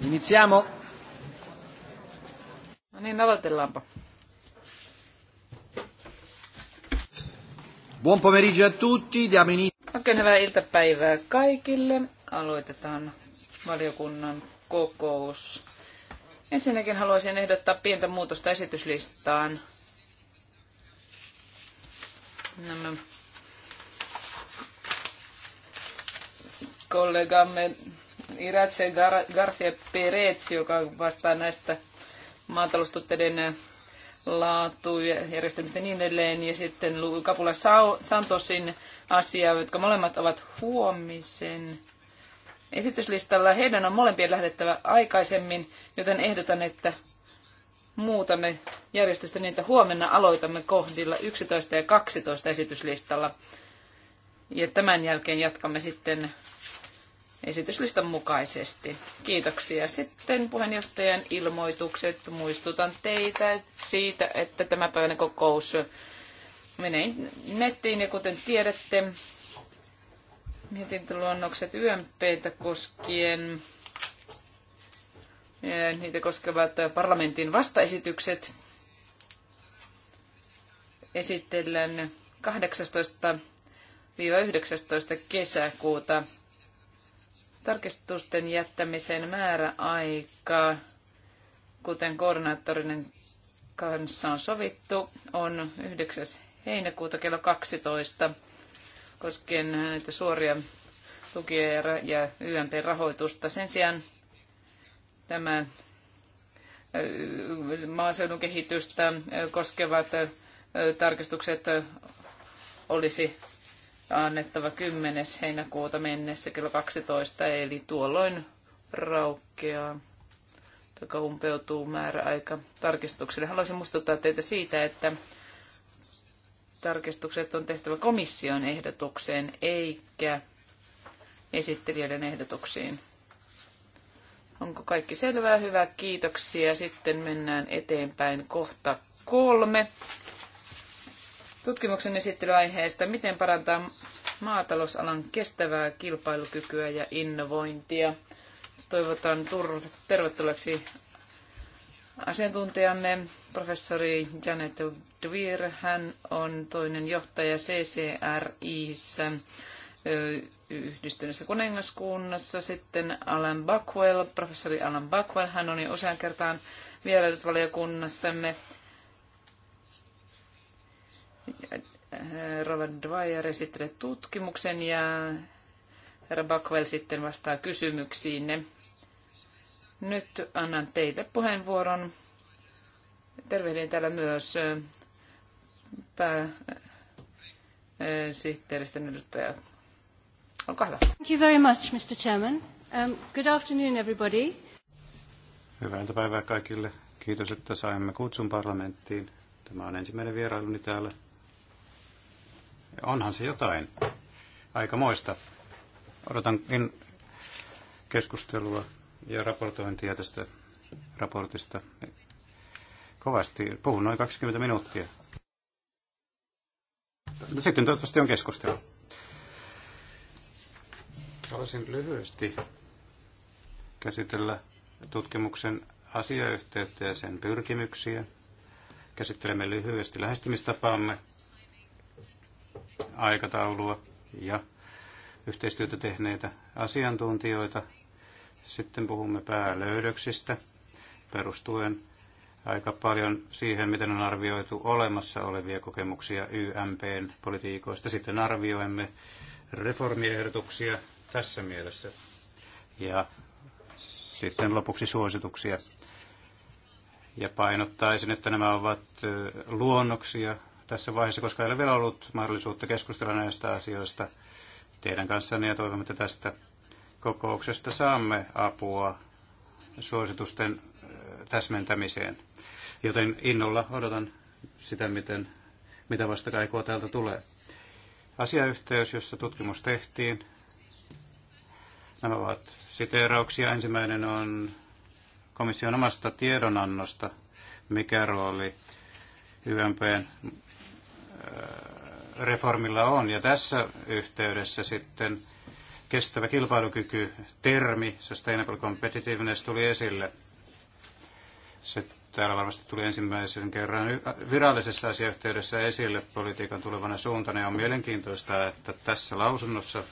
Iniziamo. No niin, aloitellaanpa. Buon pomeriggio a tutti, diamo inizio. Oikein hyvää iltapäivää kaikille. Aloitetaan valiokunnan kokous. Ensinnäkin haluaisin ehdottaa pientä muutosta esityslistaan. Nämä kollegamme Iratse Garcia Perez, joka vastaa näistä maataloustuotteiden äh, laatu ja niin edelleen. Ja sitten Kapula Santosin asia, jotka molemmat ovat huomisen esityslistalla. Heidän on molempien lähdettävä aikaisemmin, joten ehdotan, että muutamme järjestystä niitä huomenna aloitamme kohdilla 11 ja 12 esityslistalla. Ja tämän jälkeen jatkamme sitten esityslistan mukaisesti. Kiitoksia. Sitten puheenjohtajan ilmoitukset. Muistutan teitä siitä, että tämä päivän kokous menee nettiin ja kuten tiedätte, mietintöluonnokset yömpeitä koskien ja niitä koskevat parlamentin vastaesitykset esitellään 18-19 kesäkuuta Tarkistusten jättämisen määräaika, kuten koordinaattorinen kanssa on sovittu, on 9. heinäkuuta kello 12 koskien näitä suoria tukia ja YMP-rahoitusta. Sen sijaan tämä maaseudun kehitystä koskevat tarkistukset olisi annettava 10. heinäkuuta mennessä kello 12, eli tuolloin raukeaa joka umpeutuu määräaika tarkistukselle. Haluaisin muistuttaa teitä siitä, että tarkistukset on tehtävä komission ehdotukseen eikä esittelijöiden ehdotuksiin. Onko kaikki selvää? Hyvä, kiitoksia. Sitten mennään eteenpäin kohta kolme. Tutkimuksen esittelyaiheesta, miten parantaa maatalousalan kestävää kilpailukykyä ja innovointia. Toivotan tervetulleeksi asiantuntijamme, professori Janet Dwyer. Hän on toinen johtaja CCRIssä yhdistyneessä kuningaskunnassa. Sitten Alan Buckwell, professori Alan Buckwell, hän on jo usean kertaan vieraillut valiokunnassamme. Robert Dwyer esittelee tutkimuksen ja herra Bakwell sitten vastaa kysymyksiinne. Nyt annan teille puheenvuoron. Tervehdin täällä myös pääsihteeristön edustaja. Olkaa hyvä. Thank you very much, Mr. Chairman. Um, good afternoon, everybody. Hyvää iltapäivää kaikille. Kiitos, että saimme kutsun parlamenttiin. Tämä on ensimmäinen vierailuni täällä Onhan se jotain moista. Odotankin keskustelua ja raportointia tästä raportista kovasti. Puhun noin 20 minuuttia. Sitten toivottavasti on keskustelu. Haluaisin lyhyesti käsitellä tutkimuksen asiayhteyttä ja sen pyrkimyksiä. Käsittelemme lyhyesti lähestymistapaamme aikataulua ja yhteistyötä tehneitä asiantuntijoita. Sitten puhumme päälöydöksistä perustuen aika paljon siihen, miten on arvioitu olemassa olevia kokemuksia YMPn politiikoista. Sitten arvioimme reformiehdotuksia tässä mielessä ja sitten lopuksi suosituksia. Ja painottaisin, että nämä ovat luonnoksia tässä vaiheessa, koska ei ole vielä ollut mahdollisuutta keskustella näistä asioista teidän kanssanne ja toivomme, että tästä kokouksesta saamme apua suositusten täsmentämiseen. Joten innolla odotan sitä, miten, mitä vastakaikua täältä tulee. Asiayhteys, jossa tutkimus tehtiin. Nämä ovat siteerauksia. Ensimmäinen on komission omasta tiedonannosta, mikä rooli YMPn reformilla on. Ja tässä yhteydessä sitten kestävä kilpailukyky, termi, sustainable competitiveness, tuli esille. Se täällä varmasti tuli ensimmäisen kerran virallisessa asiayhteydessä esille politiikan tulevana suuntana. Ja on mielenkiintoista, että tässä lausunnossa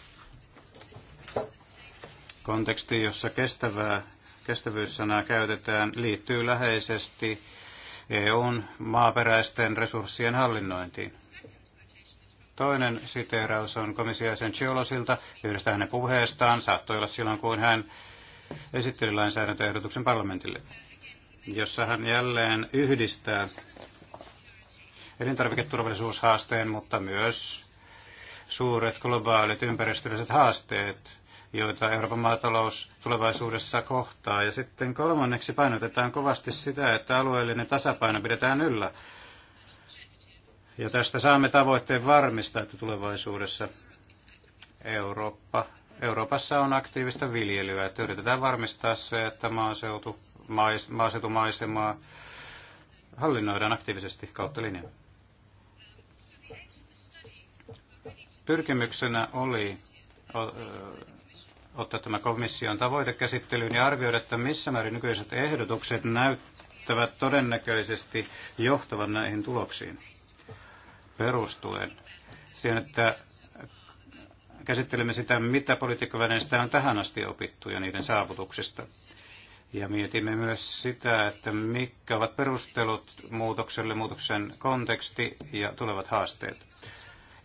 konteksti, jossa kestävää, kestävyyssanaa käytetään, liittyy läheisesti EUn maaperäisten resurssien hallinnointiin. Toinen siteeraus on komissiaisen Chiolosilta yhdestä hänen puheestaan, saattoi olla silloin kun hän esitteli lainsäädäntöehdotuksen parlamentille, jossa hän jälleen yhdistää elintarviketurvallisuushaasteen, mutta myös suuret globaalit ympäristölliset haasteet joita Euroopan maatalous tulevaisuudessa kohtaa. Ja sitten kolmanneksi painotetaan kovasti sitä, että alueellinen tasapaino pidetään yllä. Ja tästä saamme tavoitteen varmistaa, että tulevaisuudessa Eurooppa, Euroopassa on aktiivista viljelyä. Että yritetään varmistaa se, että maaseutu, mais, maaseutumaisemaa hallinnoidaan aktiivisesti kautta linjan. Pyrkimyksenä oli ottaa tämä komission tavoite käsittelyyn ja arvioida, että missä määrin nykyiset ehdotukset näyttävät todennäköisesti johtavan näihin tuloksiin perustuen siihen, että käsittelemme sitä, mitä politiikkavälineistä on tähän asti opittu ja niiden saavutuksista. Ja mietimme myös sitä, että mitkä ovat perustelut muutokselle, muutoksen konteksti ja tulevat haasteet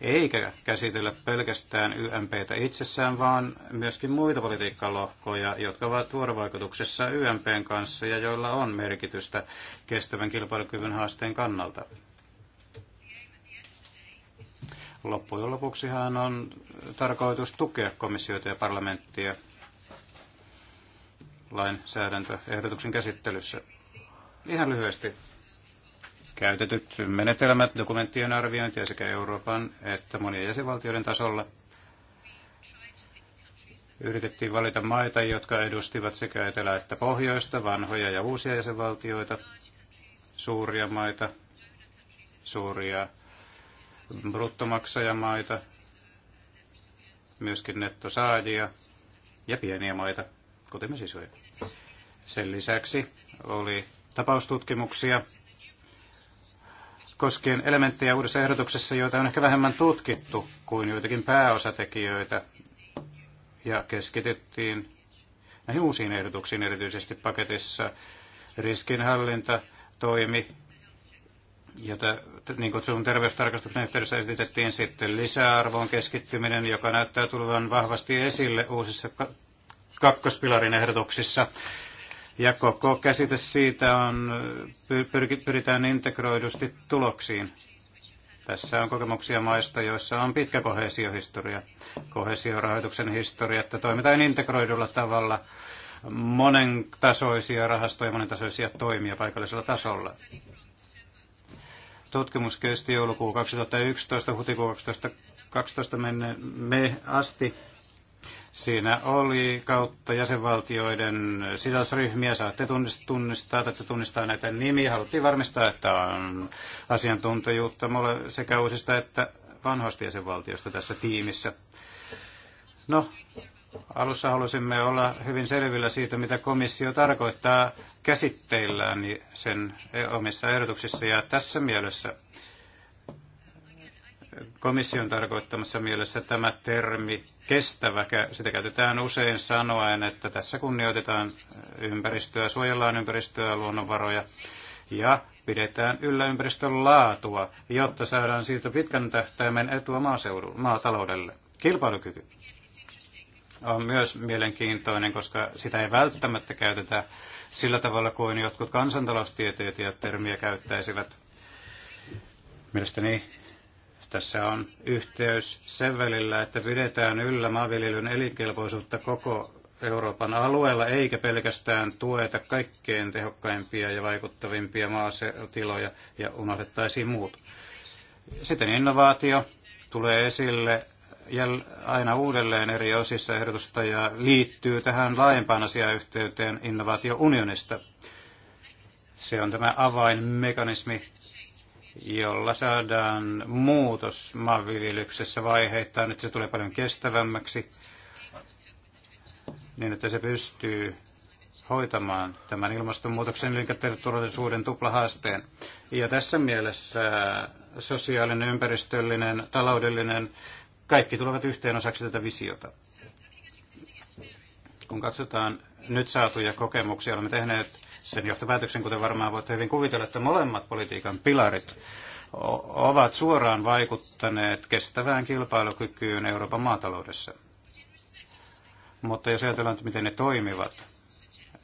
eikä käsitellä pelkästään YMPtä itsessään, vaan myöskin muita politiikkalohkoja, jotka ovat vuorovaikutuksessa YMPn kanssa ja joilla on merkitystä kestävän kilpailukyvyn haasteen kannalta. Loppujen lopuksihan on tarkoitus tukea komissiota ja parlamenttia lainsäädäntöehdotuksen käsittelyssä. Ihan lyhyesti käytetyt menetelmät, dokumenttien arviointia sekä Euroopan että monien jäsenvaltioiden tasolla. Yritettiin valita maita, jotka edustivat sekä etelä- että pohjoista, vanhoja ja uusia jäsenvaltioita, suuria maita, suuria bruttomaksajamaita, myöskin nettosaajia ja pieniä maita, kuten me sisoja. Sen lisäksi oli tapaustutkimuksia koskien elementtejä uudessa ehdotuksessa, joita on ehkä vähemmän tutkittu kuin joitakin pääosatekijöitä, ja keskityttiin näihin uusiin ehdotuksiin erityisesti paketissa riskinhallinta, toimi, jota niin kutsutun terveystarkastuksen yhteydessä esitettiin sitten lisäarvoon keskittyminen, joka näyttää tulevan vahvasti esille uusissa kakkospilarin ehdotuksissa. Ja koko käsite siitä on, pyritään integroidusti tuloksiin. Tässä on kokemuksia maista, joissa on pitkä kohesiohistoria, kohesiorahoituksen historia, että toimitaan integroidulla tavalla monentasoisia rahastoja, monentasoisia toimia paikallisella tasolla. Tutkimus kesti joulukuu 2011, huhtikuun 2012 menne, me asti Siinä oli kautta jäsenvaltioiden sidosryhmiä. Saatte tunnistaa, että tunnistaa näitä nimiä. Haluttiin varmistaa, että on asiantuntijuutta mulle sekä uusista että vanhoista jäsenvaltioista tässä tiimissä. No, alussa halusimme olla hyvin selvillä siitä, mitä komissio tarkoittaa käsitteillään sen omissa ehdotuksissa. Ja tässä mielessä komission tarkoittamassa mielessä tämä termi kestävä, sitä käytetään usein sanoen, että tässä kunnioitetaan ympäristöä, suojellaan ympäristöä, luonnonvaroja ja pidetään yllä ympäristön laatua, jotta saadaan siitä pitkän tähtäimen etua maataloudelle. Kilpailukyky on myös mielenkiintoinen, koska sitä ei välttämättä käytetä sillä tavalla kuin jotkut kansantaloustieteilijät termiä käyttäisivät. Mielestäni tässä on yhteys sen välillä, että pidetään yllä maanviljelyn elinkelpoisuutta koko Euroopan alueella, eikä pelkästään tueta kaikkein tehokkaimpia ja vaikuttavimpia maatiloja ja unohdettaisiin muut. Sitten innovaatio tulee esille aina uudelleen eri osissa ehdotusta ja liittyy tähän laajempaan asiayhteyteen innovaatiounionista. Se on tämä avainmekanismi, jolla saadaan muutos maanviljelyksessä vaiheittain, että se tulee paljon kestävämmäksi, niin että se pystyy hoitamaan tämän ilmastonmuutoksen turvallisuuden tuplahaasteen. Ja tässä mielessä sosiaalinen, ympäristöllinen, taloudellinen, kaikki tulevat yhteen osaksi tätä visiota. Kun katsotaan nyt saatuja kokemuksia, olemme tehneet sen johtopäätöksen, kuten varmaan voitte hyvin kuvitella, että molemmat politiikan pilarit ovat suoraan vaikuttaneet kestävään kilpailukykyyn Euroopan maataloudessa. Mutta jos ajatellaan, että miten ne toimivat,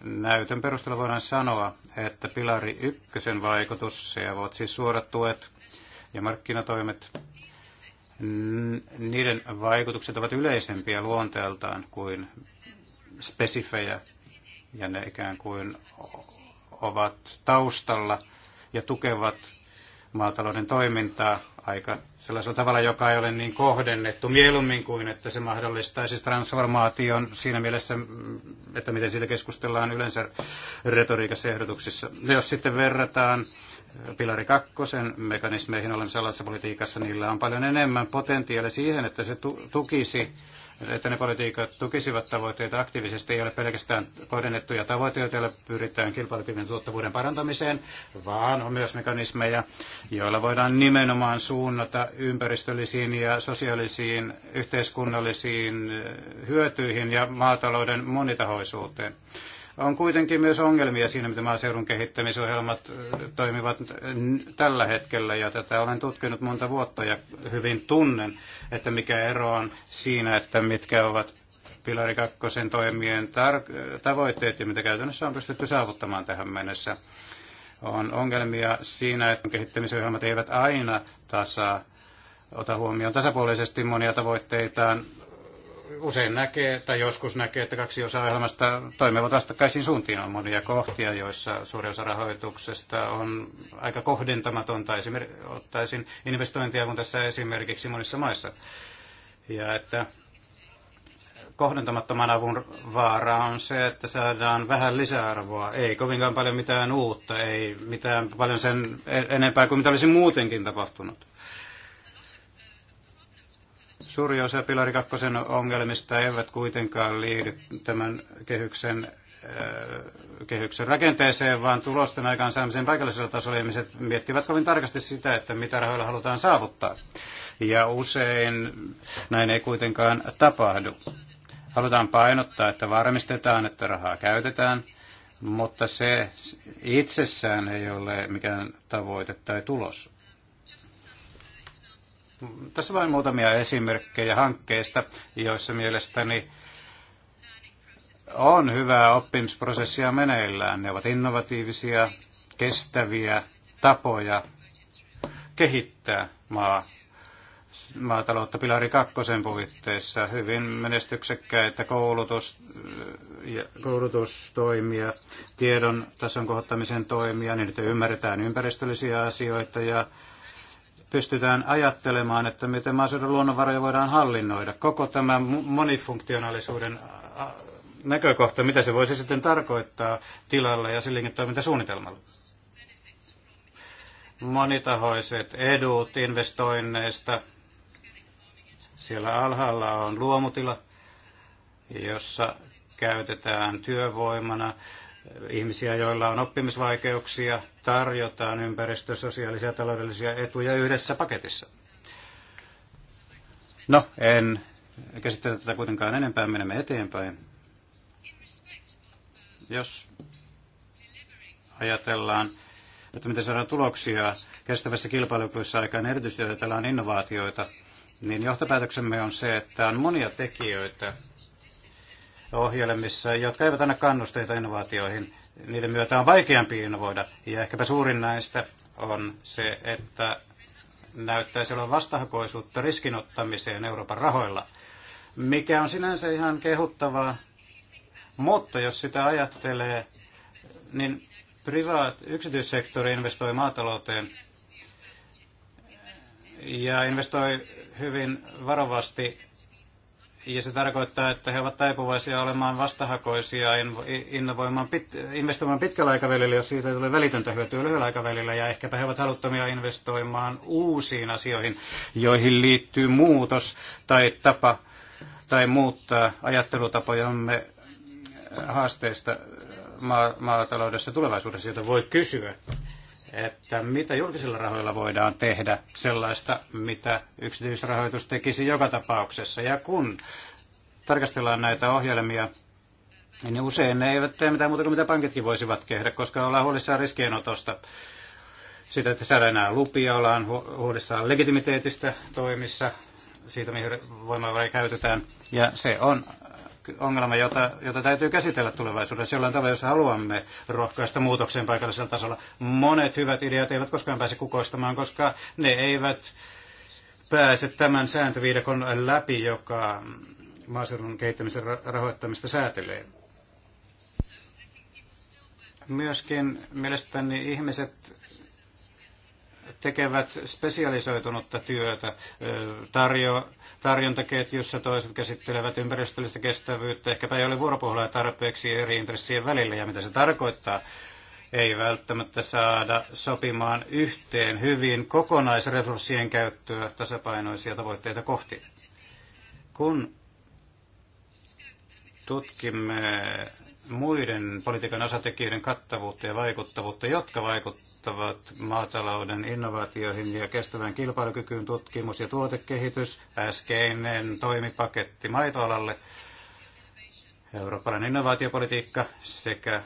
näytön perusteella voidaan sanoa, että pilari ykkösen vaikutus, se ovat siis suorat tuet ja markkinatoimet, niiden vaikutukset ovat yleisempiä luonteeltaan kuin spesifejä ja ne ikään kuin ovat taustalla ja tukevat maatalouden toimintaa aika sellaisella tavalla, joka ei ole niin kohdennettu mieluummin kuin, että se mahdollistaisi transformaation siinä mielessä, että miten siitä keskustellaan yleensä retoriikassa ehdotuksissa. No, jos sitten verrataan Pilari kakkosen mekanismeihin olemassa politiikassa, niillä on paljon enemmän potentiaalia siihen, että se tukisi että ne politiikat tukisivat tavoitteita aktiivisesti, ei ole pelkästään kohdennettuja tavoitteita, joilla pyritään kilpailukyvyn tuottavuuden parantamiseen, vaan on myös mekanismeja, joilla voidaan nimenomaan suunnata ympäristöllisiin ja sosiaalisiin yhteiskunnallisiin eh, hyötyihin ja maatalouden monitahoisuuteen. On kuitenkin myös ongelmia siinä, miten maaseudun kehittämisohjelmat toimivat tällä hetkellä, ja tätä olen tutkinut monta vuotta ja hyvin tunnen, että mikä ero on siinä, että mitkä ovat Pilari kakkosen toimien tavoitteet ja mitä käytännössä on pystytty saavuttamaan tähän mennessä. On ongelmia siinä, että kehittämisohjelmat eivät aina tasaa ota huomioon tasapuolisesti monia tavoitteitaan usein näkee tai joskus näkee, että kaksi osaa ohjelmasta toimivat vastakkaisiin suuntiin. On monia kohtia, joissa suurin osa rahoituksesta on aika kohdentamatonta. Esimerkiksi ottaisin investointia kun tässä esimerkiksi monissa maissa. Ja että kohdentamattoman avun vaara on se, että saadaan vähän lisäarvoa. Ei kovinkaan paljon mitään uutta, ei mitään paljon sen enempää kuin mitä olisi muutenkin tapahtunut. Suuri osa Pilari kakkosen ongelmista eivät kuitenkaan liity tämän kehyksen äh, kehyksen rakenteeseen, vaan tulosten aikaansaamiseen paikallisella tasolla ihmiset miettivät kovin tarkasti sitä, että mitä rahoilla halutaan saavuttaa. Ja usein näin ei kuitenkaan tapahdu. Halutaan painottaa, että varmistetaan, että rahaa käytetään, mutta se itsessään ei ole mikään tavoite tai tulos. Tässä vain muutamia esimerkkejä hankkeista, joissa mielestäni on hyvää oppimisprosessia meneillään. Ne ovat innovatiivisia, kestäviä tapoja kehittää maa, maataloutta Pilari kakkosen puitteissa. Hyvin menestyksekkäitä koulutus, koulutustoimia, tiedon tason kohottamisen toimia, niin että ymmärretään ympäristöllisiä asioita ja pystytään ajattelemaan, että miten maaseudun luonnonvaroja voidaan hallinnoida. Koko tämä monifunktionaalisuuden näkökohta, mitä se voisi sitten tarkoittaa tilalle ja sille toimintasuunnitelmalle. Monitahoiset edut investoinneista. Siellä alhaalla on luomutila, jossa käytetään työvoimana ihmisiä, joilla on oppimisvaikeuksia, tarjotaan ympäristö-, sosiaalisia ja taloudellisia etuja yhdessä paketissa. No, en käsittele tätä kuitenkaan enempää, menemme eteenpäin. Jos ajatellaan, että miten saadaan tuloksia kestävässä kilpailukyvyssä aikaan, erityisesti ajatellaan innovaatioita, niin johtopäätöksemme on se, että on monia tekijöitä, ohjelmissa, jotka eivät anna kannusteita innovaatioihin. Niiden myötä on vaikeampi innovoida. Ja ehkäpä suurin näistä on se, että näyttäisi olla vastahakoisuutta riskinottamiseen Euroopan rahoilla, mikä on sinänsä ihan kehuttavaa. Mutta jos sitä ajattelee, niin privaat, yksityissektori investoi maatalouteen ja investoi hyvin varovasti ja se tarkoittaa, että he ovat taipuvaisia olemaan vastahakoisia innovoimaan, pit, investoimaan pitkällä aikavälillä, jos siitä tulee välitöntä hyötyä lyhyellä aikavälillä. Ja ehkäpä he ovat haluttomia investoimaan uusiin asioihin, joihin liittyy muutos tai tapa tai muuttaa ajattelutapojamme äh, haasteista maataloudessa tulevaisuudessa, jota voi kysyä, että mitä julkisilla rahoilla voidaan tehdä sellaista, mitä yksityisrahoitus tekisi joka tapauksessa. Ja kun tarkastellaan näitä ohjelmia, niin usein ne eivät tee mitään muuta kuin mitä pankitkin voisivat tehdä, koska ollaan huolissaan riskienotosta. Sitä, että saadaan enää lupia, ollaan huolissaan legitimiteetistä toimissa, siitä mihin voimavaroja käytetään. Ja se on ongelma, jota, jota täytyy käsitellä tulevaisuudessa jollain tavalla, jos haluamme rohkaista muutokseen paikallisella tasolla. Monet hyvät ideat eivät koskaan pääse kukoistamaan, koska ne eivät pääse tämän sääntöviidakon läpi, joka maaseudun kehittämisen rahoittamista säätelee. Myöskin mielestäni ihmiset tekevät spesialisoitunutta työtä tarjo, tarjontaketjussa, toiset käsittelevät ympäristöllistä kestävyyttä, ehkäpä ei ole vuoropuhelua tarpeeksi eri intressien välillä ja mitä se tarkoittaa ei välttämättä saada sopimaan yhteen hyvin kokonaisresurssien käyttöä tasapainoisia tavoitteita kohti. Kun tutkimme muiden politiikan osatekijöiden kattavuutta ja vaikuttavuutta, jotka vaikuttavat maatalouden innovaatioihin ja kestävään kilpailukykyyn, tutkimus ja tuotekehitys, äskeinen toimipaketti maitoalalle, eurooppalainen innovaatiopolitiikka sekä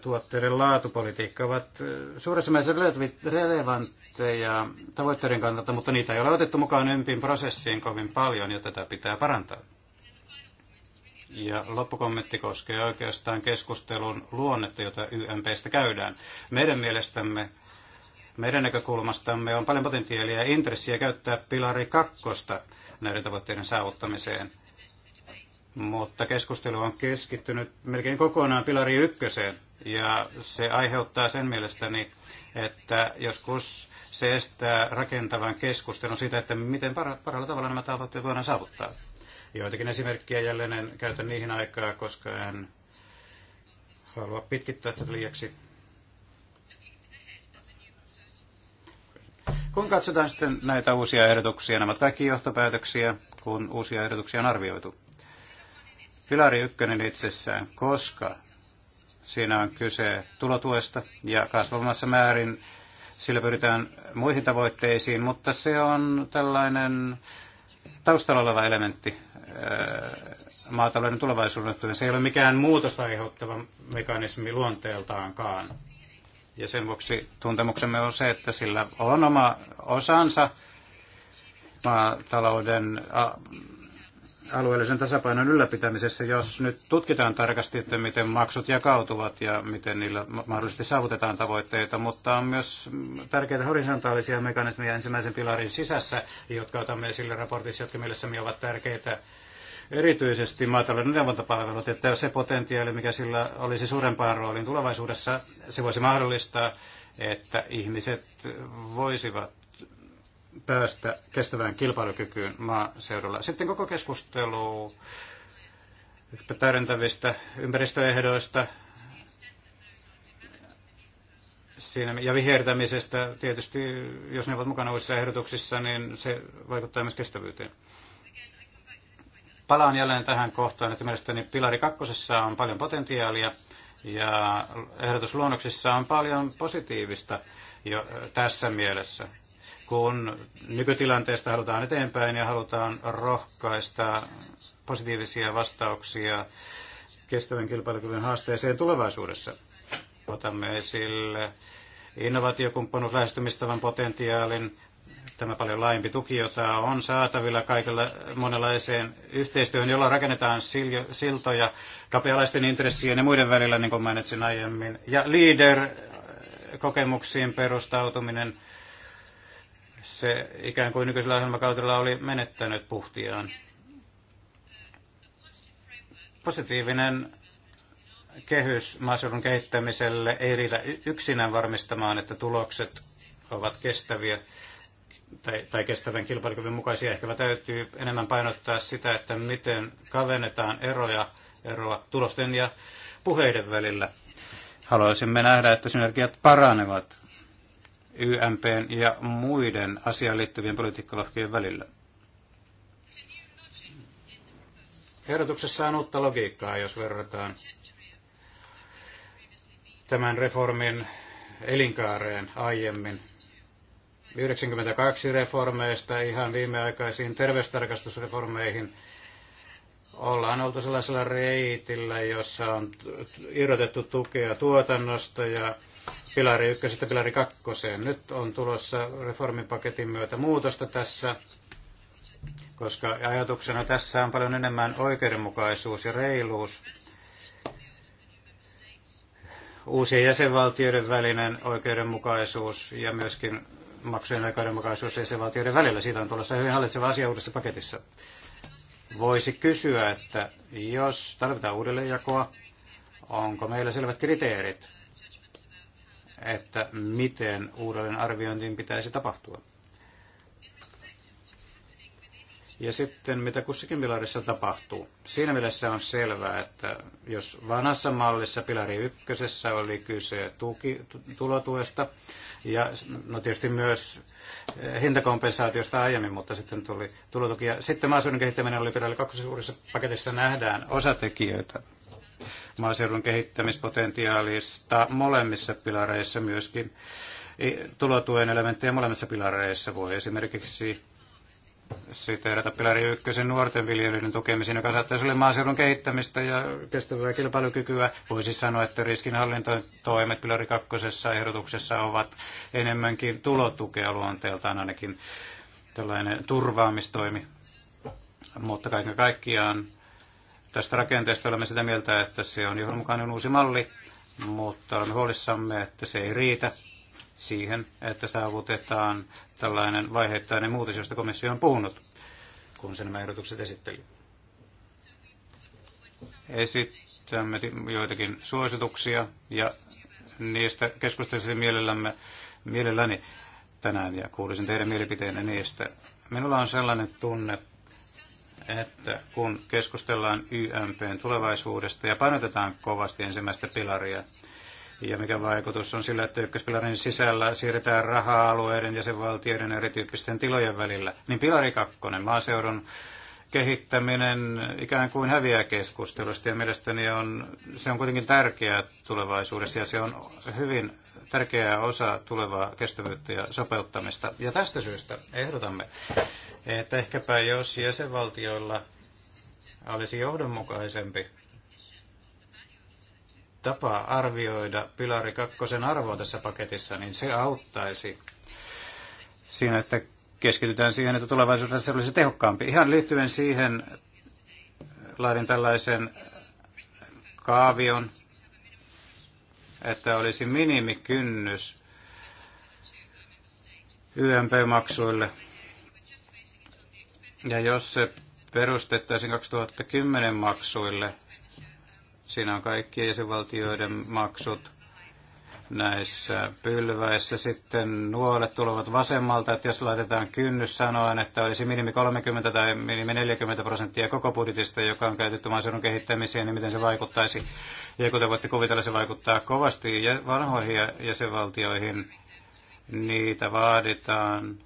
tuotteiden laatupolitiikka ovat suuressa määrin relevantteja tavoitteiden kannalta, mutta niitä ei ole otettu mukaan ympin prosessiin kovin paljon ja tätä pitää parantaa. Ja loppukommentti koskee oikeastaan keskustelun luonnetta, jota YMPstä käydään. Meidän mielestämme, meidän näkökulmastamme on paljon potentiaalia ja intressiä käyttää pilari kakkosta näiden tavoitteiden saavuttamiseen. Mutta keskustelu on keskittynyt melkein kokonaan pilari ykköseen, ja se aiheuttaa sen mielestäni, että joskus se estää rakentavan keskustelun siitä, että miten parhaalla tavalla nämä tavoitteet voidaan saavuttaa. Joitakin esimerkkejä jälleen en käytä niihin aikaa, koska en halua pitkittää tätä liiaksi. Kun katsotaan sitten näitä uusia ehdotuksia, nämä kaikki johtopäätöksiä, kun uusia ehdotuksia on arvioitu. Pilari ykkönen itsessään, koska siinä on kyse tulotuesta ja kasvavassa määrin sillä pyritään muihin tavoitteisiin, mutta se on tällainen taustalla oleva elementti maatalouden tulevaisuuden Se ei ole mikään muutosta aiheuttava mekanismi luonteeltaankaan. Ja sen vuoksi tuntemuksemme on se, että sillä on oma osansa maatalouden alueellisen tasapainon ylläpitämisessä, jos nyt tutkitaan tarkasti, että miten maksut jakautuvat ja miten niillä mahdollisesti saavutetaan tavoitteita, mutta on myös tärkeitä horisontaalisia mekanismeja ensimmäisen pilarin sisässä, jotka otamme esille raportissa, jotka mielessäni ovat tärkeitä erityisesti maatalouden neuvontapalvelut, että se potentiaali, mikä sillä olisi suurempaan rooliin tulevaisuudessa, se voisi mahdollistaa, että ihmiset voisivat päästä kestävään kilpailukykyyn maaseudulla. Sitten koko keskustelu täydentävistä ympäristöehdoista siinä, ja vihertämisestä. Tietysti, jos ne ovat mukana uusissa ehdotuksissa, niin se vaikuttaa myös kestävyyteen. Palaan jälleen tähän kohtaan, että mielestäni pilari kakkosessa on paljon potentiaalia ja ehdotusluonnoksissa on paljon positiivista jo tässä mielessä kun nykytilanteesta halutaan eteenpäin ja halutaan rohkaista positiivisia vastauksia kestävän kilpailukyvyn haasteeseen tulevaisuudessa. Otamme esille innovaatiokumppanuuslähestymistavan potentiaalin, tämä paljon laajempi tuki, jota on saatavilla kaikilla monenlaiseen yhteistyöhön, jolla rakennetaan siltoja kapealaisten intressien ja muiden välillä, niin kuin mainitsin aiemmin. Ja leader-kokemuksiin perustautuminen se ikään kuin nykyisellä ohjelmakautella oli menettänyt puhtiaan. Positiivinen kehys maaseudun kehittämiselle ei riitä yksinään varmistamaan, että tulokset ovat kestäviä tai, tai kestävän kilpailukyvyn mukaisia. Ehkä täytyy enemmän painottaa sitä, että miten kavennetaan eroja, eroa tulosten ja puheiden välillä. Haluaisimme nähdä, että synergiat paranevat YMPn ja muiden asiaan liittyvien politiikkalohkien välillä. Ehdotuksessa on uutta logiikkaa, jos verrataan tämän reformin elinkaareen aiemmin. 92 reformeista ihan viimeaikaisiin terveystarkastusreformeihin ollaan oltu sellaisella reitillä, jossa on irrotettu tukea tuotannosta ja pilari ykkösestä pilari kakkoseen. Nyt on tulossa reformipaketin myötä muutosta tässä, koska ajatuksena tässä on paljon enemmän oikeudenmukaisuus ja reiluus. Uusien jäsenvaltioiden välinen oikeudenmukaisuus ja myöskin maksujen oikeudenmukaisuus jäsenvaltioiden välillä. Siitä on tulossa hyvin hallitseva asia uudessa paketissa. Voisi kysyä, että jos tarvitaan uudelleenjakoa, onko meillä selvät kriteerit että miten uudelleen arviointiin pitäisi tapahtua. Ja sitten mitä kussakin pilarissa tapahtuu. Siinä mielessä on selvää, että jos vanhassa mallissa pilari ykkösessä oli kyse tuki, tulotuesta ja no tietysti myös hintakompensaatiosta aiemmin, mutta sitten tuli tulotuki. Ja sitten maaseudun kehittäminen oli pilari kakkosessa paketissa nähdään osatekijöitä maaseudun kehittämispotentiaalista molemmissa pilareissa myöskin. Tulotuen elementtejä molemmissa pilareissa voi esimerkiksi siteerata pilari ykkösen nuorten viljelijöiden tukemisen, joka saattaisi olla maaseudun kehittämistä ja kestävää kilpailukykyä. Voisi sanoa, että riskinhallintotoimet pilari kakkosessa ehdotuksessa ovat enemmänkin tulotukea luonteeltaan ainakin tällainen turvaamistoimi. Mutta kaiken kaikkiaan Tästä rakenteesta olemme sitä mieltä, että se on johdonmukainen uusi malli, mutta olemme huolissamme, että se ei riitä siihen, että saavutetaan tällainen vaiheittainen muutos, josta komissio on puhunut, kun se nämä ehdotukset esitteli. Esitämme joitakin suosituksia ja niistä keskustelisin mielellämme, mielelläni tänään ja kuulisin teidän mielipiteenne niistä. Minulla on sellainen tunne, että kun keskustellaan YMPn tulevaisuudesta ja painotetaan kovasti ensimmäistä pilaria, ja mikä vaikutus on sillä, että ykköspilarin sisällä siirretään rahaa alueiden, sen valtioiden erityyppisten tilojen välillä, niin pilari kakkonen, maaseudun kehittäminen ikään kuin häviää keskustelusta ja mielestäni on, se on kuitenkin tärkeää tulevaisuudessa ja se on hyvin tärkeä osa tulevaa kestävyyttä ja sopeuttamista. Ja tästä syystä ehdotamme, että ehkäpä jos jäsenvaltioilla olisi johdonmukaisempi tapa arvioida pilari kakkosen arvoa tässä paketissa, niin se auttaisi siinä, että keskitytään siihen, että tulevaisuudessa se olisi tehokkaampi. Ihan liittyen siihen laadin tällaisen kaavion, että olisi minimikynnys YMP-maksuille. Ja jos se perustettaisiin 2010 maksuille, siinä on kaikkien jäsenvaltioiden maksut, näissä pylväissä. Sitten nuolet tulevat vasemmalta, että jos laitetaan kynnys sanoen, että olisi minimi 30 tai minimi 40 prosenttia koko budjetista, joka on käytetty maaseudun kehittämiseen, niin miten se vaikuttaisi. Ja kuten voitte kuvitella, se vaikuttaa kovasti vanhoihin jäsenvaltioihin. Niitä vaaditaan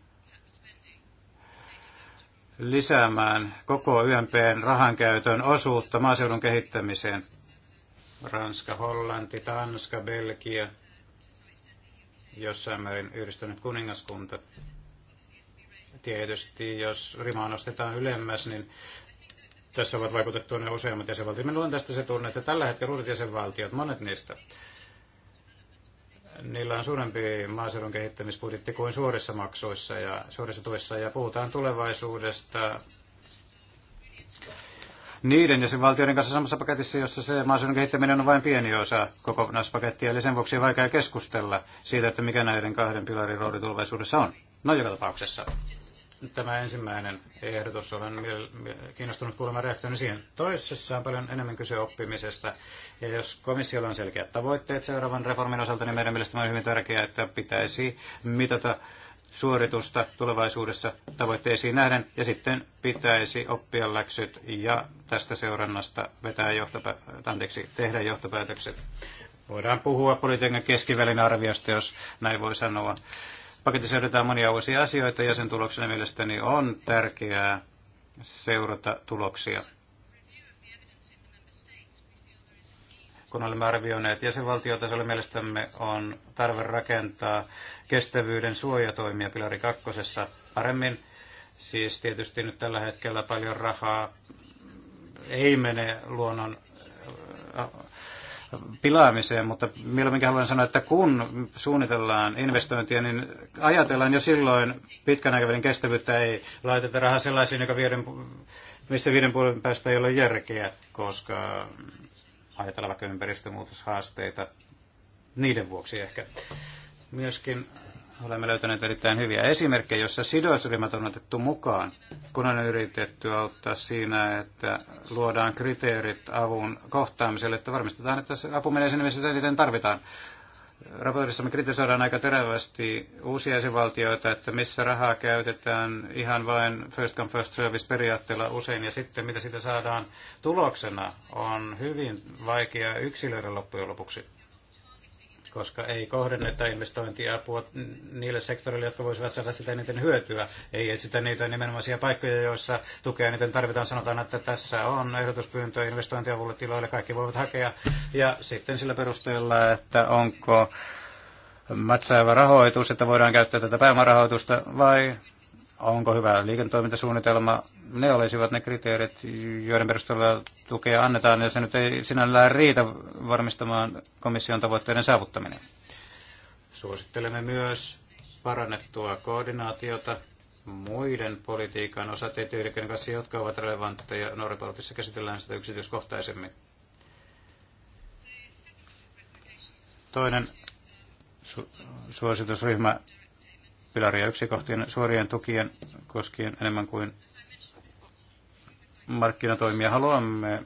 lisäämään koko YMPn rahankäytön osuutta maaseudun kehittämiseen. Ranska, Hollanti, Tanska, Belgia, jossain määrin yhdistynyt kuningaskunta. Tietysti jos rimaa nostetaan ylemmäs, niin tässä ovat ne useimmat jäsenvaltiot. Minulla on tästä se tunne, että tällä hetkellä uudet jäsenvaltiot, monet niistä, niillä on suurempi maaseudun kehittämisbudjetti kuin suorissa maksuissa ja suorissa tuissa. Ja puhutaan tulevaisuudesta niiden ja sen valtioiden kanssa samassa paketissa, jossa se maaseudun kehittäminen on vain pieni osa kokonaispakettia, eli sen vuoksi on vaikea keskustella siitä, että mikä näiden kahden pilarin rooli tulevaisuudessa on. No joka tapauksessa tämä ensimmäinen ehdotus, olen kiinnostunut kuulemaan reaktion siihen. Toisessa on paljon enemmän kyse oppimisesta, ja jos komissiolla on selkeät tavoitteet seuraavan reformin osalta, niin meidän mielestämme on hyvin tärkeää, että pitäisi mitata suoritusta tulevaisuudessa tavoitteisiin nähden, ja sitten pitäisi oppia läksyt ja tästä seurannasta vetää johtopä- anteeksi, tehdä johtopäätökset. Voidaan puhua politiikan keskivälin arviosta, jos näin voi sanoa. Paketissa yritetään monia uusia asioita, ja sen tuloksena mielestäni on tärkeää seurata tuloksia kun olemme arvioineet jäsenvaltiotasolla, mielestämme on tarve rakentaa kestävyyden suojatoimia pilari kakkosessa paremmin. Siis tietysti nyt tällä hetkellä paljon rahaa ei mene luonnon äh, pilaamiseen, mutta mieluummin haluan sanoa, että kun suunnitellaan investointia, niin ajatellaan jo silloin pitkän aikavälin kestävyyttä, ei laiteta rahaa sellaisiin, joka viiden, missä viiden puolen päästä ei ole järkeä, koska ajatella vaikka ympäristömuutoshaasteita niiden vuoksi ehkä. Myöskin olemme löytäneet erittäin hyviä esimerkkejä, joissa sidosryhmät on otettu mukaan, kun on yritetty auttaa siinä, että luodaan kriteerit avun kohtaamiselle, että varmistetaan, että se apu menee sinne, missä tarvitaan me kritisoidaan aika terävästi uusia jäsenvaltioita, että missä rahaa käytetään ihan vain first come first service periaatteella usein ja sitten mitä siitä saadaan tuloksena on hyvin vaikea yksilöidä loppujen lopuksi koska ei kohdenneta investointiapua niille sektoreille, jotka voisivat saada sitä eniten hyötyä. Ei etsitä niitä nimenomaisia paikkoja, joissa tukea eniten tarvitaan. Sanotaan, että tässä on ehdotuspyyntö investointiavulle tiloille, kaikki voivat hakea. Ja sitten sillä perusteella, että onko matsaava rahoitus, että voidaan käyttää tätä pääomarahoitusta vai onko hyvä liiketoimintasuunnitelma, ne olisivat ne kriteerit, joiden perusteella tukea annetaan, ja se nyt ei sinällään riitä varmistamaan komission tavoitteiden saavuttaminen. Suosittelemme myös parannettua koordinaatiota muiden politiikan osatietyyden kanssa, jotka ovat relevantteja. Norjaportissa käsitellään sitä yksityiskohtaisemmin. Toinen su- suositusryhmä pilaria yksi suorien tukien koskien enemmän kuin markkinatoimia. Haluamme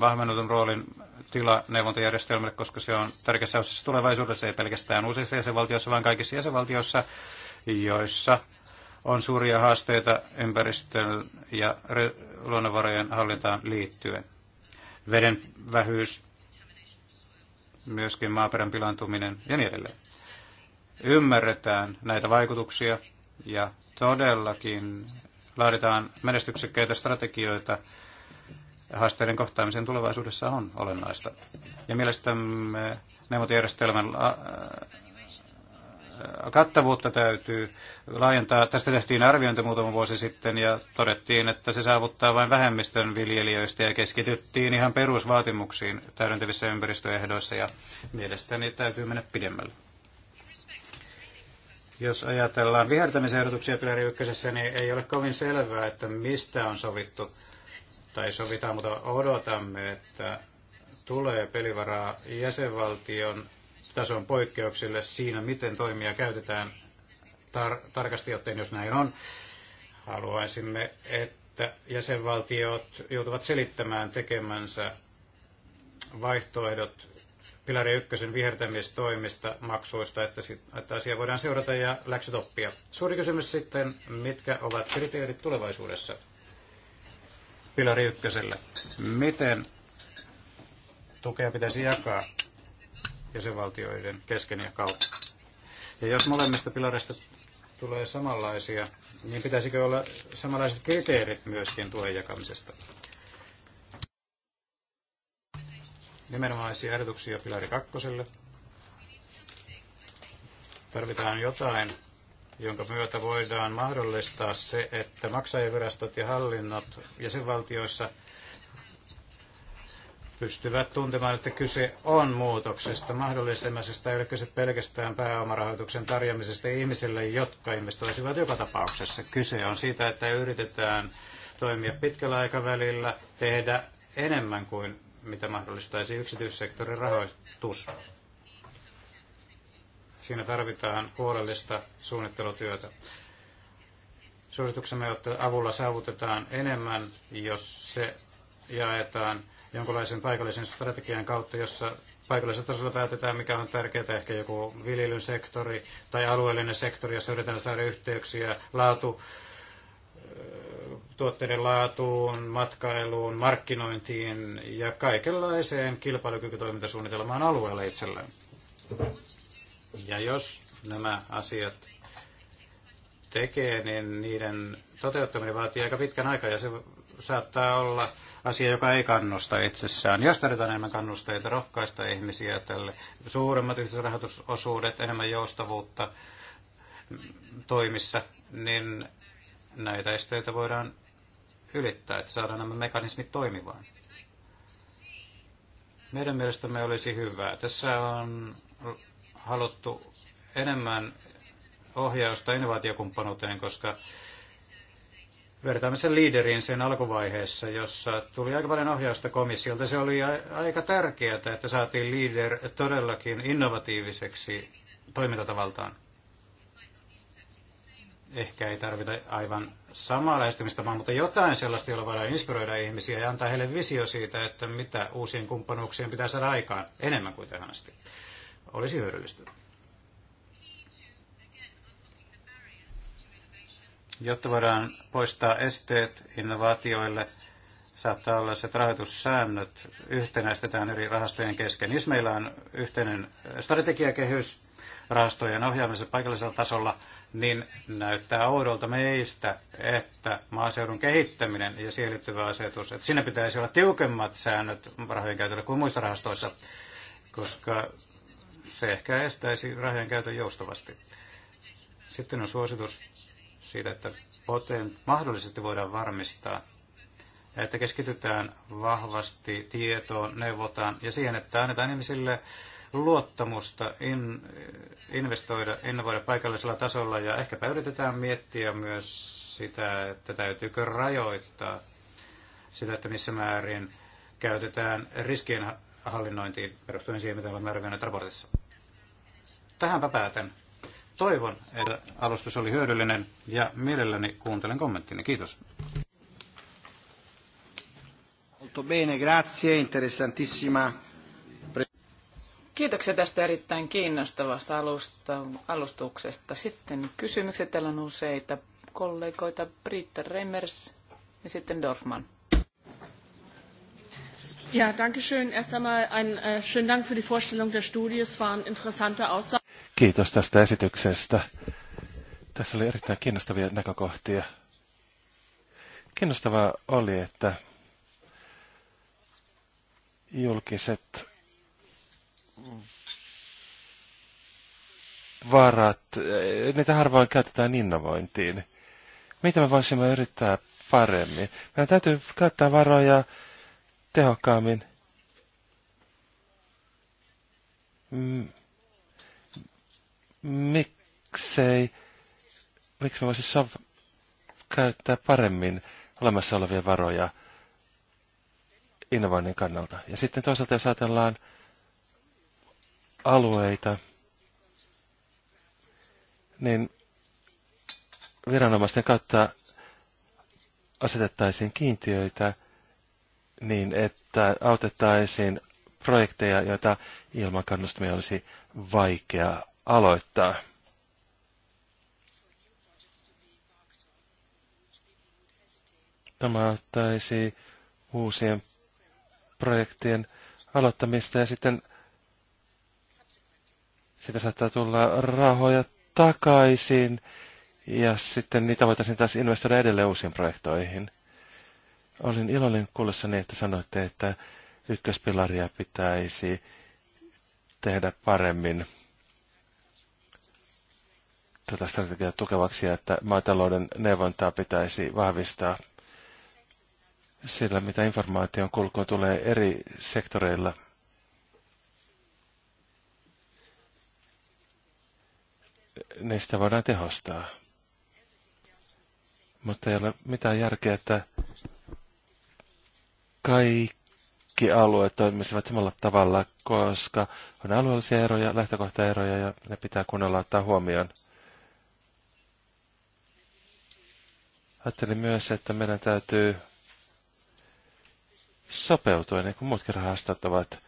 vahvennetun roolin tila neuvontajärjestelmälle, koska se on tärkeässä osassa tulevaisuudessa, ei pelkästään uusissa jäsenvaltioissa, vaan kaikissa jäsenvaltioissa, joissa on suuria haasteita ympäristön ja luonnonvarojen hallintaan liittyen. Veden vähyys, myöskin maaperän pilantuminen ja niin edelleen ymmärretään näitä vaikutuksia ja todellakin laaditaan menestyksekkäitä strategioita haasteiden kohtaamisen tulevaisuudessa on olennaista. Ja mielestämme neuvontajärjestelmän äh, äh, kattavuutta täytyy laajentaa. Tästä tehtiin arviointi muutama vuosi sitten ja todettiin, että se saavuttaa vain vähemmistön viljelijöistä ja keskityttiin ihan perusvaatimuksiin täydentävissä ympäristöehdoissa ja mielestäni täytyy mennä pidemmälle. Jos ajatellaan vihertämisehdotuksia ehdotuksia pilari ykkösessä, niin ei ole kovin selvää, että mistä on sovittu tai sovitaan, mutta odotamme, että tulee pelivaraa jäsenvaltion tason poikkeuksille siinä, miten toimia käytetään tar- tarkasti ottaen, jos näin on. Haluaisimme, että jäsenvaltiot joutuvat selittämään tekemänsä vaihtoehdot pilari ykkösen vihertämistoimista, maksuista, että, että asiaa voidaan seurata ja läksyt oppia. Suuri kysymys sitten, mitkä ovat kriteerit tulevaisuudessa pilari ykköselle? Miten tukea pitäisi jakaa jäsenvaltioiden kesken ja kautta? Ja jos molemmista pilareista tulee samanlaisia, niin pitäisikö olla samanlaiset kriteerit myöskin tuen jakamisesta? nimenomaisia ehdotuksia Pilari kakkoselle. Tarvitaan jotain, jonka myötä voidaan mahdollistaa se, että maksajavirastot ja hallinnot jäsenvaltioissa pystyvät tuntemaan, että kyse on muutoksesta, mahdollisemmasta, ei ole kyse pelkästään pääomarahoituksen tarjoamisesta ihmisille, jotka investoisivat joka tapauksessa. Kyse on siitä, että yritetään toimia pitkällä aikavälillä, tehdä enemmän kuin mitä mahdollistaisi yksityissektorin rahoitus. Siinä tarvitaan huolellista suunnittelutyötä. Suosituksemme avulla saavutetaan enemmän, jos se jaetaan jonkinlaisen paikallisen strategian kautta, jossa paikallisella tasolla päätetään, mikä on tärkeää, ehkä joku viljelyn sektori tai alueellinen sektori, jossa yritetään saada yhteyksiä laatu tuotteiden laatuun, matkailuun, markkinointiin ja kaikenlaiseen kilpailukykytoimintasuunnitelmaan alueella itsellään. Ja jos nämä asiat tekee, niin niiden toteuttaminen vaatii aika pitkän aikaa ja se saattaa olla asia, joka ei kannusta itsessään. Jos tarvitaan enemmän kannusteita, rohkaista ihmisiä tälle, suuremmat yhteisrahoitusosuudet, enemmän joustavuutta toimissa, niin näitä esteitä voidaan ylittää, että saadaan nämä mekanismit toimimaan. Meidän mielestämme olisi hyvää. Tässä on haluttu enemmän ohjausta innovaatiokumppanuuteen, koska vertaamme sen liideriin sen alkuvaiheessa, jossa tuli aika paljon ohjausta komissiolta. Se oli aika tärkeää, että saatiin liider todellakin innovatiiviseksi toimintatavaltaan ehkä ei tarvita aivan samaa vaan mutta jotain sellaista, jolla voidaan inspiroida ihmisiä ja antaa heille visio siitä, että mitä uusien kumppanuuksien pitää saada aikaan enemmän kuin tähän asti. Olisi hyödyllistä. Jotta voidaan poistaa esteet innovaatioille, saattaa olla se, että rahoitussäännöt yhtenäistetään eri rahastojen kesken. Jos meillä on yhteinen strategiakehys rahastojen ohjaamisessa paikallisella tasolla, niin näyttää oudolta meistä, että maaseudun kehittäminen ja siihen liittyvä asetus, että siinä pitäisi olla tiukemmat säännöt rahojen käytölle kuin muissa rahastoissa, koska se ehkä estäisi rahojen käytön joustavasti. Sitten on suositus siitä, että poten mahdollisesti voidaan varmistaa, että keskitytään vahvasti tietoon, neuvotaan ja siihen, että annetaan ihmisille luottamusta in, investoida, innovoida paikallisella tasolla ja ehkäpä yritetään miettiä myös sitä, että täytyykö rajoittaa sitä, että missä määrin käytetään riskien hallinnointiin perustuen siihen, mitä olemme arvioineet raportissa. Tähänpä päätän. Toivon, että alustus oli hyödyllinen ja mielelläni kuuntelen kommenttinne. Kiitos. Molto bene, grazie, interessantissima Kiitoksia tästä erittäin kiinnostavasta alusta, alustuksesta. Sitten kysymykset. Täällä on useita kollegoita. Britta Remers ja sitten Dorfman. Ja, danke schön. Erst einmal ein äh, schönen Dank für die Vorstellung der Studie. Es waren interessante Aussagen. Kiitos tästä esityksestä. Tässä oli erittäin kiinnostavia näkökohtia. Kiinnostavaa oli, että julkiset varat, eh, niitä harvoin käytetään innovointiin. Mitä me voisimme yrittää paremmin? Meidän täytyy käyttää varoja tehokkaammin. M- miksei, miksi me voisimme sov- käyttää paremmin olemassa olevia varoja innovoinnin kannalta. Ja sitten toisaalta, jos ajatellaan alueita, niin viranomaisten kautta asetettaisiin kiintiöitä niin, että autettaisiin projekteja, joita ilman kannustamia olisi vaikea aloittaa. Tämä auttaisi uusien projektien aloittamista ja sitten siitä saattaa tulla rahoja takaisin ja sitten niitä voitaisiin taas investoida edelleen uusiin projektoihin. Olin iloinen kuullessani, että sanoitte, että ykköspilaria pitäisi tehdä paremmin tätä strategiaa tukevaksi ja että maatalouden neuvontaa pitäisi vahvistaa sillä, mitä informaation kulkua tulee eri sektoreilla – niistä voidaan tehostaa. Mutta ei ole mitään järkeä, että kaikki alueet toimisivat samalla tavalla, koska on alueellisia eroja, lähtökohtaeroja ja ne pitää kunnolla ottaa huomioon. Ajattelin myös, että meidän täytyy sopeutua, niin kuin muutkin rahastot ovat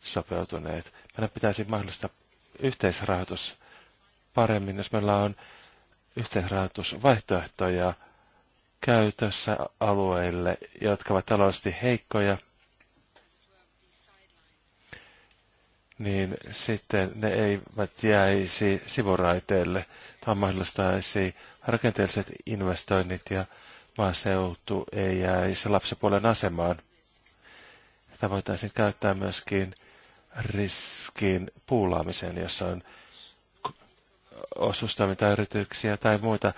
sopeutuneet. Meidän pitäisi mahdollistaa yhteisrahoitus paremmin, jos meillä on yhteisrahoitusvaihtoehtoja käytössä alueille, jotka ovat taloudellisesti heikkoja, niin sitten ne eivät jäisi sivuraiteille. Tämä mahdollistaisi rakenteelliset investoinnit ja maaseutu ei jäisi lapsipuolen asemaan. Tätä voitaisiin käyttää myöskin riskin puulaamiseen, jossa on osuustoimintayrityksiä tai muita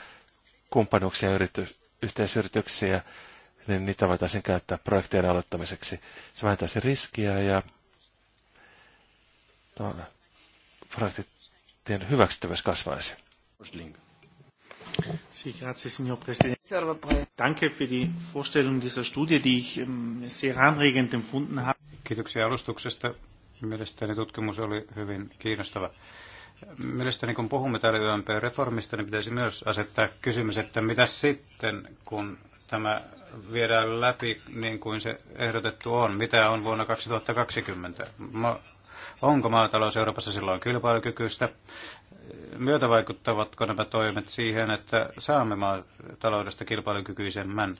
kumppanuuksia yrity, yhteisyrityksiä, niin niitä voitaisiin käyttää projektien aloittamiseksi. Se vähentäisi riskiä ja projektien hyväksyttävyys kasvaisi. Sì, grazie signor Presidente. Danke für die Vorstellung dieser Studie, die ich ähm, sehr anregend empfunden habe. Kiitoksia alustuksesta. Mielestäni tutkimus oli hyvin kiinnostava. Mielestäni kun puhumme täällä YMP-reformista, niin pitäisi myös asettaa kysymys, että mitä sitten, kun tämä viedään läpi niin kuin se ehdotettu on, mitä on vuonna 2020? onko maatalous Euroopassa silloin kilpailukykyistä? Myötävaikuttavatko nämä toimet siihen, että saamme maataloudesta kilpailukykyisemmän?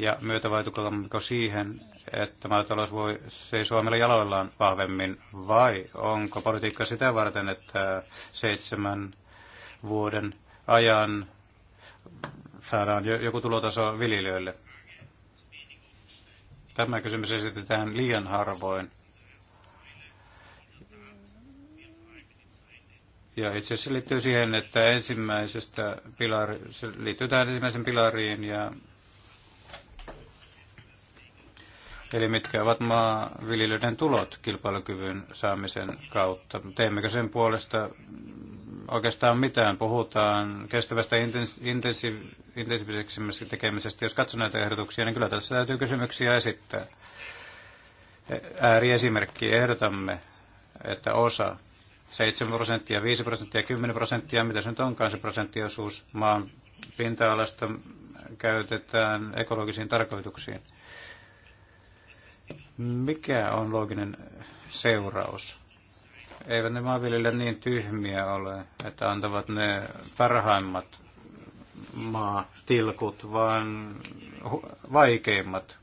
ja myötävaikutammeko siihen, että maatalous voi seisoa meillä jaloillaan vahvemmin, vai onko politiikka sitä varten, että seitsemän vuoden ajan saadaan joku tulotaso viljelijöille? Tämä kysymys esitetään liian harvoin. Ja itse asiassa liittyy siihen, että ensimmäisestä pilari, se liittyy tähän ensimmäisen pilariin ja Eli mitkä ovat maanviljelijöiden tulot kilpailukyvyn saamisen kautta? Teemmekö sen puolesta oikeastaan mitään? Puhutaan kestävästä intensi- intensiivisemmästä tekemisestä. Jos katsoo näitä ehdotuksia, niin kyllä tässä täytyy kysymyksiä esittää. Ääriesimerkki ehdotamme, että osa 7 prosenttia, 5 prosenttia, 10 prosenttia, mitä se nyt onkaan se prosenttiosuus maan pinta-alasta käytetään ekologisiin tarkoituksiin. Mikä on looginen seuraus? Eivät ne maanviljelijät niin tyhmiä ole, että antavat ne parhaimmat maatilkut, vaan vaikeimmat.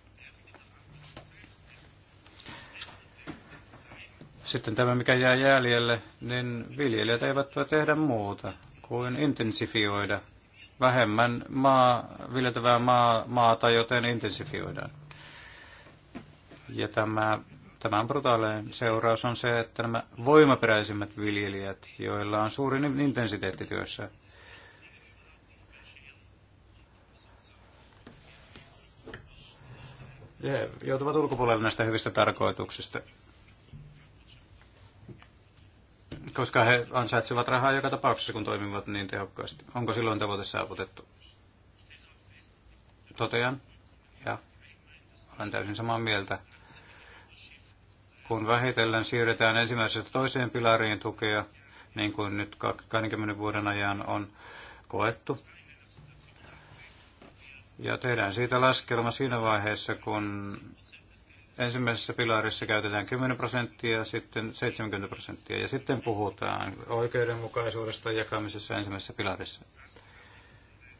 Sitten tämä, mikä jää jäljelle, niin viljelijät eivät voi tehdä muuta kuin intensifioida. Vähemmän maa, viljeltävää maa, maata, joten intensifioidaan. Ja tämä, tämän brutaalein seuraus on se, että nämä voimaperäisimmät viljelijät, joilla on suurin intensiteetti työssä, he joutuvat ulkopuolelle näistä hyvistä tarkoituksista, koska he ansaitsevat rahaa joka tapauksessa, kun toimivat niin tehokkaasti. Onko silloin tavoite saavutettu? Totean ja olen täysin samaa mieltä kun vähitellen siirretään ensimmäisestä toiseen pilariin tukea, niin kuin nyt 20 vuoden ajan on koettu. Ja tehdään siitä laskelma siinä vaiheessa, kun ensimmäisessä pilarissa käytetään 10 prosenttia, sitten 70 prosenttia ja sitten puhutaan oikeudenmukaisuudesta jakamisessa ensimmäisessä pilarissa.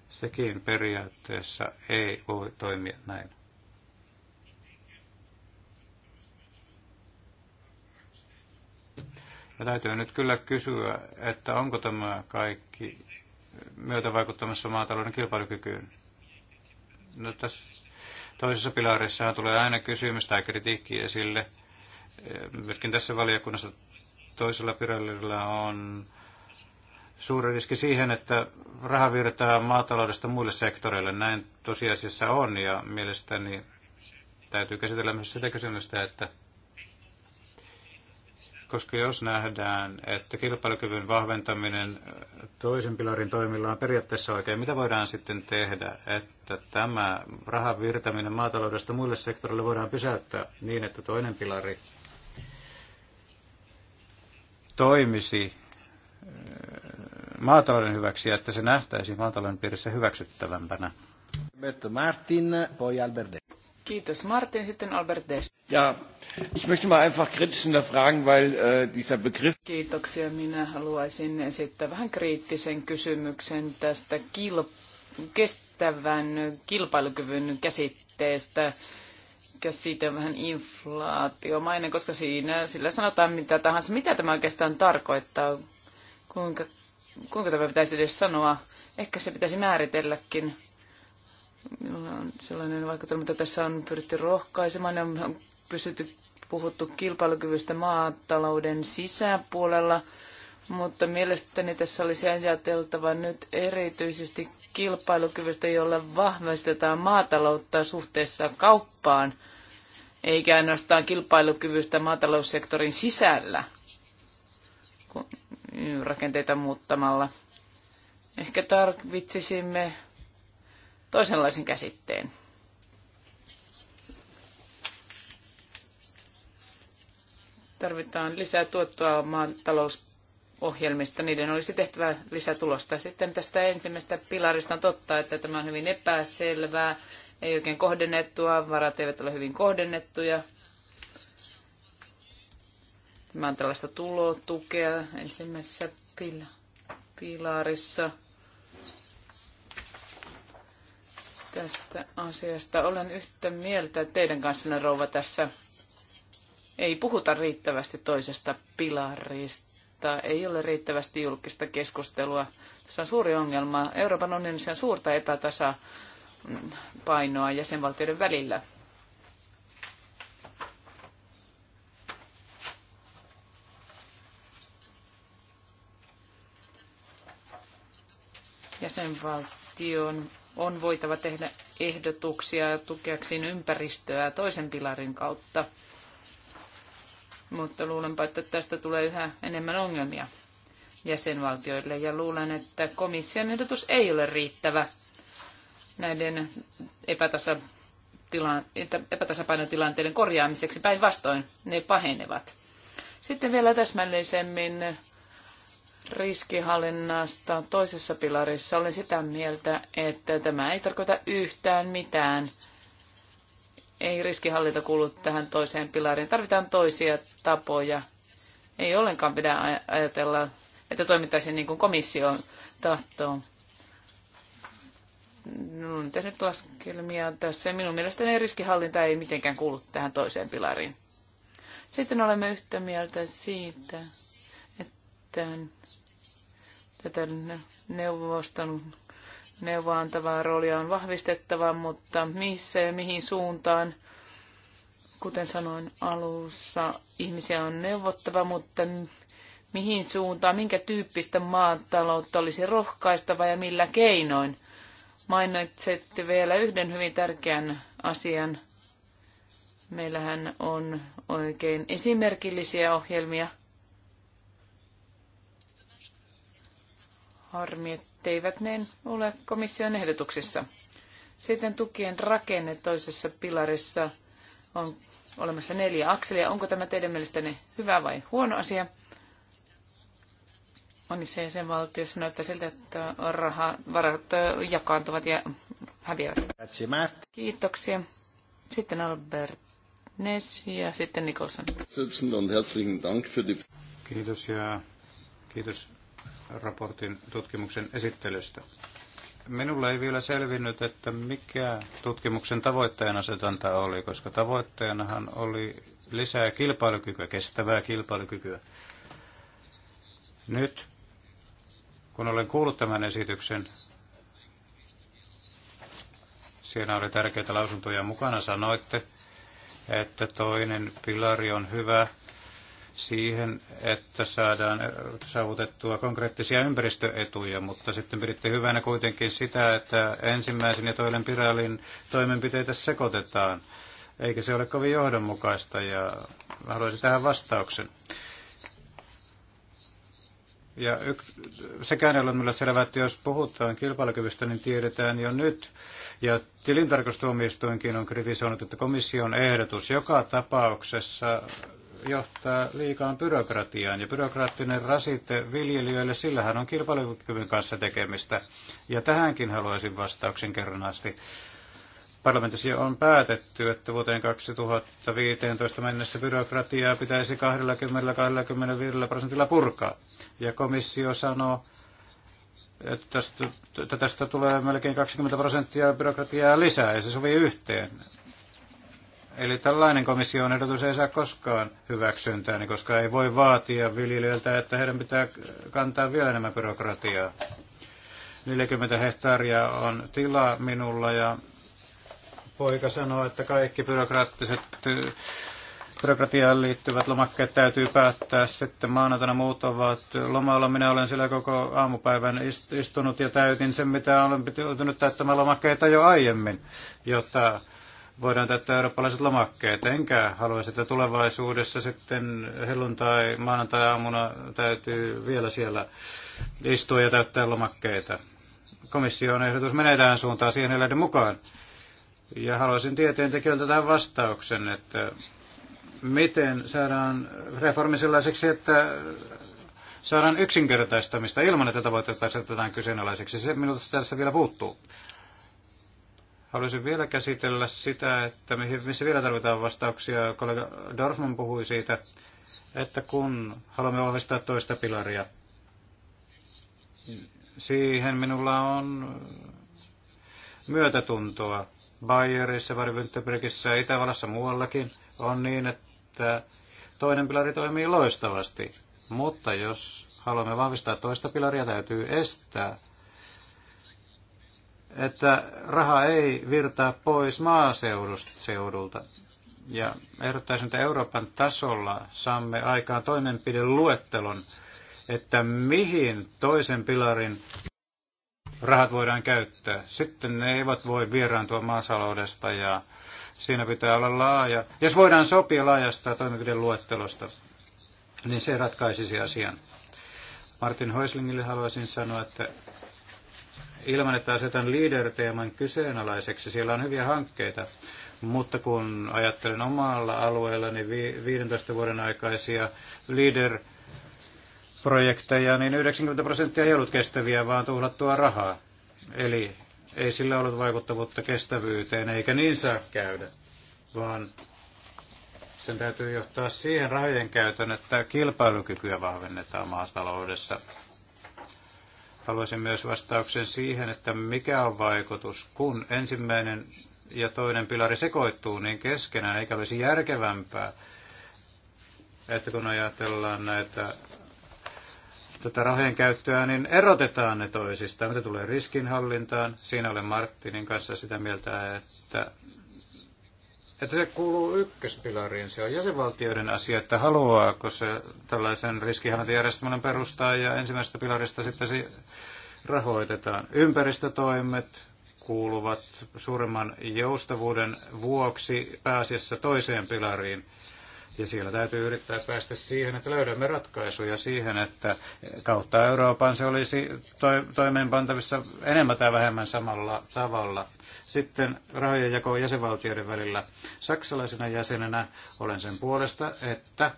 Sekin periaatteessa ei voi toimia näin. Ja täytyy nyt kyllä kysyä, että onko tämä kaikki myötä vaikuttamassa maatalouden kilpailukykyyn. No, tässä toisessa pilarissahan tulee aina kysymys tai kritiikki esille. Myöskin tässä valiokunnassa toisella pilarilla on suuri riski siihen, että raha virtaa maataloudesta muille sektoreille. Näin tosiasiassa on ja mielestäni täytyy käsitellä myös sitä kysymystä, että koska jos nähdään, että kilpailukyvyn vahventaminen äh, toisen pilarin toimilla on periaatteessa oikein, mitä voidaan sitten tehdä, että tämä rahan virtaminen maataloudesta muille sektoreille voidaan pysäyttää niin, että toinen pilari toimisi äh, maatalouden hyväksi ja että se nähtäisi maatalouden piirissä hyväksyttävämpänä. Alberto Martin, poi Albert Kiitos Martin, sitten Albert Des. Ja, ich möchte mal einfach kritisch hinterfragen, weil äh, dieser Begriff... Kiitoksia, minä haluaisin esittää vähän kriittisen kysymyksen tästä kil... kestävän kilpailukyvyn käsitteestä käsite vähän inflaatiomainen, koska siinä sillä sanotaan mitä tahansa. Mitä tämä oikeastaan tarkoittaa? Kuinka, kuinka tämä pitäisi edes sanoa? Ehkä se pitäisi määritelläkin Minulla on sellainen vaikutelma, että tässä on pyritty rohkaisemaan ja on pysytty puhuttu kilpailukyvystä maatalouden sisäpuolella, mutta mielestäni tässä olisi ajateltava nyt erityisesti kilpailukyvystä, jolla vahvistetaan maataloutta suhteessa kauppaan, eikä ainoastaan kilpailukyvystä maataloussektorin sisällä rakenteita muuttamalla. Ehkä tarvitsisimme toisenlaisen käsitteen. Tarvitaan lisää tuottoa maatalousohjelmista. Niiden olisi tehtävä lisätulosta. Sitten tästä ensimmäisestä pilarista on totta, että tämä on hyvin epäselvää, ei oikein kohdennettua, varat eivät ole hyvin kohdennettuja. Tämä on tällaista tulotukea ensimmäisessä pilarissa. tästä asiasta. Olen yhtä mieltä teidän kanssanne, rouva, tässä. Ei puhuta riittävästi toisesta pilarista, ei ole riittävästi julkista keskustelua. Tässä on suuri ongelma. Euroopan unionissa on suurta epätasapainoa jäsenvaltioiden välillä. Jäsenvaltion on voitava tehdä ehdotuksia tukeakseen ympäristöä toisen pilarin kautta. Mutta luulenpa, että tästä tulee yhä enemmän ongelmia jäsenvaltioille ja luulen, että komission ehdotus ei ole riittävä näiden epätasapainotilanteiden korjaamiseksi. Päinvastoin ne pahenevat. Sitten vielä täsmällisemmin riskihallinnasta toisessa pilarissa. Olen sitä mieltä, että tämä ei tarkoita yhtään mitään. Ei riskihallinta kuulu tähän toiseen pilariin. Tarvitaan toisia tapoja. Ei ollenkaan pidä ajatella, että toimittaisiin niin kuin tahtoon. tahtoo. Olen tehnyt laskelmia tässä. Minun mielestäni riskihallinta ei mitenkään kuulu tähän toiseen pilariin. Sitten olemme yhtä mieltä siitä, mitään tätä neuvoston neuvoantavaa roolia on vahvistettava, mutta missä ja mihin suuntaan, kuten sanoin alussa, ihmisiä on neuvottava, mutta mihin suuntaan, minkä tyyppistä maataloutta olisi rohkaistava ja millä keinoin. Mainitsette vielä yhden hyvin tärkeän asian. Meillähän on oikein esimerkillisiä ohjelmia – Harmi, etteivät ne niin ole komission ehdotuksissa. Sitten tukien rakenne toisessa pilarissa on olemassa neljä akselia. Onko tämä teidän mielestänne hyvä vai huono asia? Monissa jäsenvaltioissa näyttää siltä, että rahavarat varat jakaantuvat ja häviävät. Kiitoksia. Sitten Albert Ness ja sitten Nicholson. Kiitos ja kiitos raportin tutkimuksen esittelystä. Minulle ei vielä selvinnyt, että mikä tutkimuksen tavoitteena asetanta oli, koska tavoitteenahan oli lisää kilpailukykyä, kestävää kilpailukykyä. Nyt, kun olen kuullut tämän esityksen, siinä oli tärkeitä lausuntoja mukana, sanoitte, että toinen pilari on hyvä siihen, että saadaan saavutettua konkreettisia ympäristöetuja, mutta sitten piditte hyvänä kuitenkin sitä, että ensimmäisen ja toinen piraalin toimenpiteitä sekoitetaan. Eikä se ole kovin johdonmukaista ja haluaisin tähän vastauksen. Ja yk, sekään ei ole minulle selvää, että jos puhutaan kilpailukyvystä, niin tiedetään jo nyt. Ja tilintarkastuomioistuinkin on kritisoinut, että komission ehdotus joka tapauksessa johtaa liikaan byrokratiaan ja byrokraattinen rasite viljelijöille, sillähän on kilpailukyvyn kanssa tekemistä. Ja tähänkin haluaisin vastauksen kerran asti. Parlamentissa on päätetty, että vuoteen 2015 mennessä byrokratiaa pitäisi 20-25 prosentilla purkaa. Ja komissio sanoo, että tästä, tästä tulee melkein 20 prosenttia byrokratiaa lisää, ja se sovii yhteen. Eli tällainen komission ehdotus ei saa koskaan hyväksyntää, koska ei voi vaatia viljelijöiltä, että heidän pitää kantaa vielä enemmän byrokratiaa. 40 hehtaaria on tila minulla ja poika sanoo, että kaikki byrokraattiset byrokratiaan liittyvät lomakkeet täytyy päättää. Sitten maanantaina muut ovat lomalla. Minä olen siellä koko aamupäivän istunut ja täytin sen, mitä olen joutunut täyttämään lomakkeita jo aiemmin, jotta voidaan täyttää eurooppalaiset lomakkeet. Enkä haluaisi, että tulevaisuudessa sitten helluntai, maanantai-aamuna täytyy vielä siellä istua ja täyttää lomakkeita. Komission ehdotus menee tähän suuntaan siihen eläiden mukaan. Ja haluaisin tieteen tekijöiltä tähän vastauksen, että miten saadaan reformi sellaiseksi, että saadaan yksinkertaistamista ilman, että tavoitteet asetetaan kyseenalaiseksi. Se minusta tässä vielä puuttuu. Haluaisin vielä käsitellä sitä, että missä vielä tarvitaan vastauksia. Kollega Dorfman puhui siitä, että kun haluamme vahvistaa toista pilaria, siihen minulla on myötätuntoa. Bayerissa, ja Itävallassa muuallakin on niin, että toinen pilari toimii loistavasti. Mutta jos haluamme vahvistaa toista pilaria, täytyy estää että raha ei virtaa pois maaseudulta. Ja ehdottaisin, että Euroopan tasolla saamme aikaan toimenpideluettelon, että mihin toisen pilarin rahat voidaan käyttää. Sitten ne eivät voi vieraantua maasaloudesta ja siinä pitää olla laaja. Jos voidaan sopia laajasta toimenpideluettelosta, niin se ratkaisisi asian. Martin Hoislingille haluaisin sanoa, että ilman, että asetan leader-teeman kyseenalaiseksi. Siellä on hyviä hankkeita, mutta kun ajattelen omalla alueellani niin 15 vuoden aikaisia leader projekteja, niin 90 prosenttia ei ollut kestäviä, vaan tuhlattua rahaa. Eli ei sillä ollut vaikuttavuutta kestävyyteen, eikä niin saa käydä, vaan sen täytyy johtaa siihen rahojen käytön, että kilpailukykyä vahvennetaan maastaloudessa Haluaisin myös vastauksen siihen, että mikä on vaikutus, kun ensimmäinen ja toinen pilari sekoittuu niin keskenään, eikä olisi järkevämpää, että kun ajatellaan näitä tätä rahojen käyttöä, niin erotetaan ne toisistaan. Mitä tulee riskinhallintaan, siinä olen Marttinin kanssa sitä mieltä, että että se kuuluu ykköspilariin. Se on jäsenvaltioiden asia, että haluaako se tällaisen riskihallintajärjestelmän perustaa ja ensimmäisestä pilarista sitten se rahoitetaan. Ympäristötoimet kuuluvat suuremman joustavuuden vuoksi pääasiassa toiseen pilariin. Ja siellä täytyy yrittää päästä siihen, että löydämme ratkaisuja siihen, että kautta Euroopan se olisi toimeenpantavissa enemmän tai vähemmän samalla tavalla sitten rahojen jako jäsenvaltioiden välillä. Saksalaisena jäsenenä olen sen puolesta, että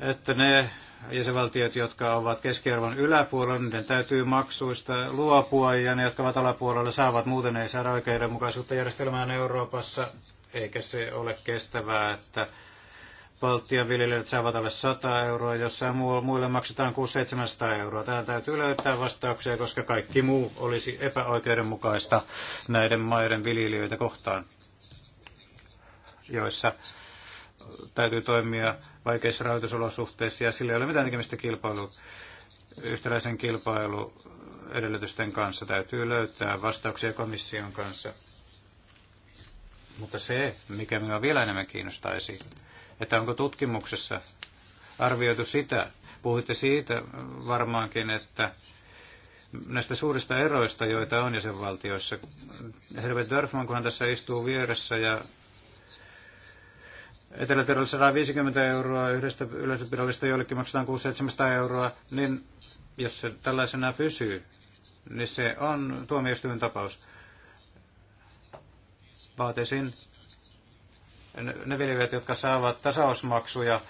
että ne jäsenvaltiot, jotka ovat keskiarvon yläpuolella, niin niiden täytyy maksuista luopua ja ne, jotka ovat alapuolella, saavat muuten ei saada oikeudenmukaisuutta järjestelmään Euroopassa, eikä se ole kestävää, että Baltian viljelijät saavat alle 100 euroa, jossain muille maksetaan 600-700 euroa. Tähän täytyy löytää vastauksia, koska kaikki muu olisi epäoikeudenmukaista näiden maiden viljelijöitä kohtaan, joissa täytyy toimia vaikeissa rahoitusolosuhteissa ja sillä ei ole mitään tekemistä kilpailu, yhtäläisen kilpailu edellytysten kanssa. Täytyy löytää vastauksia komission kanssa. Mutta se, mikä minua vielä enemmän kiinnostaisi, että onko tutkimuksessa arvioitu sitä, puhuitte siitä varmaankin, että näistä suurista eroista, joita on jäsenvaltioissa. Herbert Dörfman, kun hän tässä istuu vieressä ja etelä 150 euroa, yhdestä yleisöpidollisesta joillekin maksetaan 600-700 euroa, niin jos se tällaisena pysyy, niin se on tuomioistuin tapaus. Vaatisin ne viljelijät, jotka saavat tasausmaksuja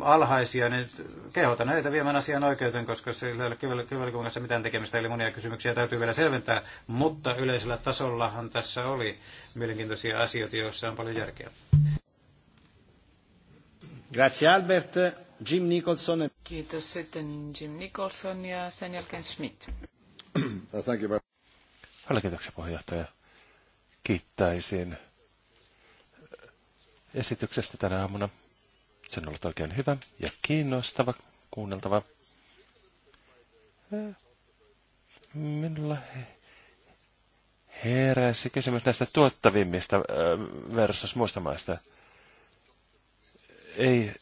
alhaisia, niin kehotan näitä viemään asian oikeuteen, koska sillä ei ole kyvälikuvun kanssa mitään tekemistä, eli monia kysymyksiä täytyy vielä selventää, mutta yleisellä tasollahan tässä oli mielenkiintoisia asioita, joissa on paljon järkeä. Grazie Albert. Jim Nicholson. Kiitos sitten Jim Nicholson ja sen jälkeen Schmidt. Thank you Kiitoksia puheenjohtaja. Kiittäisin esityksestä tänä aamuna. Se on ollut oikein hyvä ja kiinnostava, kuunneltava. Äh, minulla heräsi kysymys näistä tuottavimmista äh, versus muista maista. Ei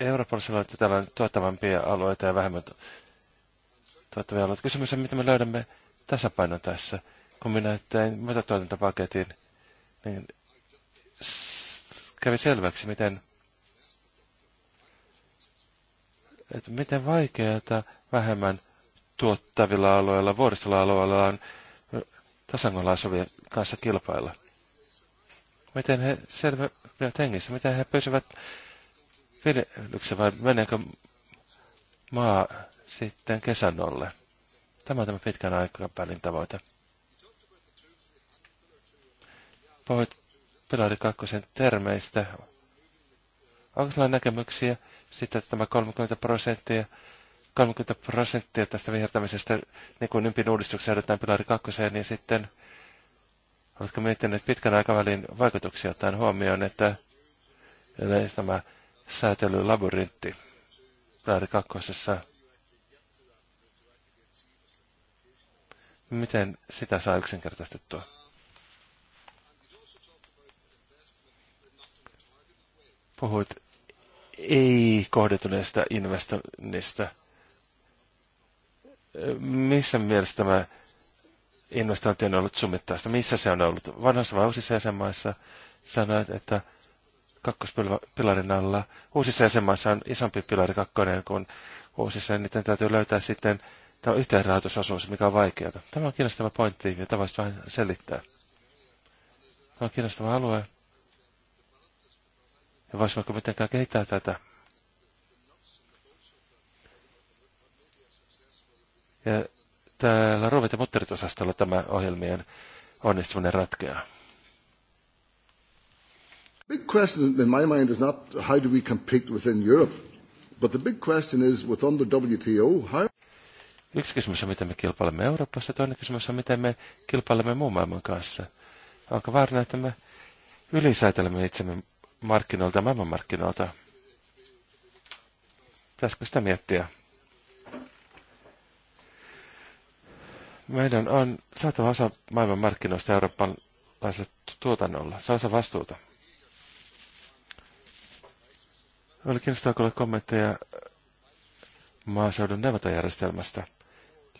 Euroopassa ole täällä tuottavampia alueita ja vähemmän tuottavia alueita. Kysymys on, miten me löydämme tasapainon tässä. Kun minä tein tuotantopaketin, niin kävi selväksi, miten, että miten vaikeata vähemmän tuottavilla alueilla, vuoristolla alueilla on tasangolla asuvien kanssa kilpailla. Miten he selviävät hengissä, miten he pysyvät viljelyksessä vai meneekö maa sitten kesänolle? Tämä on tämä pitkän aikavälin tavoite. Puhuit Pilari Kakkosen termeistä. Onko sulla näkemyksiä siitä, että tämä 30 prosenttia, 30 prosenttia tästä vihertämisestä, niin kuin ympin uudistuksessa edetään Pilari Kakkoseen, niin sitten oletko miettinyt pitkän aikavälin vaikutuksia ottaen huomioon, että tämä säätelylabyrintti Pilari Kakkosessa miten sitä saa yksinkertaistettua? Puhuit ei kohdetuneesta investoinnista. Missä mielessä tämä investointi on ollut summittaista? Missä se on ollut? Vanhassa vai uusissa jäsenmaissa sanoit, että kakkospilarin alla. Uusissa jäsenmaissa on isompi pilari kakkonen kuin uusissa, niin niiden täytyy löytää sitten tämä yhteenrahoitusosuus, mikä on vaikeaa. Tämä on kiinnostava pointti, jota voisit vähän selittää. Tämä on kiinnostava alue ja voisimmeko mitenkään kehittää tätä. Ja täällä Rovet ja Mutteritosastolla tämä ohjelmien onnistuminen ratkeaa. Big question in my mind is not how do we compete within Europe, but the big question is within the WTO, how... Yksi kysymys on, miten me kilpailemme Euroopassa, toinen kysymys on, miten me kilpailemme muun maailman kanssa. Onko vaarana, että me ylisäätelemme itsemme markkinoilta ja maailmanmarkkinoilta. Pitäisikö sitä miettiä? Meidän on saatava osa maailmanmarkkinoista eurooppalaiselle tuotannolla. Se osa vastuuta. Oli kiinnostavaa kuulla kommentteja maaseudun neuvontajärjestelmästä.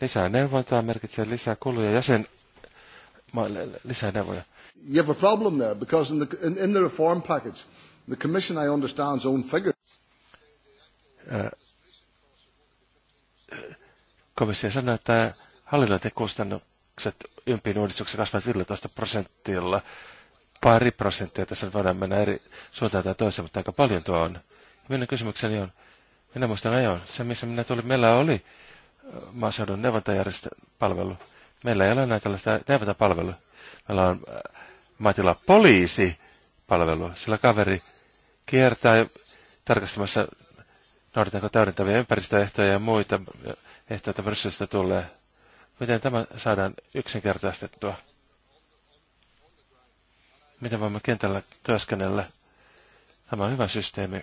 Lisää neuvontaa merkitsee lisää kuluja jäsen lisää neuvoja you have a problem there because in the, in, in the reform package, the Commission, I understand, its own figures. Uh, uh, komissio sanoi, että hallinnointien kustannukset ympiin uudistuksen kasvavat 15 prosentilla. Pari prosenttia tässä voidaan mennä eri suuntaan tai toiseen, mutta aika paljon tuo on. Minun kysymykseni on, minä muistan ajoin, se missä minä tulin, meillä oli uh, maaseudun neuvontajärjestelmäpalvelu. Meillä ei ole enää tällaista neuvontapalvelua. Meillä on maatila poliisipalvelu, sillä kaveri kiertää tarkastamassa, noudatanko täydentäviä ympäristöehtoja ja muita ehtoja, että Brysselistä tulee. Miten tämä saadaan yksinkertaistettua? Miten voimme kentällä työskennellä? Tämä on hyvä systeemi.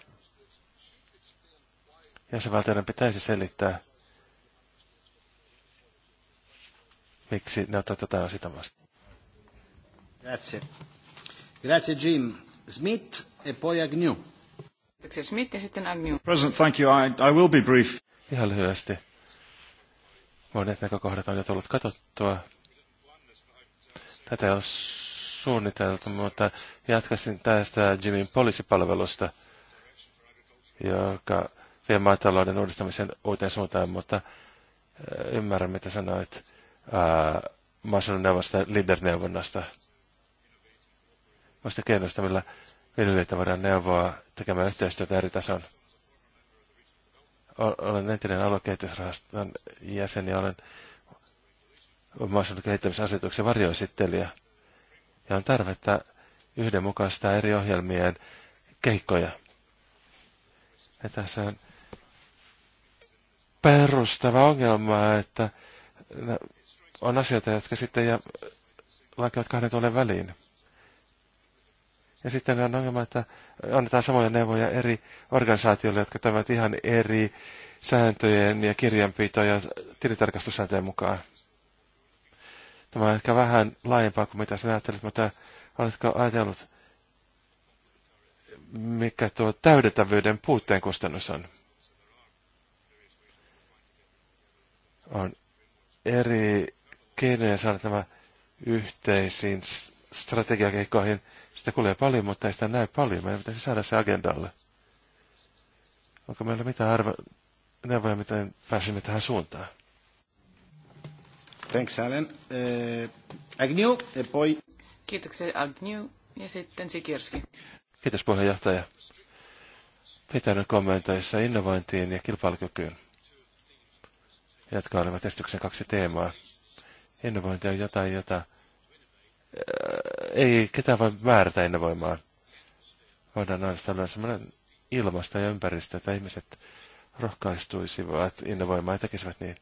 Jäsenvaltioiden pitäisi selittää, miksi ne ottavat tätä asiaa vastaan. Grazie. Grazie Jim. Smith e poi Agnew. Kiitoksia Smith ja sitten Agnew. President, thank you. I, I will be brief. Ihan lyhyesti. Monet näkökohdat on jo tullut katsottua. Tätä on suunniteltu, mutta jatkaisin tästä Jimin poliisipalvelusta, joka vie maatalouden uudistamisen uuteen suuntaan, mutta eh, ymmärrän, mitä sanoit maaseudun neuvosta, leader-neuvonnasta vasta keinoista, millä viljelijöitä voidaan neuvoa tekemään yhteistyötä eri tason. Olen entinen aluekehitysrahaston jäsen ja olen maaseudun kehittämisasetuksen varjoesittelijä. Ja on tarvetta yhdenmukaistaa eri ohjelmien keikkoja. Ja tässä on perustava ongelma, että on asioita, jotka sitten ja lankevat kahden tuolen väliin. Ja sitten on ongelma, että annetaan samoja neuvoja eri organisaatioille, jotka toimivat ihan eri sääntöjen ja kirjanpito- ja tilitarkastussääntöjen mukaan. Tämä on ehkä vähän laajempaa kuin mitä sinä ajattelet, mutta oletko ajatellut, mikä tuo täydentävyyden puutteen kustannus on? On eri keinoja saada tämä yhteisiin strategiakeikkoihin. Sitä kuulee paljon, mutta ei sitä näy paljon. Meidän pitäisi saada se agendalle. Onko meillä mitään arvo, neuvoja, miten pääsemme tähän suuntaan? Thanks, Alan. Uh, Agnew, ja eh, poi... Kiitoksia, Agnew. Ja sitten Sikirski. Kiitos, puheenjohtaja. Pitänyt kommentoissa innovointiin ja kilpailukykyyn, Jatkaa olivat testyksen kaksi teemaa. Innovointi on jotain, jota ei ketään voi määrätä innovoimaan. Voidaan ainoastaan olla sellainen ilmasta ja ympäristö, että ihmiset rohkaistuisivat innovoimaan ja tekisivät niin.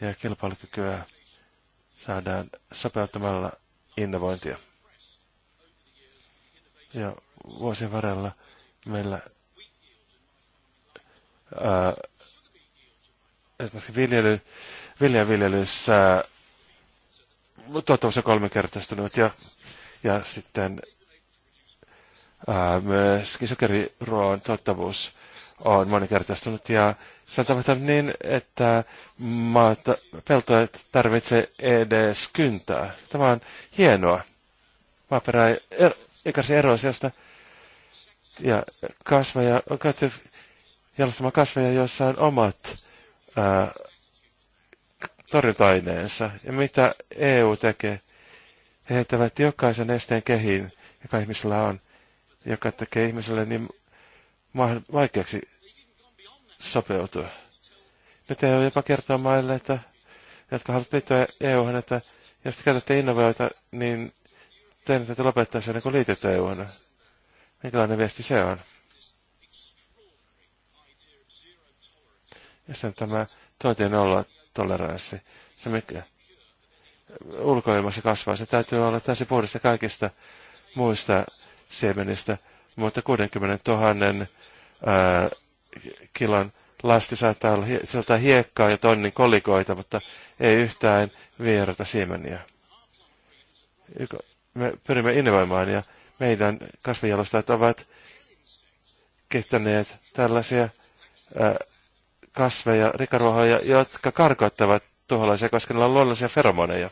Ja kilpailukykyä saadaan sopeuttamalla innovointia. Ja vuosien varrella meillä ää, esimerkiksi viljely, viljelyssä tuottavuus on kolminkertaistunut ja, ja sitten ää, myös sokeriruoan tuottavuus on moninkertaistunut ja se on tapahtunut niin, että maata, pelto ei tarvitse edes kyntää. Tämä on hienoa. Maaperä ei er, eroa sieltä ja kasveja, on käytetty jalostamaan kasveja, joissa on omat ää, torjunta-aineensa. Ja mitä EU tekee? He heittävät jokaisen esteen kehiin, joka ihmisellä on, joka tekee ihmiselle niin vaikeaksi sopeutua. Nyt EU jopa kertoo maille, että, jotka haluavat liittyä eu että jos te käytätte innovoita, niin teidän täytyy lopettaa sen, kun liitytte EU-han. Minkälainen viesti se on? Ja sitten tämä tuotiin olla toleranssi. Se, mikä ulkoilmassa kasvaa, se täytyy olla täysin puhdasta kaikista muista siemenistä, mutta 60 000 ää, kilon lasti saattaa olla sisältää hiekkaa ja tonnin kolikoita, mutta ei yhtään vierata siemeniä. Me pyrimme innovoimaan ja meidän kasvijalostajat ovat kehittäneet tällaisia ää, kasveja, rikaruohoja, jotka karkoittavat tuholaisia, koska niillä on luonnollisia feromoneja.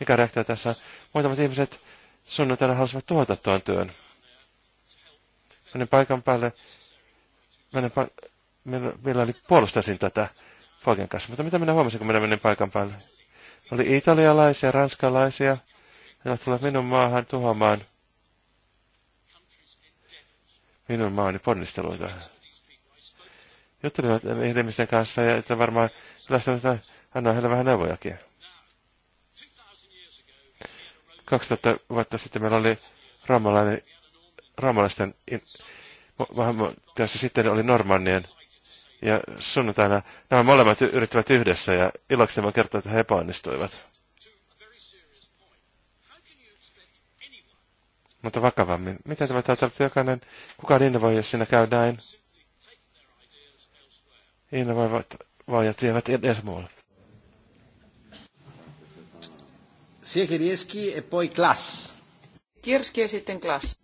Mikä reaktio tässä on? Muutamat ihmiset sunnuntaina halusivat tuhota tuon työn. Menin paikan päälle, menin pa- millä, millä oli, puolustasin tätä Fogen kanssa. Mutta mitä minä huomasin, kun minä menin paikan päälle? Oli italialaisia, ranskalaisia, ovat tulleet minun maahan tuhoamaan minun maani ponnisteluita juttelivat ihmisten kanssa ja että varmaan lähtevät annoin heille vähän neuvojakin. 2000 vuotta sitten meillä oli raamalainen, raamalaisten tässä sitten oli Normannien ja sunnuntaina nämä molemmat yrittivät yhdessä ja ilokseni kertoa, että he epäonnistuivat. Mutta vakavammin. Miten tämä täytyy olla jokainen, kukaan voi jos siinä käy näin? innovoivat niin vaajat vievät edes muualle. Siekirieski e poi Klas. Kirski ja sitten Klas.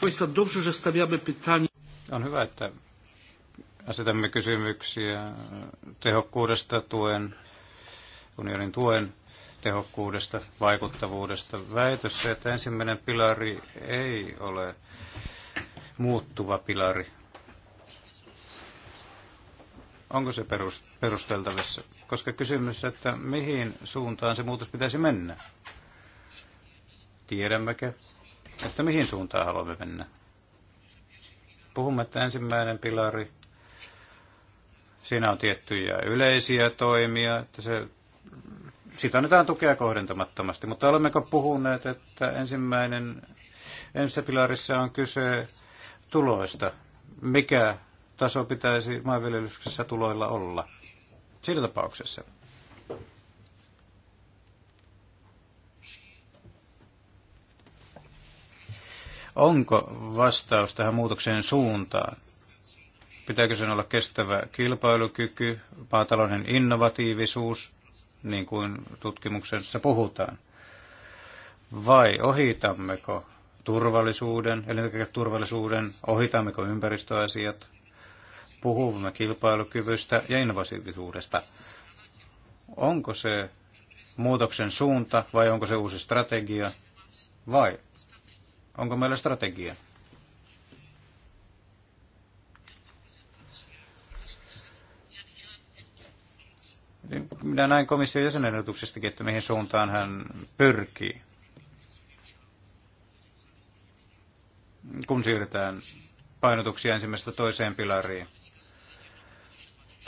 Poista dobrze, że stawiamy pytanie. On hyvä, että asetamme kysymyksiä tehokkuudesta, tuen, unionin tuen tehokkuudesta, vaikuttavuudesta. Väitös se, että ensimmäinen pilari ei ole muuttuva pilari. Onko se perus, perusteltavissa? Koska kysymys, että mihin suuntaan se muutos pitäisi mennä? Tiedämmekö, että mihin suuntaan haluamme mennä? Puhumme, että ensimmäinen pilari, siinä on tiettyjä yleisiä toimia, että se siitä annetaan tukea kohdentamattomasti, mutta olemmeko puhuneet, että ensimmäinen, ensimmäisessä pilarissa on kyse tuloista, mikä taso pitäisi maanviljelyksessä tuloilla olla. Sillä tapauksessa. Onko vastaus tähän muutokseen suuntaan? Pitääkö sen olla kestävä kilpailukyky, maatalouden innovatiivisuus, niin kuin tutkimuksessa puhutaan? Vai ohitammeko turvallisuuden, eli turvallisuuden ohitammeko ympäristöasiat, puhumme kilpailukyvystä ja innovatiivisuudesta. Onko se muutoksen suunta vai onko se uusi strategia vai onko meillä strategia? Minä näin komission jäsenehdotuksestakin, että mihin suuntaan hän pyrkii, kun siirretään painotuksia ensimmäisestä toiseen pilariin.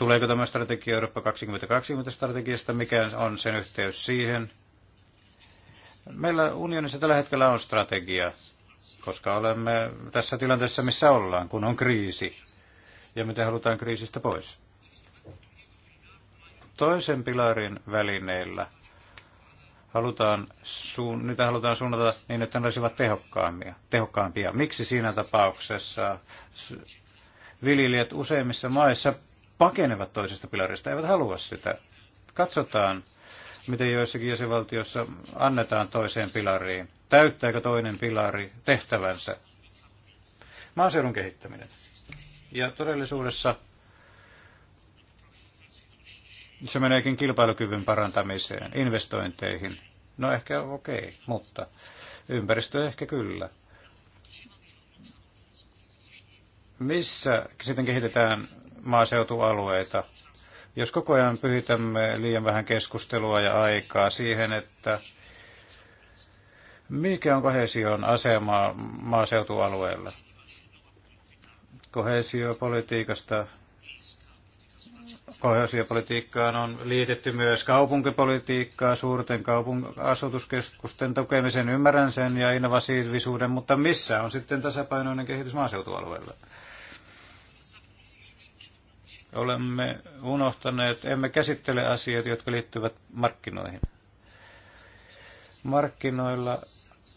Tuleeko tämä strategia Eurooppa 2020 strategiasta? Mikä on sen yhteys siihen? Meillä unionissa tällä hetkellä on strategia, koska olemme tässä tilanteessa, missä ollaan, kun on kriisi. Ja miten halutaan kriisistä pois? Toisen pilarin välineillä halutaan, suun, niitä halutaan suunnata niin, että ne olisivat tehokkaampia. tehokkaampia. Miksi siinä tapauksessa viljelijät useimmissa maissa pakenevat toisesta pilarista, eivät halua sitä. Katsotaan, miten joissakin jäsenvaltioissa annetaan toiseen pilariin. Täyttääkö toinen pilari tehtävänsä? Maaseudun kehittäminen. Ja todellisuudessa se meneekin kilpailukyvyn parantamiseen, investointeihin. No ehkä okei, okay, mutta ympäristö ehkä kyllä. Missä sitten kehitetään maaseutualueita. Jos koko ajan pyhitämme liian vähän keskustelua ja aikaa siihen, että mikä on kohesion asema maaseutualueella? Kohesiopolitiikasta Kohesiopolitiikkaan on liitetty myös kaupunkipolitiikkaa, suurten kaupunk- asutuskeskusten tukemisen, ymmärrän sen ja innovatiivisuuden, mutta missä on sitten tasapainoinen kehitys maaseutualueella? olemme unohtaneet, emme käsittele asioita, jotka liittyvät markkinoihin. Markkinoilla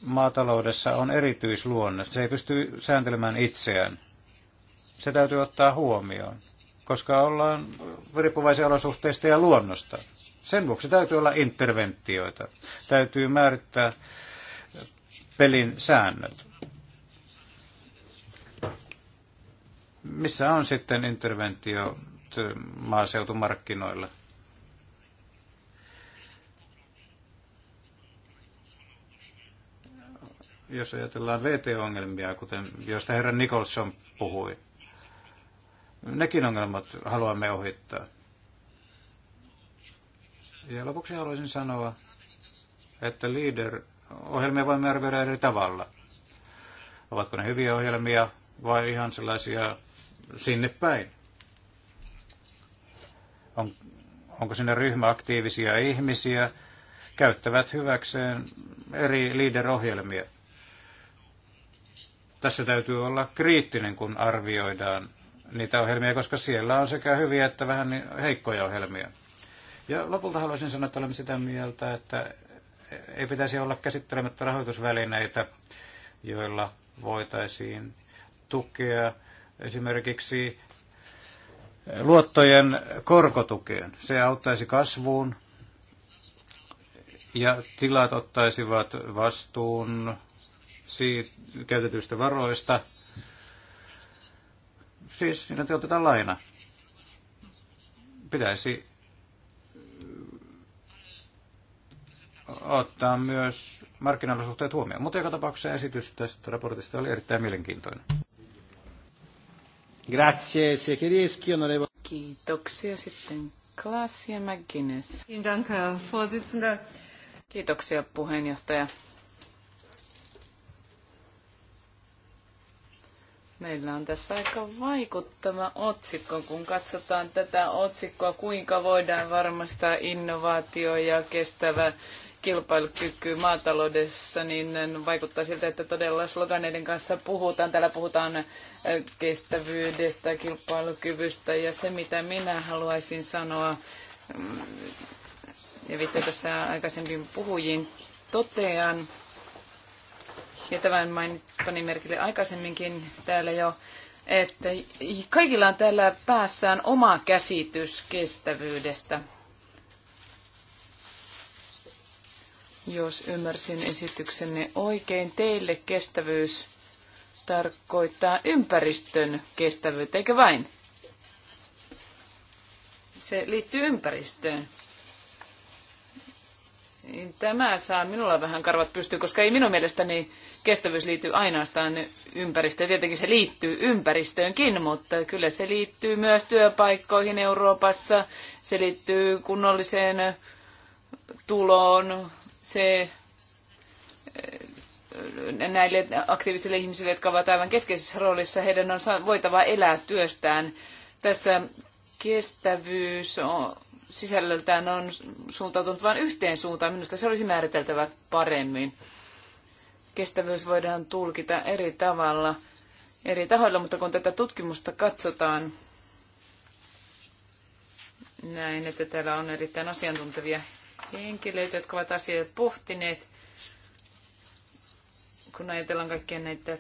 maataloudessa on erityisluonne. Se ei pysty sääntelemään itseään. Se täytyy ottaa huomioon, koska ollaan riippuvaisia olosuhteista ja luonnosta. Sen vuoksi täytyy olla interventioita. Täytyy määrittää pelin säännöt. missä on sitten interventio maaseutumarkkinoilla? Jos ajatellaan VT-ongelmia, kuten josta herra Nicholson puhui, nekin ongelmat haluamme ohittaa. Ja lopuksi haluaisin sanoa, että leader-ohjelmia voimme arvioida eri tavalla. Ovatko ne hyviä ohjelmia vai ihan sellaisia sinne päin. On, onko sinne ryhmä aktiivisia ihmisiä, käyttävät hyväkseen eri liiderohjelmia. Tässä täytyy olla kriittinen, kun arvioidaan niitä ohjelmia, koska siellä on sekä hyviä että vähän heikkoja ohjelmia. Ja lopulta haluaisin sanoa, että olemme sitä mieltä, että ei pitäisi olla käsittelemättä rahoitusvälineitä, joilla voitaisiin tukea esimerkiksi luottojen korkotukeen. Se auttaisi kasvuun ja tilat ottaisivat vastuun siitä käytetyistä varoista. Siis niitä te otetaan laina. Pitäisi ottaa myös markkinoilla suhteet huomioon. Mutta joka tapauksessa esitys tästä raportista oli erittäin mielenkiintoinen. Grazie, onorevole. Kiitoksia sitten Klaas ja McGuinness. Kiitoksia puheenjohtaja. Meillä on tässä aika vaikuttava otsikko, kun katsotaan tätä otsikkoa, kuinka voidaan varmistaa innovaatio ja kestävä kilpailukyky maataloudessa, niin vaikuttaa siltä, että todella sloganeiden kanssa puhutaan. Täällä puhutaan kestävyydestä, kilpailukyvystä ja se, mitä minä haluaisin sanoa, mm, ja viittaan tässä aikaisempiin puhujiin, totean, ja tämän main, merkille aikaisemminkin täällä jo, että kaikilla on täällä päässään oma käsitys kestävyydestä – Jos ymmärsin esityksenne oikein, teille kestävyys tarkoittaa ympäristön kestävyyttä, eikö vain? Se liittyy ympäristöön. Niin tämä saa minulla vähän karvat pystyyn, koska ei minun mielestäni kestävyys liity ainoastaan ympäristöön. Tietenkin se liittyy ympäristöönkin, mutta kyllä se liittyy myös työpaikkoihin Euroopassa. Se liittyy kunnolliseen tuloon, se eh, näille aktiivisille ihmisille, jotka ovat aivan keskeisessä roolissa, heidän on voitava elää työstään. Tässä kestävyys on, sisällöltään on suuntautunut vain yhteen suuntaan. Minusta se olisi määriteltävä paremmin. Kestävyys voidaan tulkita eri tavalla eri tahoilla, mutta kun tätä tutkimusta katsotaan, näin, että täällä on erittäin asiantuntevia henkilöitä, jotka ovat asioita pohtineet, kun ajatellaan kaikkia näitä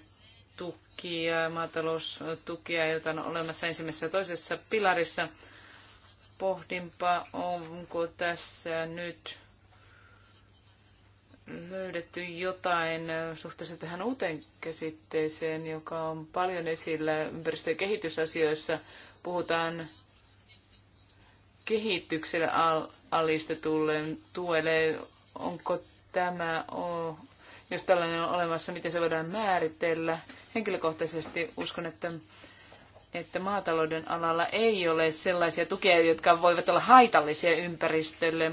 tukia, maataloustukia, joita on olemassa ensimmäisessä ja toisessa pilarissa. Pohdinpa, onko tässä nyt löydetty jotain suhteessa tähän uuteen käsitteeseen, joka on paljon esillä ympäristö- ja kehitysasioissa. Puhutaan kehitykselle al- alistetulle tuelle. Onko tämä, jos tällainen on olemassa, miten se voidaan määritellä? Henkilökohtaisesti uskon, että että maatalouden alalla ei ole sellaisia tukia, jotka voivat olla haitallisia ympäristölle.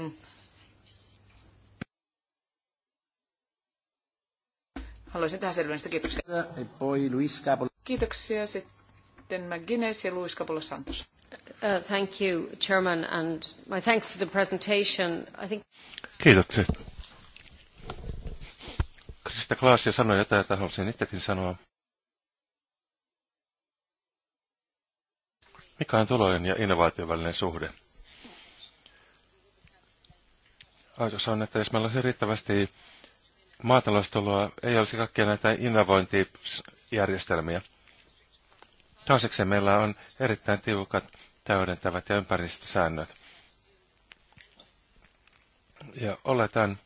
Haluaisin tähän selvennystä. Kiitoksia. Kiitoksia. Sitten McGuinness ja Luis Capola Santos. Uh, thank you, Chairman, and my thanks for the presentation. I think... Kiitoksia. Krista Klaas jo sanoi jotain, että haluaisin itsekin sanoa. Mikä on tulojen ja innovaation välinen suhde? Ajatus on, että jos meillä olisi riittävästi maataloustuloa, ei olisi kaikkia näitä innovointijärjestelmiä. Toiseksi meillä on erittäin tiukat täydentävät ja ympäristösäännöt. Ja oletan,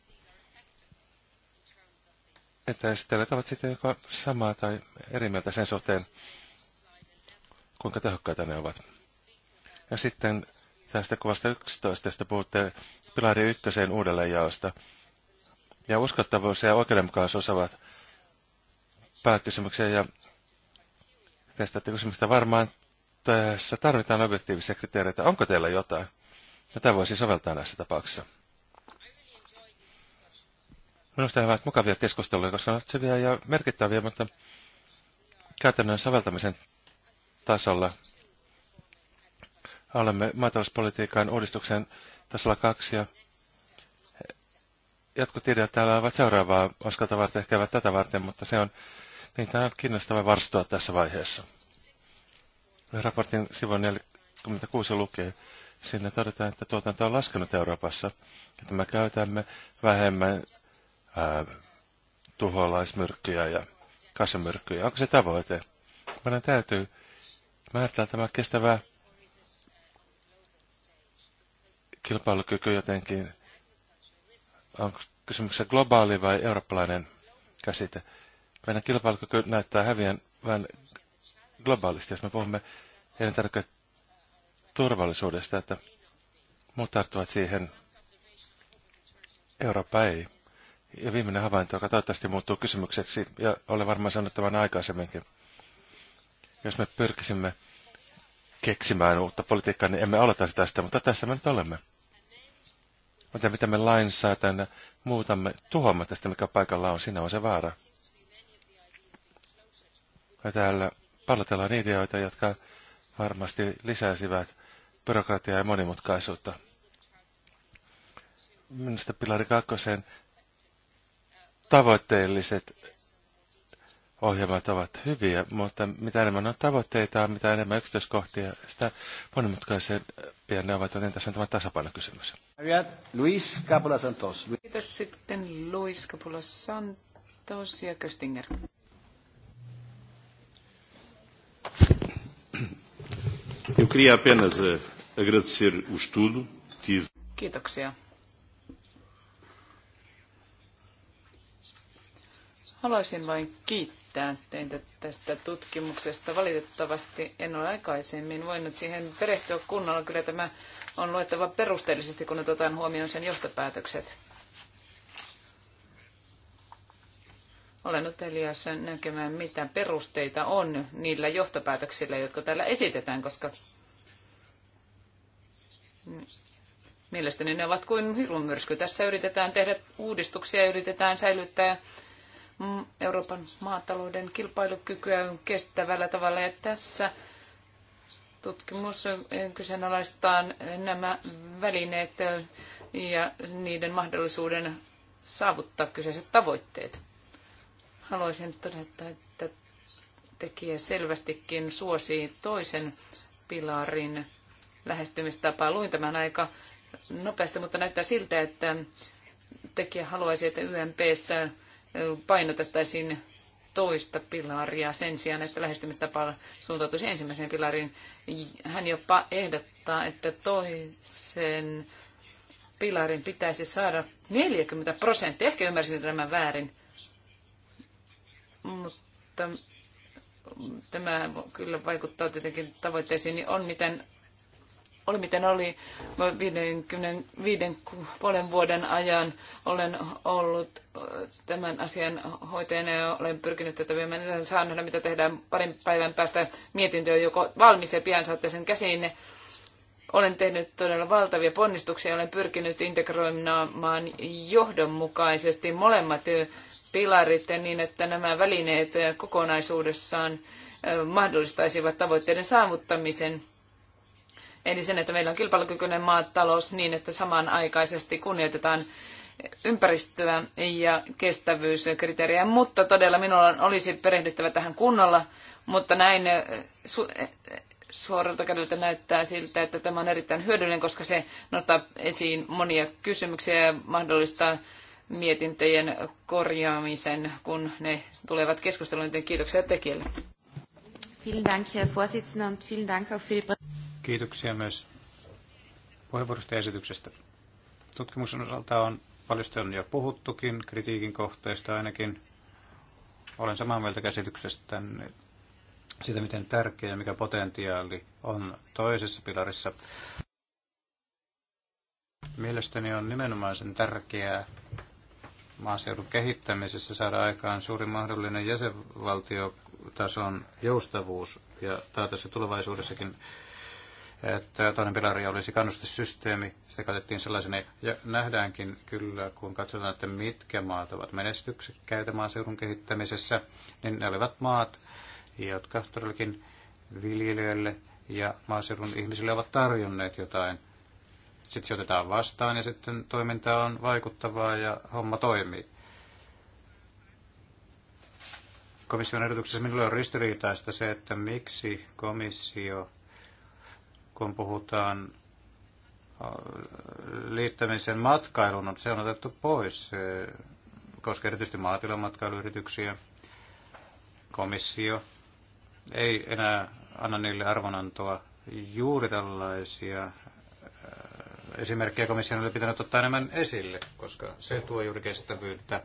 että esittelijät ovat sitten joko samaa tai eri mieltä sen suhteen, kuinka tehokkaita ne ovat. Ja sitten tästä kuvasta 11, josta puhutte pilari ykköseen uudelleenjaosta. Ja uskottavuus ja oikeudenmukaisuus ovat pääkysymyksiä ja että kysymystä. Varmaan tässä tarvitaan objektiivisia kriteereitä. Onko teillä jotain, Tätä voisi soveltaa näissä tapauksissa? Minusta on mukavia keskusteluja, koska on hyviä ja merkittäviä, mutta käytännön soveltamisen tasolla olemme maatalouspolitiikan uudistuksen tasolla kaksi ja jotkut ideat täällä ovat seuraavaa oskalta varten, ehkä tätä varten, mutta se on niin tämä on kiinnostava varstoa tässä vaiheessa. Raportin sivun 46 lukee, siinä todetaan, että tuotanto on laskenut Euroopassa, että me käytämme vähemmän ää, tuholaismyrkkyjä ja kasvimyrkkyjä. Onko se tavoite? Meidän täytyy määrittää tämä kestävä kilpailukyky jotenkin. Onko kysymyksessä globaali vai eurooppalainen käsite? Meidän kilpailukyky näyttää häviän vähän globaalisti, jos me puhumme turvallisuudesta, että muut tarttuvat siihen. Eurooppa ei. Ja viimeinen havainto, joka toivottavasti muuttuu kysymykseksi, ja olen varmaan sanonut tämän aikaisemminkin. Jos me pyrkisimme keksimään uutta politiikkaa, niin emme aloita tästä, mutta tässä me nyt olemme. Mutta mitä me lainsäätänä muutamme, tuhoamme tästä, mikä paikalla on, siinä on se vaara. Ja täällä pallotellaan ideoita, jotka varmasti lisäisivät byrokratiaa ja monimutkaisuutta. Minusta Pilari Kakkosen tavoitteelliset ohjelmat ovat hyviä, mutta mitä enemmän on tavoitteita, mitä enemmän yksityiskohtia, sitä monimutkaisempia ne ovat, joten tässä on tämä tasapainokysymys. Luis Capula Santos. Kiitos sitten Luis Capula Santos ja Köstinger. Eu queria apenas eh, agradecer o estudo. Tive... Kiitoksia. Haluaisin vain kiittää teitä tästä tutkimuksesta. Valitettavasti en ole aikaisemmin voinut siihen perehtyä kunnolla. Kyllä tämä on luettava perusteellisesti, kun otetaan huomioon sen johtopäätökset. Olen utelias näkemään, mitä perusteita on niillä johtopäätöksillä, jotka täällä esitetään, koska mielestäni ne ovat kuin hirunmyrsky. Tässä yritetään tehdä uudistuksia ja yritetään säilyttää mm, Euroopan maatalouden kilpailukykyä kestävällä tavalla. Ja tässä tutkimus kyseenalaistaan nämä välineet ja niiden mahdollisuuden saavuttaa kyseiset tavoitteet. Haluaisin todeta, että tekijä selvästikin suosii toisen pilarin lähestymistapaa. Luin tämän aika nopeasti, mutta näyttää siltä, että tekijä haluaisi, että YMPssä painotettaisiin toista pilaria sen sijaan, että lähestymistapa suuntautuisi ensimmäiseen pilariin. Hän jopa ehdottaa, että toisen pilarin pitäisi saada 40 prosenttia. Ehkä ymmärsin tämän väärin mutta tämä kyllä vaikuttaa tietenkin tavoitteisiin, niin on miten oli miten oli, 55 puolen vuoden ajan olen ollut äh, tämän asian hoitajana ja olen pyrkinyt tätä viemään. Saan nähdä, mitä tehdään parin päivän päästä. Mietintö on joko valmis ja pian saatte sen käsiin. Olen tehnyt todella valtavia ponnistuksia ja olen pyrkinyt integroimaan johdonmukaisesti molemmat äh, pilarit niin, että nämä välineet kokonaisuudessaan mahdollistaisivat tavoitteiden saavuttamisen. Eli sen, että meillä on kilpailukykyinen maatalous niin, että samanaikaisesti kunnioitetaan ympäristöä ja kestävyyskriteerejä, mutta todella minulla olisi perehdyttävä tähän kunnolla, mutta näin su- e, suoralta kädeltä näyttää siltä, että tämä on erittäin hyödyllinen, koska se nostaa esiin monia kysymyksiä ja mahdollistaa mietintöjen korjaamisen, kun ne tulevat keskusteluun. Joten kiitoksia tekijöille. Kiitoksia myös puheenvuorosta ja esityksestä. Tutkimuksen osalta on paljon jo puhuttukin, kritiikin kohteista ainakin. Olen samaa mieltä käsityksestä siitä, miten tärkeä ja mikä potentiaali on toisessa pilarissa. Mielestäni on nimenomaisen tärkeää maaseudun kehittämisessä saada aikaan suuri mahdollinen jäsenvaltiotason joustavuus ja taata se tulevaisuudessakin, että toinen pilari olisi kannustesysteemi. Sitä katettiin sellaisena, ja nähdäänkin kyllä, kun katsotaan, että mitkä maat ovat menestyksekkäitä maaseudun kehittämisessä, niin ne olivat maat, jotka todellakin viljelijöille ja maaseudun ihmisille ovat tarjonneet jotain sitten se otetaan vastaan ja sitten toiminta on vaikuttavaa ja homma toimii. Komission ehdotuksessa minulle on ristiriitaista se, että miksi komissio, kun puhutaan liittämisen matkailuun, se on otettu pois, koska erityisesti maatilamatkailuyrityksiä. Komissio ei enää anna niille arvonantoa juuri tällaisia esimerkkejä komission oli pitänyt ottaa enemmän esille, koska se tuo juuri kestävyyttä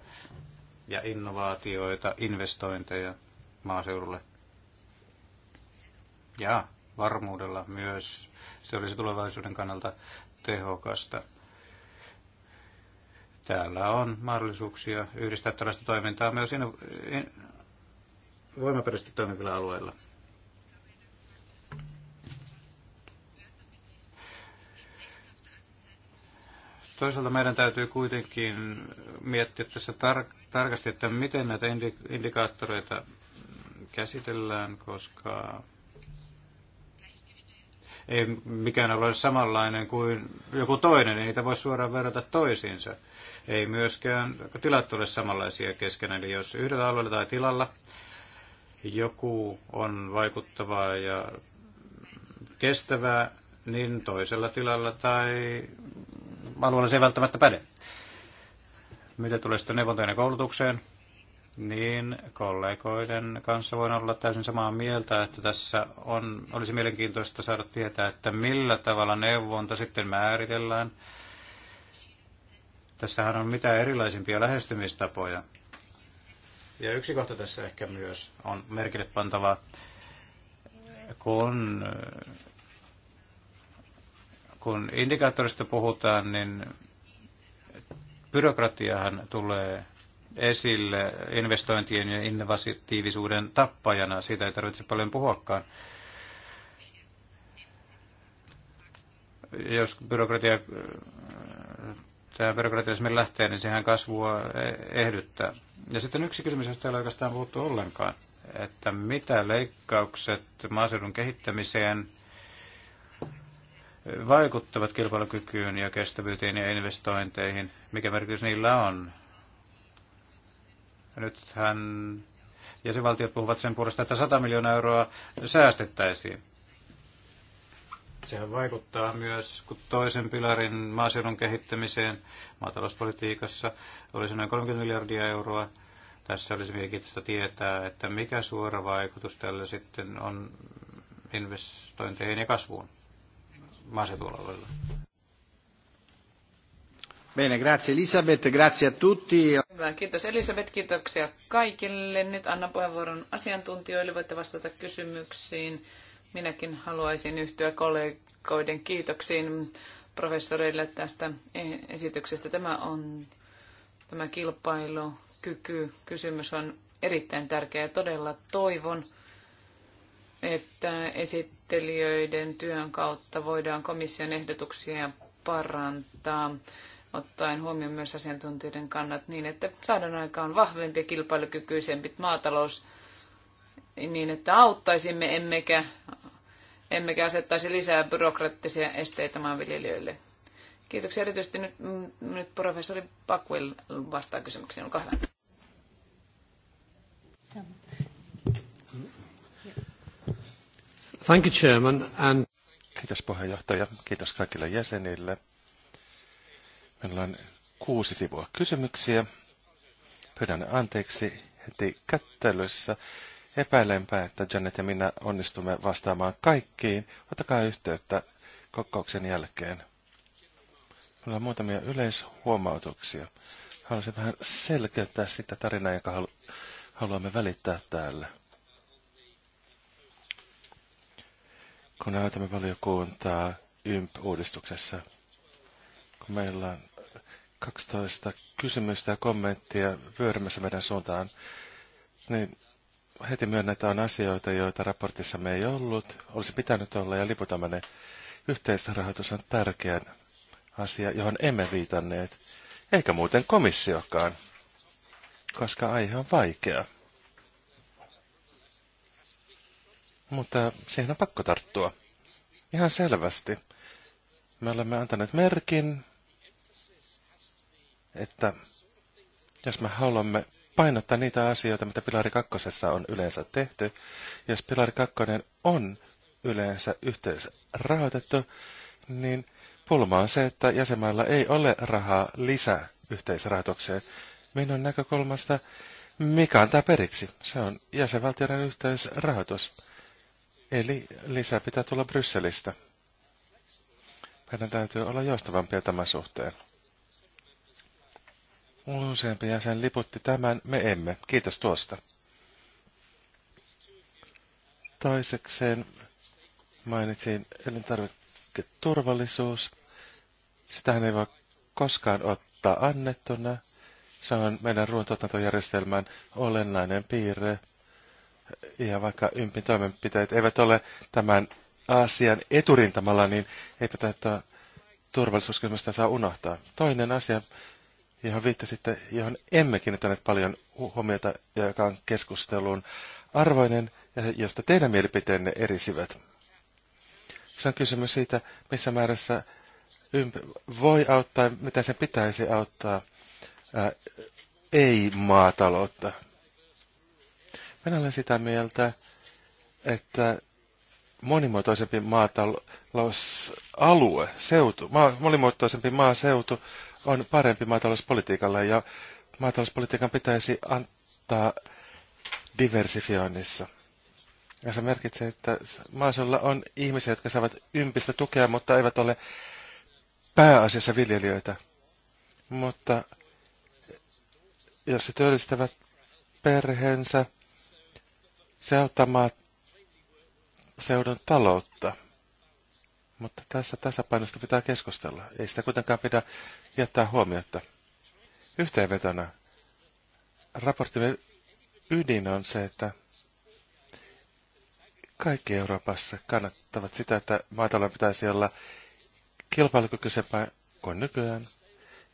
ja innovaatioita, investointeja maaseudulle. Ja varmuudella myös se olisi tulevaisuuden kannalta tehokasta. Täällä on mahdollisuuksia yhdistää tällaista toimintaa myös in, in, voimaperäisesti toimivilla alueilla. Toisaalta meidän täytyy kuitenkin miettiä tässä tar- tarkasti, että miten näitä indi- indikaattoreita käsitellään, koska ei mikään ole samanlainen kuin joku toinen, ei niitä voi suoraan verrata toisiinsa. Ei myöskään tilat ole samanlaisia keskenään, eli jos yhdellä alueella tai tilalla joku on vaikuttavaa ja kestävää, niin toisella tilalla tai alueella se ei välttämättä päde. Mitä tulee sitten neuvontojen koulutukseen, niin kollegoiden kanssa voin olla täysin samaa mieltä, että tässä on, olisi mielenkiintoista saada tietää, että millä tavalla neuvonta sitten määritellään. Tässähän on mitä erilaisimpia lähestymistapoja. Ja yksi kohta tässä ehkä myös on merkille pantavaa, kun kun indikaattorista puhutaan, niin byrokratiahan tulee esille investointien ja innovatiivisuuden tappajana. Siitä ei tarvitse paljon puhuakaan. Jos byrokratia, tämä esimerkiksi lähtee, niin sehän kasvua ehdyttää. Ja sitten yksi kysymys, josta ei ole oikeastaan puhuttu ollenkaan, että mitä leikkaukset maaseudun kehittämiseen – vaikuttavat kilpailukykyyn ja kestävyyteen ja investointeihin, mikä merkitys niillä on. Nythän jäsenvaltiot puhuvat sen puolesta, että 100 miljoonaa euroa säästettäisiin. Sehän vaikuttaa myös kun toisen pilarin maaseudun kehittämiseen maatalouspolitiikassa. Olisi noin 30 miljardia euroa. Tässä olisi mielenkiintoista tietää, että mikä suora vaikutus tällä sitten on investointeihin ja kasvuun maaseutualueilla. Bene, grazie Elisabeth, grazie a tutti. Hyvä, kiitos Elisabeth, kiitoksia kaikille. Nyt annan puheenvuoron asiantuntijoille, voitte vastata kysymyksiin. Minäkin haluaisin yhtyä kollegoiden kiitoksiin professoreille tästä e- esityksestä. Tämä on tämä kilpailukyky. Kysymys on erittäin tärkeä ja todella toivon, että esittelijöiden työn kautta voidaan komission ehdotuksia parantaa, ottaen huomioon myös asiantuntijoiden kannat niin, että saadaan aikaan vahvempi ja kilpailukykyisempi maatalous niin, että auttaisimme emmekä, emmekä asettaisi lisää byrokraattisia esteitä maanviljelijöille. Kiitoksia erityisesti nyt, nyt professori Pakwell vastaa kysymykseen. Olkaa hyvä. Tämä. Thank you, Chairman, and... Kiitos puheenjohtaja, kiitos kaikille jäsenille. Meillä on kuusi sivua kysymyksiä. Pyydän anteeksi heti kättelyssä. Epäilenpä, että Janet ja minä onnistumme vastaamaan kaikkiin. Ottakaa yhteyttä kokouksen jälkeen. Meillä on muutamia yleishuomautuksia. Haluaisin vähän selkeyttää sitä tarinaa, jonka haluamme välittää täällä. kun näytämme valiokuntaa YMP-uudistuksessa, kun meillä on 12 kysymystä ja kommenttia vyörymässä meidän suuntaan, niin heti myönnetään asioita, joita raportissa me ei ollut, olisi pitänyt olla ja liputamme ne. Yhteisrahoitus on tärkeä asia, johon emme viitanneet, eikä muuten komissiokaan, koska aihe on vaikea. Mutta siihen on pakko tarttua. Ihan selvästi. Me olemme antaneet merkin, että jos me haluamme painottaa niitä asioita, mitä Pilari 2. on yleensä tehty, jos Pilari kakkonen on yleensä rahoitettu, niin pulma on se, että jäsenmailla ei ole rahaa lisää yhteisrahoitukseen. Minun näkökulmasta mikä antaa periksi? Se on jäsenvaltioiden yhteisrahoitus. Eli lisää pitää tulla Brysselistä. Meidän täytyy olla joustavampia tämän suhteen. Useampi jäsen liputti tämän, me emme. Kiitos tuosta. Toisekseen mainitsin elintarviketurvallisuus. Sitähän ei voi koskaan ottaa annettuna. Se on meidän ruoantuotantojärjestelmän olennainen piirre. Ja vaikka ympin toimenpiteet eivät ole tämän asian eturintamalla, niin eipä tätä turvallisuuskysymystä saa unohtaa. Toinen asia, johon viittasitte, johon emme kiinnittäneet paljon huomiota, joka on keskusteluun arvoinen, josta teidän mielipiteenne erisivät. Se on kysymys siitä, missä määrässä voi auttaa, mitä sen pitäisi auttaa, ei-maataloutta. Minä olen sitä mieltä, että monimuotoisempi maatalousalue, seutu, maa, monimuotoisempi maaseutu on parempi maatalouspolitiikalle ja maatalouspolitiikan pitäisi antaa diversifioinnissa. Ja se merkitsee, että maaseudulla on ihmisiä, jotka saavat ympistä tukea, mutta eivät ole pääasiassa viljelijöitä. Mutta jos he työllistävät perheensä, seutamaa, seudun taloutta. Mutta tässä tasapainosta pitää keskustella. Ei sitä kuitenkaan pidä jättää huomiota. Yhteenvetona raporttimme ydin on se, että kaikki Euroopassa kannattavat sitä, että maatalouden pitäisi olla kilpailukykyisempää kuin nykyään.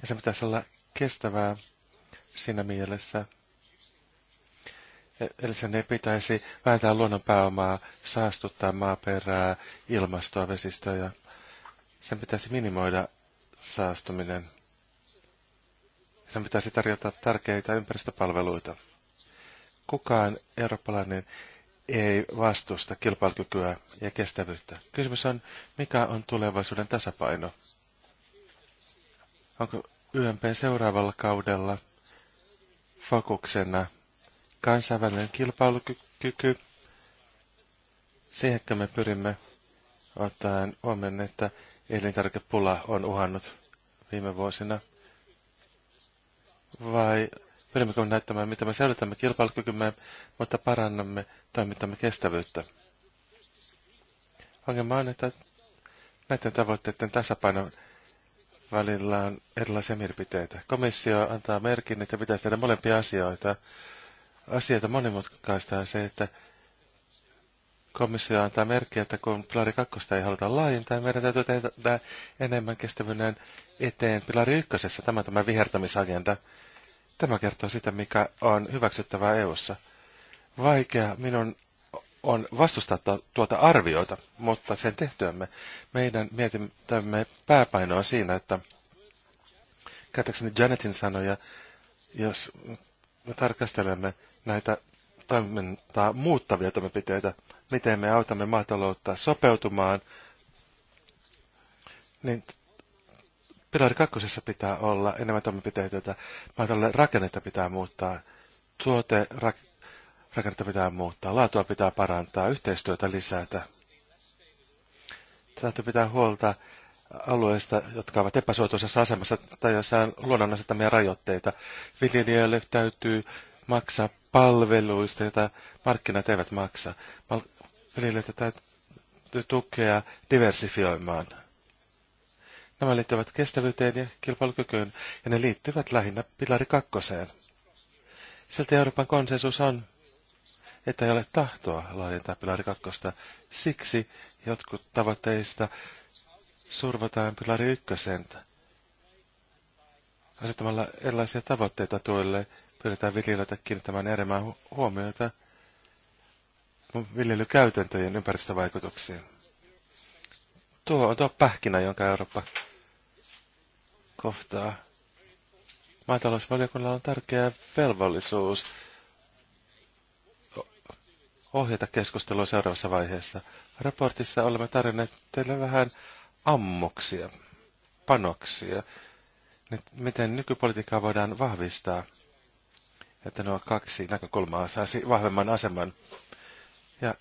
Ja se pitäisi olla kestävää siinä mielessä, Eli sen ei pitäisi vähentää luonnon pääomaa, saastuttaa maaperää, ilmastoa, vesistöjä. Sen pitäisi minimoida saastuminen. Sen pitäisi tarjota tärkeitä ympäristöpalveluita. Kukaan eurooppalainen ei vastusta kilpailukykyä ja kestävyyttä. Kysymys on, mikä on tulevaisuuden tasapaino? Onko YMP seuraavalla kaudella fokuksena – kansainvälinen kilpailukyky. Siihenkö me pyrimme ottaen huomioon, että elintarvikepula on uhannut viime vuosina? Vai pyrimmekö näyttämään, mitä me säilytämme kilpailukykymme, mutta parannamme toimintamme kestävyyttä? Ongelma on, että näiden tavoitteiden tasapaino välillä on erilaisia mielipiteitä. Komissio antaa merkin, että pitäisi tehdä molempia asioita, asioita monimutkaistaa se, että komissio antaa merkkiä, että kun pilari kakkosta ei haluta laajentaa, meidän täytyy tehdä enemmän kestävyyden eteen pilari ykkösessä. Tämä tämä vihertämisagenda. Tämä kertoo sitä, mikä on hyväksyttävää EU:ssa. Vaikea minun on vastustaa tuota arviota, mutta sen tehtyämme meidän mietimme pääpainoa siinä, että käytäkseni Janetin sanoja, jos me tarkastelemme näitä toimintaa muuttavia toimenpiteitä, miten me autamme maataloutta sopeutumaan, niin pilari kakkosessa pitää olla enemmän toimenpiteitä, joita maatalouden rakennetta pitää muuttaa, tuote rakennetta pitää muuttaa, laatua pitää parantaa, yhteistyötä lisätä. Täytyy pitää huolta alueista, jotka ovat epäsuotuisessa asemassa tai jossain luonnon asettamia rajoitteita. Viljelijöille täytyy maksaa palveluista, joita markkinat eivät maksa. Viljelijöitä täytyy tukea diversifioimaan. Nämä liittyvät kestävyyteen ja kilpailukykyyn, ja ne liittyvät lähinnä pilari kakkoseen. Silti Euroopan konsensus on, että ei ole tahtoa laajentaa pilari kakkosta. Siksi jotkut tavoitteista survataan pilari ykkösentä asettamalla erilaisia tavoitteita tuille pyydetään viljelijöitä kiinnittämään enemmän huomiota viljelykäytäntöjen ympäristövaikutuksiin. Tuo on tuo pähkinä, jonka Eurooppa kohtaa. Maatalousvaliokunnalla on tärkeä velvollisuus ohjata keskustelua seuraavassa vaiheessa. Raportissa olemme tarjonneet teille vähän ammoksia, panoksia, miten nykypolitiikkaa voidaan vahvistaa – että nuo kaksi näkökulmaa saisi vahvemman aseman. Ja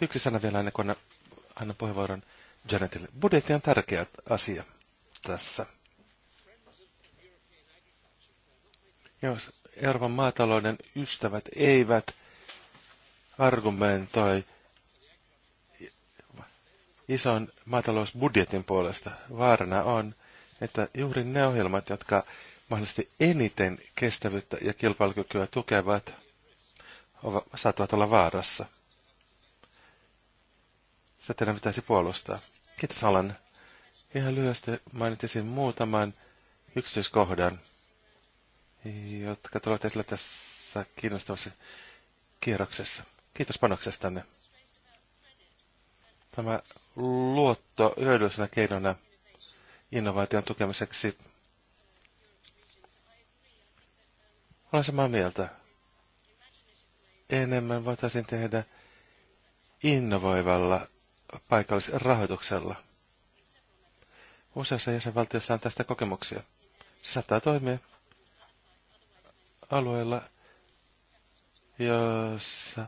yksi sana vielä ennen kuin annan puheenvuoron Janetille. Budjetti on tärkeä asia tässä. Jos Euroopan maatalouden ystävät eivät argumentoi ison maatalousbudjetin puolesta, vaarana on, että juuri ne ohjelmat, jotka mahdollisesti eniten kestävyyttä ja kilpailukykyä tukevat saattavat olla vaarassa. Sitä teidän pitäisi puolustaa. Kiitos Alan. Ihan lyhyesti mainitsin muutaman yksityiskohdan, jotka tulevat esille tässä kiinnostavassa kierroksessa. Kiitos panoksestanne. Tämä luotto hyödyllisenä keinona innovaation tukemiseksi Olen samaa mieltä. Enemmän voitaisiin tehdä innovoivalla paikallisrahoituksella. Useassa jäsenvaltiossa on tästä kokemuksia. Se saattaa toimia alueella, jossa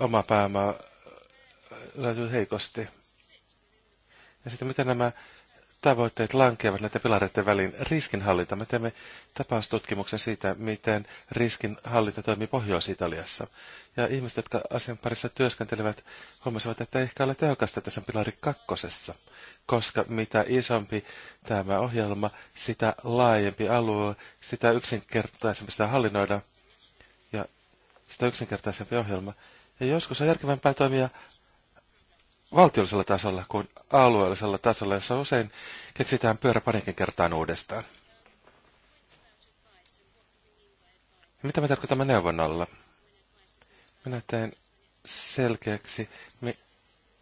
oma pääoma löytyy heikosti. Ja sitten miten nämä tavoitteet lankeavat näiden pilareiden väliin. Riskinhallinta. Me teemme tapaustutkimuksen siitä, miten riskinhallinta toimii Pohjois-Italiassa. Ja ihmiset, jotka asian parissa työskentelevät, huomasivat, että ei ehkä ole tehokasta tässä pilari kakkosessa, koska mitä isompi tämä ohjelma, sitä laajempi alue, sitä yksinkertaisempi sitä hallinnoida ja sitä yksinkertaisempi ohjelma. Ja joskus on järkevämpää toimia valtiollisella tasolla kuin alueellisella tasolla, jossa usein keksitään pyörä parinkin kertaan uudestaan. Mitä me tarkoitamme neuvonnalla? Minä teen selkeäksi,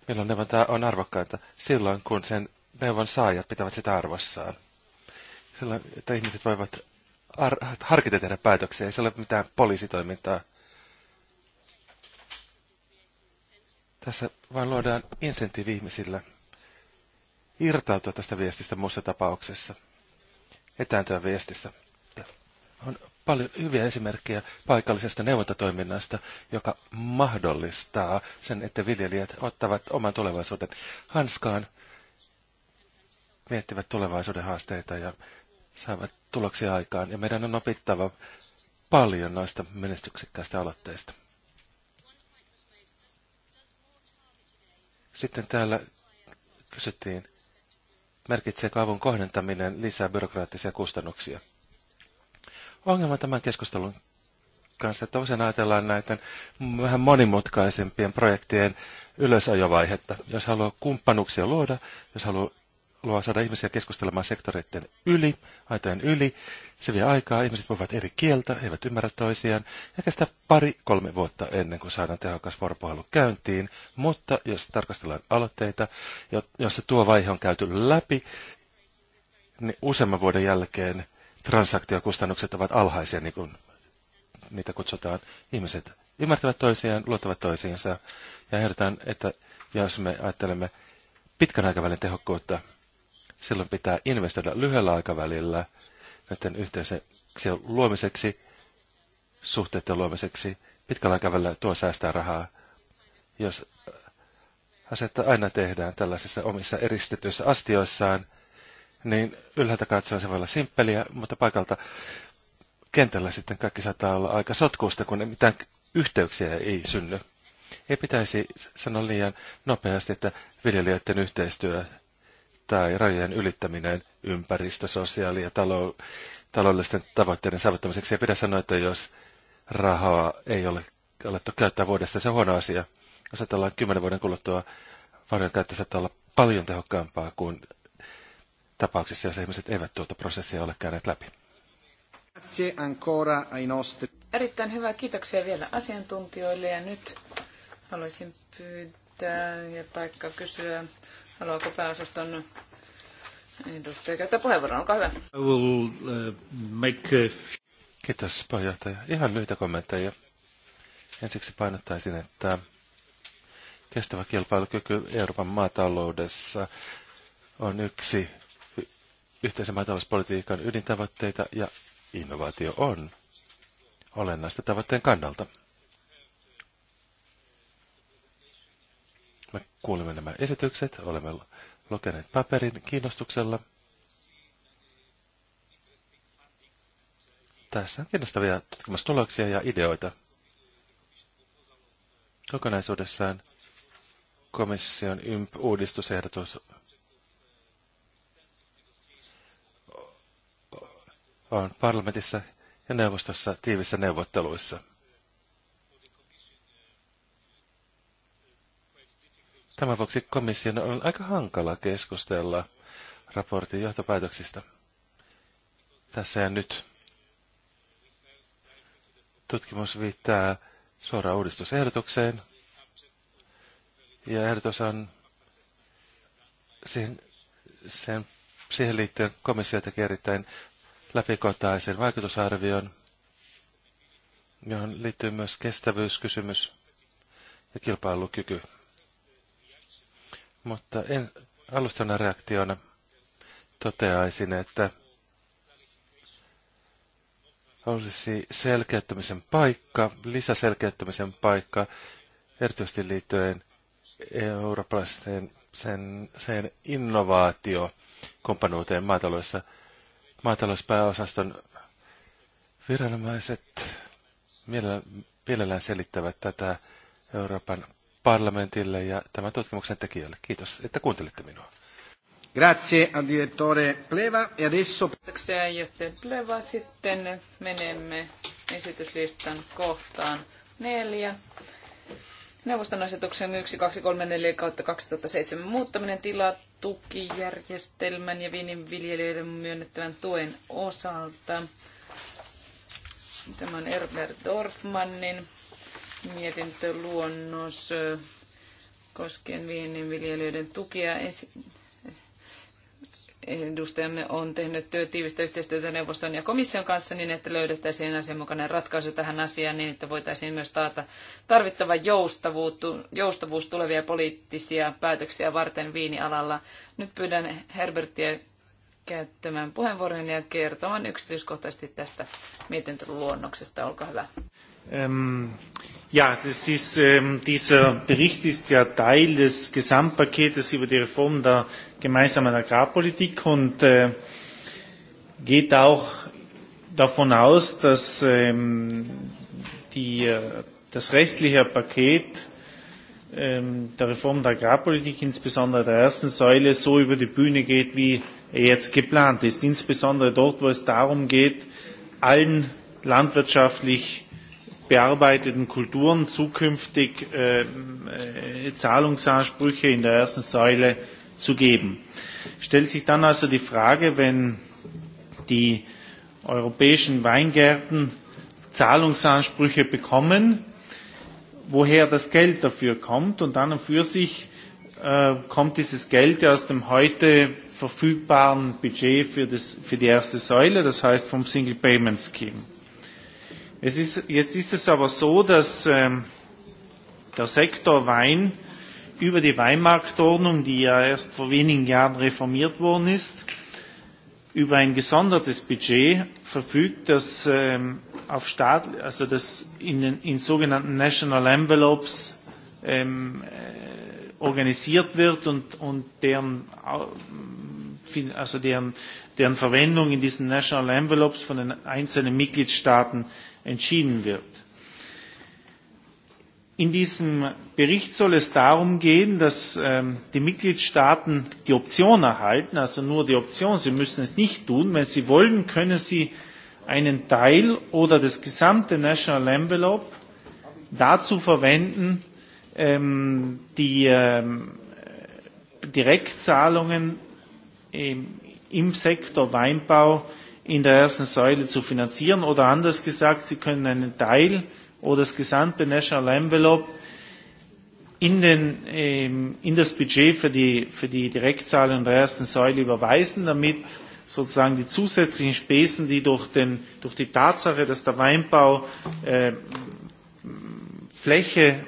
milloin neuvonta on arvokkainta, silloin kun sen neuvon saajat pitävät sitä arvossaan. Silloin, että ihmiset voivat har- harkita tehdä päätöksiä, ei se ole mitään poliisitoimintaa – Tässä vain luodaan insentiivi ihmisillä irtautua tästä viestistä muussa tapauksessa, etääntyä viestissä. On paljon hyviä esimerkkejä paikallisesta neuvontatoiminnasta, joka mahdollistaa sen, että viljelijät ottavat oman tulevaisuuden hanskaan, miettivät tulevaisuuden haasteita ja saavat tuloksia aikaan. Ja meidän on opittava paljon noista menestyksekkäistä aloitteista. Sitten täällä kysyttiin, merkitseekö avun kohdentaminen lisää byrokraattisia kustannuksia. Ongelma tämän keskustelun kanssa, että usein ajatellaan näiden vähän monimutkaisempien projektien ylösajovaihetta. Jos haluaa kumppanuuksia luoda, jos haluaa luo saada ihmisiä keskustelemaan sektoreiden yli, aitojen yli. Se vie aikaa, ihmiset puhuvat eri kieltä, eivät ymmärrä toisiaan ja kestää pari-kolme vuotta ennen kuin saadaan tehokas vuoropuhelu käyntiin. Mutta jos tarkastellaan aloitteita, jossa tuo vaihe on käyty läpi, niin useamman vuoden jälkeen transaktiokustannukset ovat alhaisia, niin kuin niitä kutsutaan. Ihmiset ymmärtävät toisiaan, luottavat toisiinsa ja ehdotan, että jos me ajattelemme pitkän aikavälin tehokkuutta, silloin pitää investoida lyhyellä aikavälillä näiden yhteyksien luomiseksi, suhteiden luomiseksi. Pitkällä aikavälillä tuo säästää rahaa, jos asetta aina tehdään tällaisissa omissa eristetyissä astioissaan, niin ylhäältä katsoen se voi olla simppeliä, mutta paikalta kentällä sitten kaikki saattaa olla aika sotkuusta, kun mitään yhteyksiä ei synny. Ei pitäisi sanoa liian nopeasti, että viljelijöiden yhteistyö tai rajojen ylittäminen ympäristö-, sosiaali- ja talou- taloudellisten tavoitteiden saavuttamiseksi. Ja pidä sanoa, että jos rahaa ei ole alettu käyttää vuodessa, se on huono asia. Jos ajatellaan kymmenen vuoden kuluttua, varjon käyttö saattaa olla paljon tehokkaampaa kuin tapauksissa, jos ihmiset eivät tuota prosessia ole käyneet läpi. Erittäin hyvä. Kiitoksia vielä asiantuntijoille ja nyt haluaisin pyytää ja taikka kysyä Haluaako pääosaston edustaja käyttää puheenvuoron? Olkaa hyvä. I will, uh, make a... Kiitos puheenjohtaja. Ihan lyhyitä kommentteja. Ensiksi painottaisin, että kestävä kilpailukyky Euroopan maataloudessa on yksi yhteisen maatalouspolitiikan ydintavoitteita ja innovaatio on olennaista tavoitteen kannalta. Me kuulimme nämä esitykset, olemme lukeneet paperin kiinnostuksella. Tässä on kiinnostavia tutkimustuloksia ja ideoita. Kokonaisuudessaan komission ymp- uudistusehdotus on parlamentissa ja neuvostossa tiivissä neuvotteluissa. Tämän vuoksi komission on aika hankala keskustella raportin johtopäätöksistä tässä ja nyt. Tutkimus viittaa suoraan uudistusehdotukseen. Ja ehdotus on siihen, sen, siihen liittyen komissio tekee erittäin läpikohtaisen vaikutusarvion, johon liittyy myös kestävyyskysymys ja kilpailukyky. Mutta en, alustana reaktiona toteaisin, että olisi selkeyttämisen paikka, lisäselkeyttämisen paikka, erityisesti liittyen eurooppalaisen sen, sen innovaatiokumppanuuteen maataloudessa. Maatalouspääosaston viranomaiset mielellään selittävät tätä Euroopan parlamentille ja tämän tutkimuksen tekijöille. Kiitos, että kuuntelitte minua. Grazie al direttore Pleva e adesso... Kiitoksia Jotte Pleva. Sitten menemme esityslistan kohtaan neljä. Neuvoston asetuksen 1234 kautta 2007 muuttaminen tilatukijärjestelmän ja viljelijöiden myönnettävän tuen osalta. Tämä on Erber Dorfmannin mietintöluonnos koskien viljelijöiden tukia. Edustajamme on tehnyt tiivistä yhteistyötä neuvoston ja komission kanssa niin, että löydettäisiin asianmukainen ratkaisu tähän asiaan niin, että voitaisiin myös taata tarvittava joustavuus tulevia poliittisia päätöksiä varten viinialalla. Nyt pyydän Herbertia käyttämään puheenvuoron ja kertomaan yksityiskohtaisesti tästä mietintöluonnoksesta. Olkaa hyvä. Um, ja, das ist, ähm, dieser Bericht ist ja Teil des Gesamtpaketes über die Reform der gemeinsamen Agrarpolitik und äh, geht auch davon aus, dass ähm, die, äh, das restliche Paket ähm, der Reform der Agrarpolitik, insbesondere der ersten Säule, so über die Bühne geht, wie er jetzt geplant ist. Insbesondere dort, wo es darum geht, allen landwirtschaftlich bearbeiteten Kulturen zukünftig äh, äh, Zahlungsansprüche in der ersten Säule zu geben. Stellt sich dann also die Frage, wenn die europäischen Weingärten Zahlungsansprüche bekommen, woher das Geld dafür kommt. Und dann und für sich äh, kommt dieses Geld aus dem heute verfügbaren Budget für, das, für die erste Säule, das heißt vom Single Payment Scheme. Es ist, jetzt ist es aber so, dass ähm, der Sektor Wein über die Weinmarktordnung, die ja erst vor wenigen Jahren reformiert worden ist, über ein gesondertes Budget verfügt, das ähm, auf Staat, also das in, in sogenannten National Envelopes ähm, äh, organisiert wird und, und deren, also deren, deren Verwendung in diesen National Envelopes von den einzelnen Mitgliedstaaten äh, entschieden wird. In diesem Bericht soll es darum gehen, dass ähm, die Mitgliedstaaten die Option erhalten, also nur die Option, sie müssen es nicht tun. Wenn sie wollen, können sie einen Teil oder das gesamte National Envelope dazu verwenden, ähm, die ähm, Direktzahlungen im Sektor Weinbau zu in der ersten Säule zu finanzieren. Oder anders gesagt, sie können einen Teil oder das gesamte National Envelope in, den, ähm, in das Budget für die, für die Direktzahlung der ersten Säule überweisen, damit sozusagen die zusätzlichen Spesen, die durch, den, durch die Tatsache, dass der Weinbau äh, Fläche,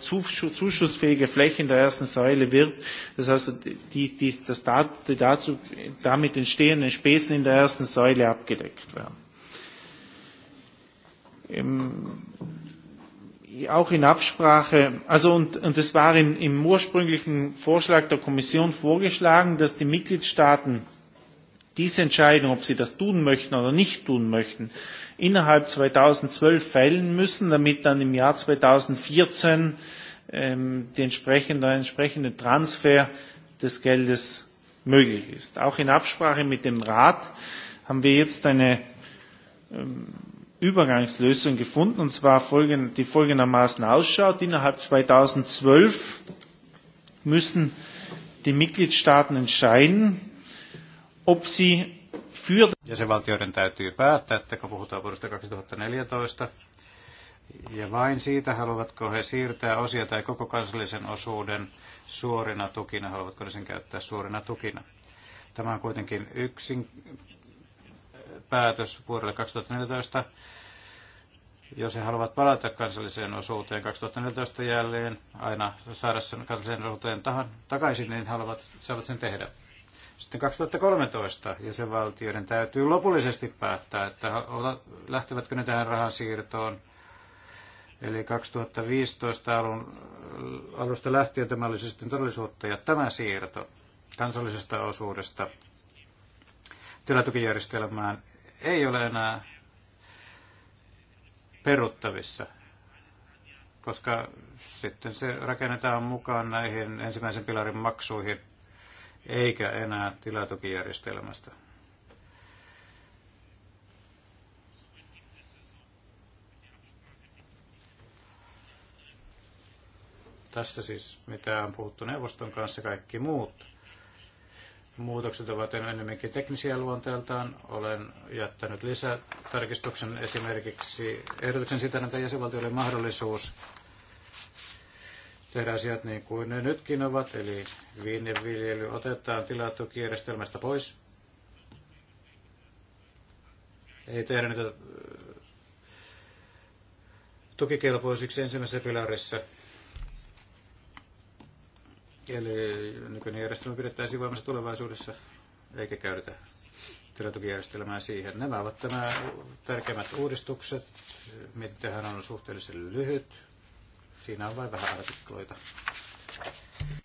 zuschussfähige Fläche in der ersten Säule wirbt, das heißt, die, die, das, die dazu, damit entstehenden Späßen in der ersten Säule abgedeckt werden. Im, auch in Absprache, also und, und das war in, im ursprünglichen Vorschlag der Kommission vorgeschlagen, dass die Mitgliedstaaten diese Entscheidung, ob sie das tun möchten oder nicht tun möchten, innerhalb 2012 fällen müssen, damit dann im Jahr 2014 ähm, die entsprechende, der entsprechende Transfer des Geldes möglich ist. Auch in Absprache mit dem Rat haben wir jetzt eine ähm, Übergangslösung gefunden, und zwar folgen, die folgendermaßen ausschaut. Innerhalb 2012 müssen die Mitgliedstaaten entscheiden, ob sie für... Jäsenvaltioiden täytyy päättää, että kun puhutaan vuodesta 2014, ja vain siitä, haluavatko he siirtää osia tai koko kansallisen osuuden suorina tukina, haluavatko ne sen käyttää suorina tukina. Tämä on kuitenkin yksin päätös vuodelle 2014. Jos he haluavat palata kansalliseen osuuteen 2014 jälleen, aina saada sen kansalliseen osuuteen tahan, takaisin, niin haluavat, saavat sen tehdä. Sitten 2013 jäsenvaltioiden täytyy lopullisesti päättää, että lähtevätkö ne tähän rahansiirtoon. Eli 2015 alun, alusta lähtien tämä oli sitten todellisuutta ja tämä siirto kansallisesta osuudesta tilatukijärjestelmään ei ole enää peruttavissa, koska sitten se rakennetaan mukaan näihin ensimmäisen pilarin maksuihin – eikä enää tilatukijärjestelmästä. Tässä siis, mitä on puhuttu neuvoston kanssa, kaikki muut muutokset ovat enemmänkin teknisiä luonteeltaan. Olen jättänyt lisätarkistuksen esimerkiksi ehdotuksen sitä, että jäsenvaltioille mahdollisuus tehdä asiat niin kuin ne nytkin ovat, eli viljely otetaan tilatukijärjestelmästä pois. Ei tehdä niitä äh, tukikelpoisiksi ensimmäisessä pilarissa. Eli nykyinen järjestelmä pidettäisiin voimassa tulevaisuudessa, eikä käytetä tilatukijärjestelmää siihen. Nämä ovat tämä tärkeimmät uudistukset, mitä hän on suhteellisen lyhyt, Siinä on vain vähän artikloita.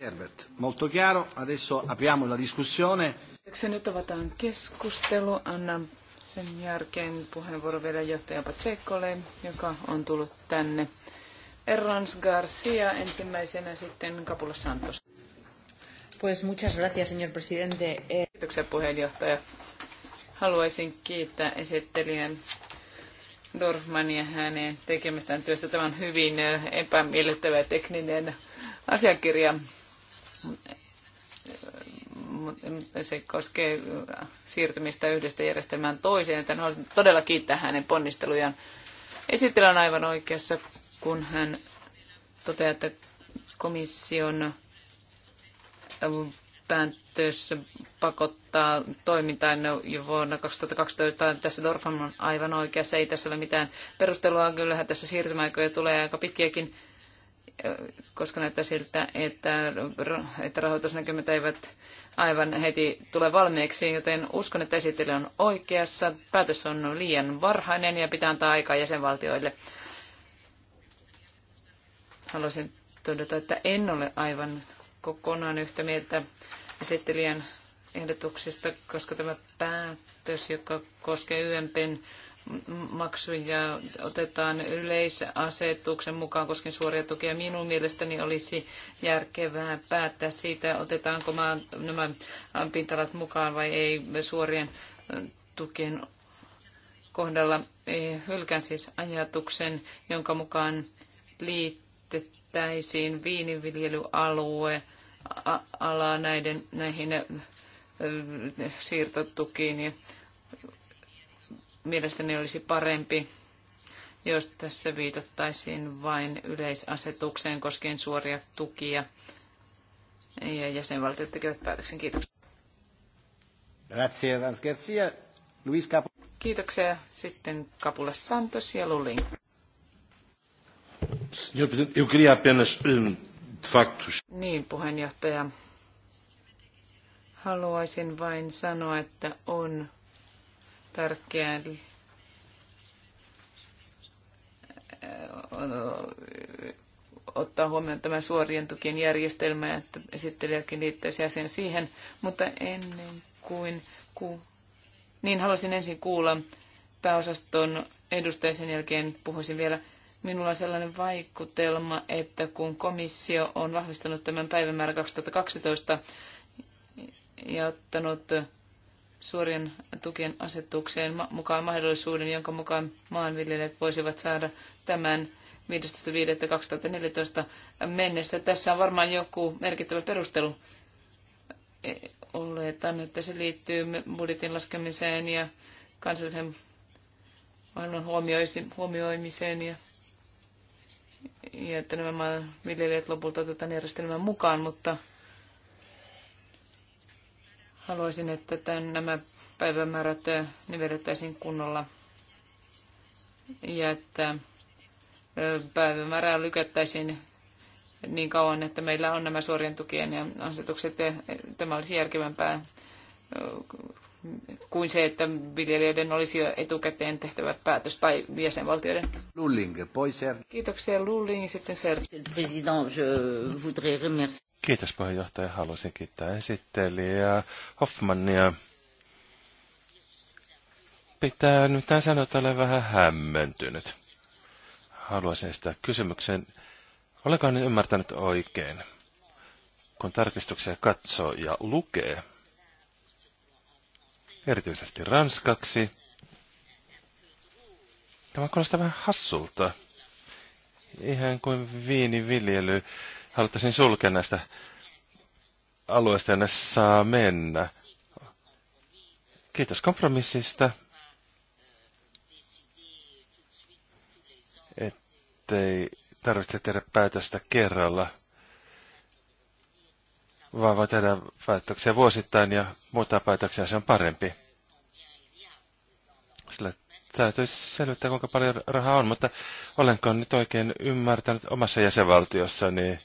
Herbert, molto chiaro. Adesso apriamo la discussione. Se Nyt avataan keskustelu. Annan sen jälkeen puheenvuoro vielä johtaja Pacekolle, joka on tullut tänne. Errans Garcia ensimmäisenä sitten Kapula Santos. Pues muchas gracias, señor presidente. Eh, Kiitoksia puheenjohtaja. Haluaisin kiittää esittelijän ja hänen tekemästään työstä. Tämä on hyvin epämiellyttävä tekninen asiakirja. Se koskee siirtymistä yhdestä järjestelmään toiseen, että haluaisin todella kiittää hänen ponnistelujaan. Esittely on aivan oikeassa, kun hän toteaa, että komission yhteys pakottaa toimintaan jo vuonna 2012. Tässä Dorfman on aivan oikeassa. Ei tässä ole mitään perustelua. Kyllähän tässä siirtymäaikoja tulee aika pitkiäkin, koska näyttää siltä, että, että rahoitusnäkymät eivät aivan heti tule valmiiksi, joten uskon, että esittely on oikeassa. Päätös on liian varhainen ja pitää antaa aikaa jäsenvaltioille. Haluaisin todeta, että en ole aivan kokonaan yhtä mieltä esittelijän ehdotuksesta, koska tämä päätös, joka koskee YMPn maksuja otetaan yleisasetuksen mukaan koskien suoria tukia. Minun mielestäni olisi järkevää päättää siitä, otetaanko nämä pintalat mukaan vai ei suorien tukien kohdalla. Hylkään siis ajatuksen, jonka mukaan liitettäisiin viiniviljelyalue alaa näiden, näihin siirtotukiin. Ja mielestäni olisi parempi, jos tässä viitattaisiin vain yleisasetukseen koskien suoria tukia ja jäsenvaltiot tekevät päätöksen. Kiitoksia. Luis Kiitoksia. Sitten Kapula Santos ja Lulin. eu queria apenas niin, puheenjohtaja. Haluaisin vain sanoa, että on tärkeää ottaa huomioon tämä suorien tukien järjestelmä, että esittelijäkin liittäisi sen siihen, mutta ennen kuin ku... niin haluaisin ensin kuulla pääosaston edustajan, sen jälkeen puhuisin vielä Minulla on sellainen vaikutelma, että kun komissio on vahvistanut tämän päivämäärän 2012 ja ottanut suorien tukien asetukseen mukaan mahdollisuuden, jonka mukaan maanviljelijät voisivat saada tämän 15.5.2014 mennessä. Tässä on varmaan joku merkittävä perustelu. E, oletan, että se liittyy budjetin laskemiseen ja kansallisen ohjelman huomioimiseen ja ja että nämä viljelijät lopulta otetaan järjestelmän mukaan, mutta haluaisin, että tämän, nämä päivämäärät äh, ne vedettäisiin kunnolla ja että äh, päivämäärää lykättäisiin niin kauan, että meillä on nämä suorien tukien ja asetukset. Ja äh, tämä olisi järkevämpää kuin se, että viljelijöiden olisi jo etukäteen tehtävä päätös tai jäsenvaltioiden. Lulling, poiser. Kiitoksia Lulling, sitten Ser. Kiitos puheenjohtaja, haluaisin kiittää esittelijää Hoffmannia. Pitää nyt tämän sanoa, että olen vähän hämmentynyt. Haluaisin sitä kysymyksen. Olenko ymmärtänyt oikein? Kun tarkistuksia katsoo ja lukee, erityisesti ranskaksi. Tämä kuulostaa vähän hassulta. Ihan kuin viiniviljely Haluttaisin sulkea näistä alueista ne saa mennä. Kiitos kompromissista. Ettei tarvitse tehdä päätöstä kerralla vaan voi tehdä päätöksiä vuosittain ja muuttaa päätöksiä, se on parempi. Sillä täytyisi selvittää, kuinka paljon rahaa on, mutta olenko nyt oikein ymmärtänyt omassa niin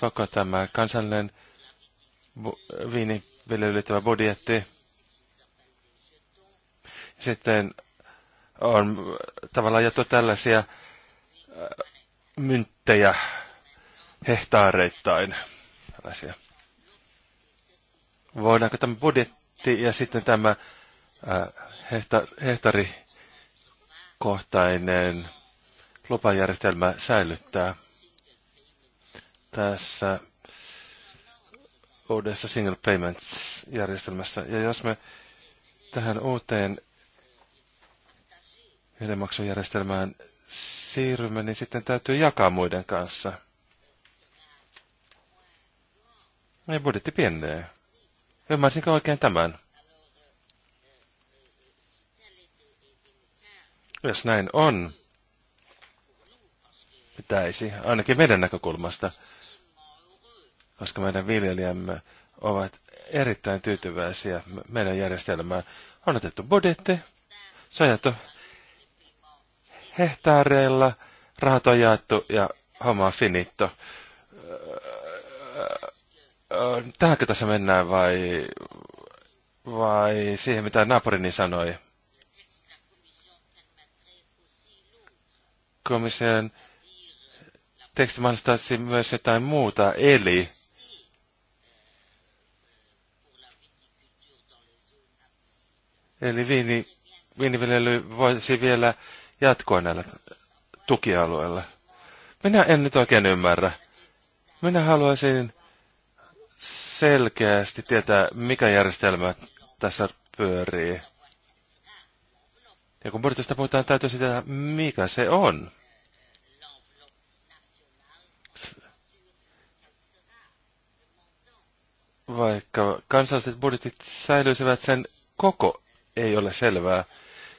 koko tämä kansallinen viiniviljely ylittävä budjetti. Sitten on tavallaan jätetty tällaisia äh, mynttejä hehtaareittain asia. Voidaanko tämä budjetti ja sitten tämä äh, hehta, hehtarikohtainen lupajärjestelmä säilyttää tässä uudessa single payments-järjestelmässä. Ja jos me tähän uuteen yhdenmaksujärjestelmään siirrymme, niin sitten täytyy jakaa muiden kanssa – Meidän budjetti pienenee. Ymmärsinkö oikein tämän? Jos näin on, pitäisi, ainakin meidän näkökulmasta, koska meidän viljelijämme ovat erittäin tyytyväisiä meidän järjestelmään. On otettu budjetti, se on jaettu hehtaareilla, rahat on jaettu ja homma on finitto. Öö, tähänkö tässä mennään vai, vai siihen, mitä naapurini sanoi? Komission teksti mahdollistaisi myös jotain muuta, eli Eli viini, viiniviljely voisi vielä jatkoa näillä tukialueilla. Minä en nyt oikein ymmärrä. Minä haluaisin selkeästi tietää, mikä järjestelmä tässä pyörii. Ja kun budjetista puhutaan, täytyy sitä, mikä se on. Vaikka kansalliset budjetit säilyisivät, sen koko ei ole selvää.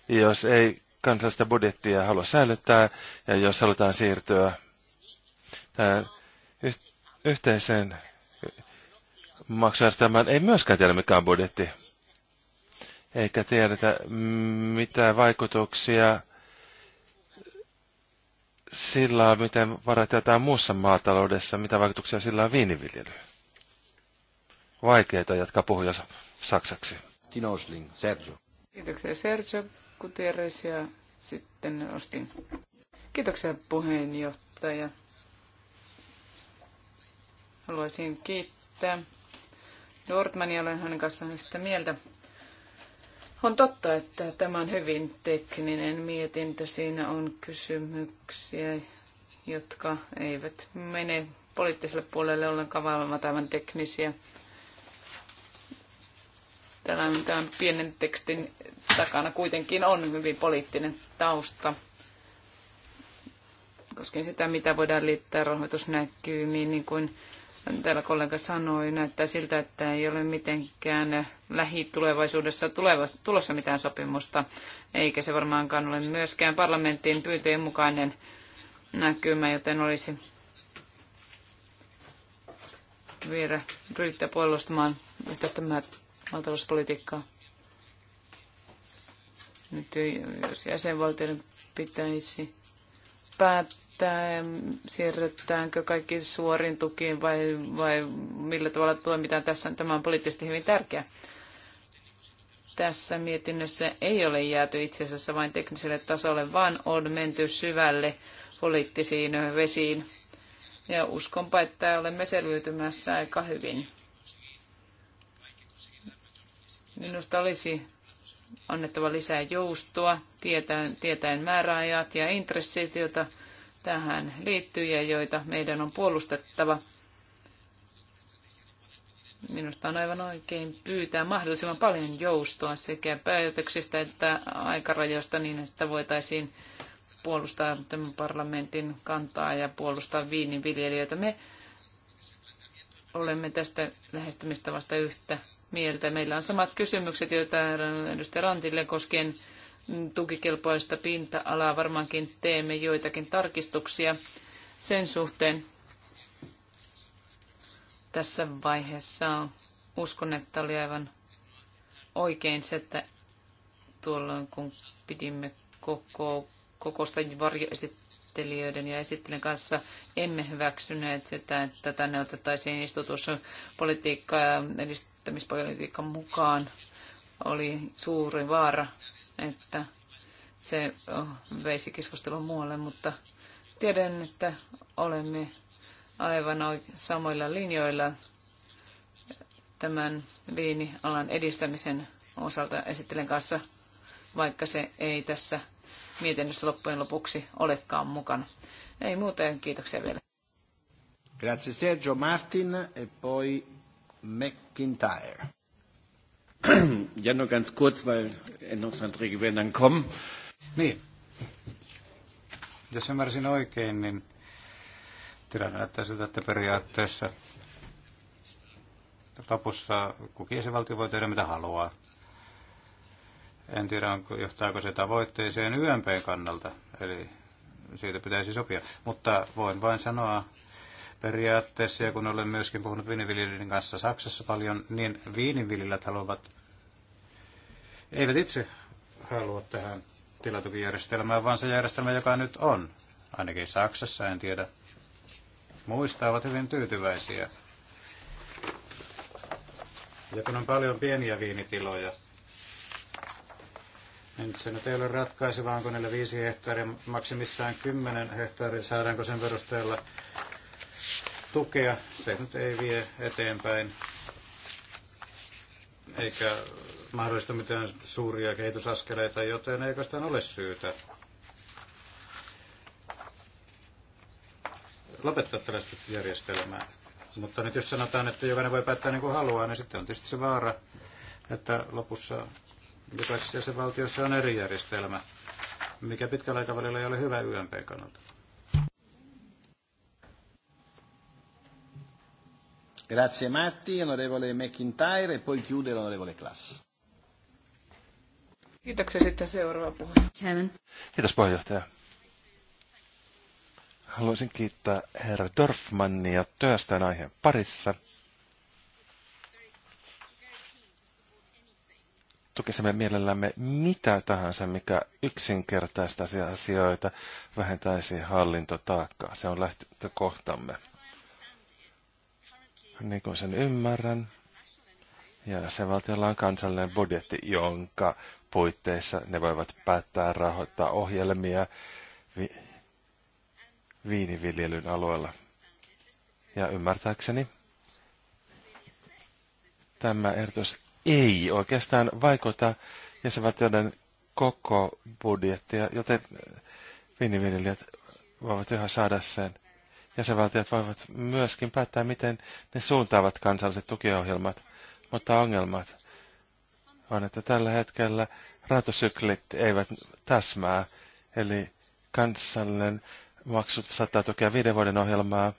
Jos ei kansallista budjettia halua säilyttää, ja jos halutaan siirtyä yhteiseen tämän. ei myöskään tiedä, mikään budjetti. Eikä tiedetä, mm, mitä vaikutuksia sillä on, miten varat jätetään muussa maataloudessa, mitä vaikutuksia sillä on viiniviljelyyn. Vaikeita jatkaa puhuja saksaksi. Tino Osling, Sergio. Kiitoksia Sergio Gutierrez ja sitten Ostin. Kiitoksia puheenjohtaja. Haluaisin kiittää Nordman ja olen hänen kanssaan yhtä mieltä. On totta, että tämä on hyvin tekninen mietintö. Siinä on kysymyksiä, jotka eivät mene poliittiselle puolelle ollenkaan, vaan tämän teknisiä. Tällainen tämän pienen tekstin takana kuitenkin on hyvin poliittinen tausta koskien sitä, mitä voidaan liittää rahoitusnäkymiin, niin kuin täällä kollega sanoi, näyttää siltä, että ei ole mitenkään lähitulevaisuudessa tulossa mitään sopimusta, eikä se varmaankaan ole myöskään parlamentin pyyntöjen mukainen näkymä, joten olisi vielä ryhtyä puolustamaan yhteistä maatalouspolitiikkaa. Nyt jos jäsenvaltioiden pitäisi päättää, että siirretäänkö kaikki suorin tukiin vai, vai millä tavalla toimitaan tässä. Tämä on poliittisesti hyvin tärkeä. Tässä mietinnössä ei ole jääty itse asiassa vain tekniselle tasolle, vaan on menty syvälle poliittisiin vesiin. Ja uskonpa, että olemme selviytymässä aika hyvin. Minusta olisi annettava lisää joustoa, tietäen, tietäen määräajat ja intressit, joita tähän liittyy ja joita meidän on puolustettava. Minusta on aivan oikein pyytää mahdollisimman paljon joustoa sekä päätöksistä että aikarajoista niin, että voitaisiin puolustaa tämän parlamentin kantaa ja puolustaa viininviljelijöitä. Me olemme tästä lähestymistavasta yhtä mieltä. Meillä on samat kysymykset, joita edustaja Rantille koskien tukikelpoista pinta-alaa. Varmaankin teemme joitakin tarkistuksia sen suhteen tässä vaiheessa. Uskon, että oli aivan oikein se, että tuolloin kun pidimme koko, kokosta varjoesittelijöiden ja esittelijän kanssa, emme hyväksyneet sitä, että tänne otettaisiin istutuspolitiikkaa ja edistämispolitiikan mukaan. Oli suuri vaara että se veisi keskustelun muualle, mutta tiedän, että olemme aivan samoilla linjoilla tämän viinialan edistämisen osalta esittelen kanssa, vaikka se ei tässä mietinnössä loppujen lopuksi olekaan mukana. Ei muuten, kiitoksia vielä. Grazie Sergio Martin e poi McIntyre. Ja, nur ganz kurz, weil Änderungsanträge werden dann kommen. Niin. Jos ymmärsin oikein, niin tilanne näyttää siltä, että periaatteessa lopussa kukin se valtio voi tehdä mitä haluaa. En tiedä, onko, johtaako se tavoitteeseen YMPn kannalta, eli siitä pitäisi sopia. Mutta voin vain sanoa, periaatteessa, ja kun olen myöskin puhunut viiniviljelijöiden kanssa Saksassa paljon, niin viiniviljelijät haluavat, eivät itse halua tähän tilatukijärjestelmään, vaan se järjestelmä, joka nyt on, ainakin Saksassa, en tiedä, muista ovat hyvin tyytyväisiä. Ja kun on paljon pieniä viinitiloja, niin se nyt ei ole ratkaisevaa, onko 5 hehtaaria, maksimissaan 10 hehtaaria, saadaanko sen perusteella tukea. Se nyt ei vie eteenpäin eikä mahdollista mitään suuria kehitysaskeleita, joten ei sitä ole syytä lopettaa tällaista järjestelmää. Mutta nyt jos sanotaan, että jokainen voi päättää niin kuin haluaa, niin sitten on tietysti se vaara, että lopussa jokaisessa jäsenvaltiossa on eri järjestelmä, mikä pitkällä aikavälillä ei ole hyvä YMP kannalta. Grazie Matti, onorevole McIntyre ja e poi chiude onorevole Klass. Kiitoksia sitten seuraava puheenjohtaja. Kiitos puheenjohtaja. Haluaisin kiittää herra Dorfmannia työstään aiheen parissa. Tukisimme mielellämme mitä tahansa, mikä yksinkertaistaisi asioita, vähentäisi hallintotaakkaa. Se on lähtökohtamme niin kuin sen ymmärrän. Ja se valtiolla on kansallinen budjetti, jonka puitteissa ne voivat päättää rahoittaa ohjelmia vi- viiniviljelyn alueella. Ja ymmärtääkseni tämä ehdotus ei oikeastaan vaikuta jäsenvaltioiden koko budjettia, joten viiniviljelijät voivat yhä saada sen Jäsenvaltiot voivat myöskin päättää, miten ne suuntaavat kansalliset tukiohjelmat, mutta ongelmat on, että tällä hetkellä rahoitussyklit eivät täsmää, eli kansallinen maksu saattaa tukea viiden vuoden ohjelmaa,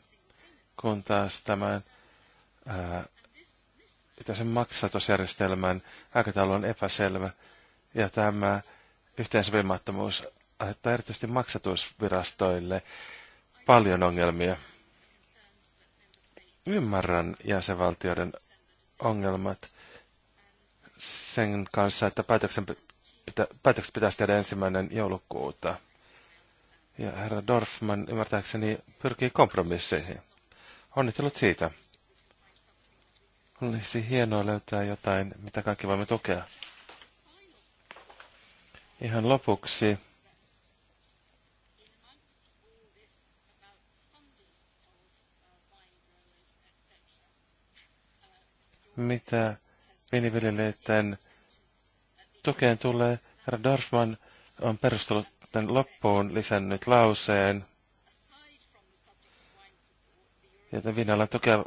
kun taas tämän ää, maksatusjärjestelmän aikataulu on epäselvä, ja tämä yhteensopimattomuus aiheuttaa erityisesti maksatusvirastoille paljon ongelmia. Ymmärrän jäsenvaltioiden ongelmat sen kanssa, että päätöksen pitä, päätökset pitäisi tehdä ensimmäinen joulukuuta. Ja herra Dorfman ymmärtääkseni pyrkii kompromisseihin. Onnittelut siitä. Olisi hienoa löytää jotain, mitä kaikki voimme tukea. Ihan lopuksi mitä pieniviljelijöiden tukeen tulee. Herra Dorfman on perustellut tämän loppuun lisännyt lauseen, joten Vinnalan tukea,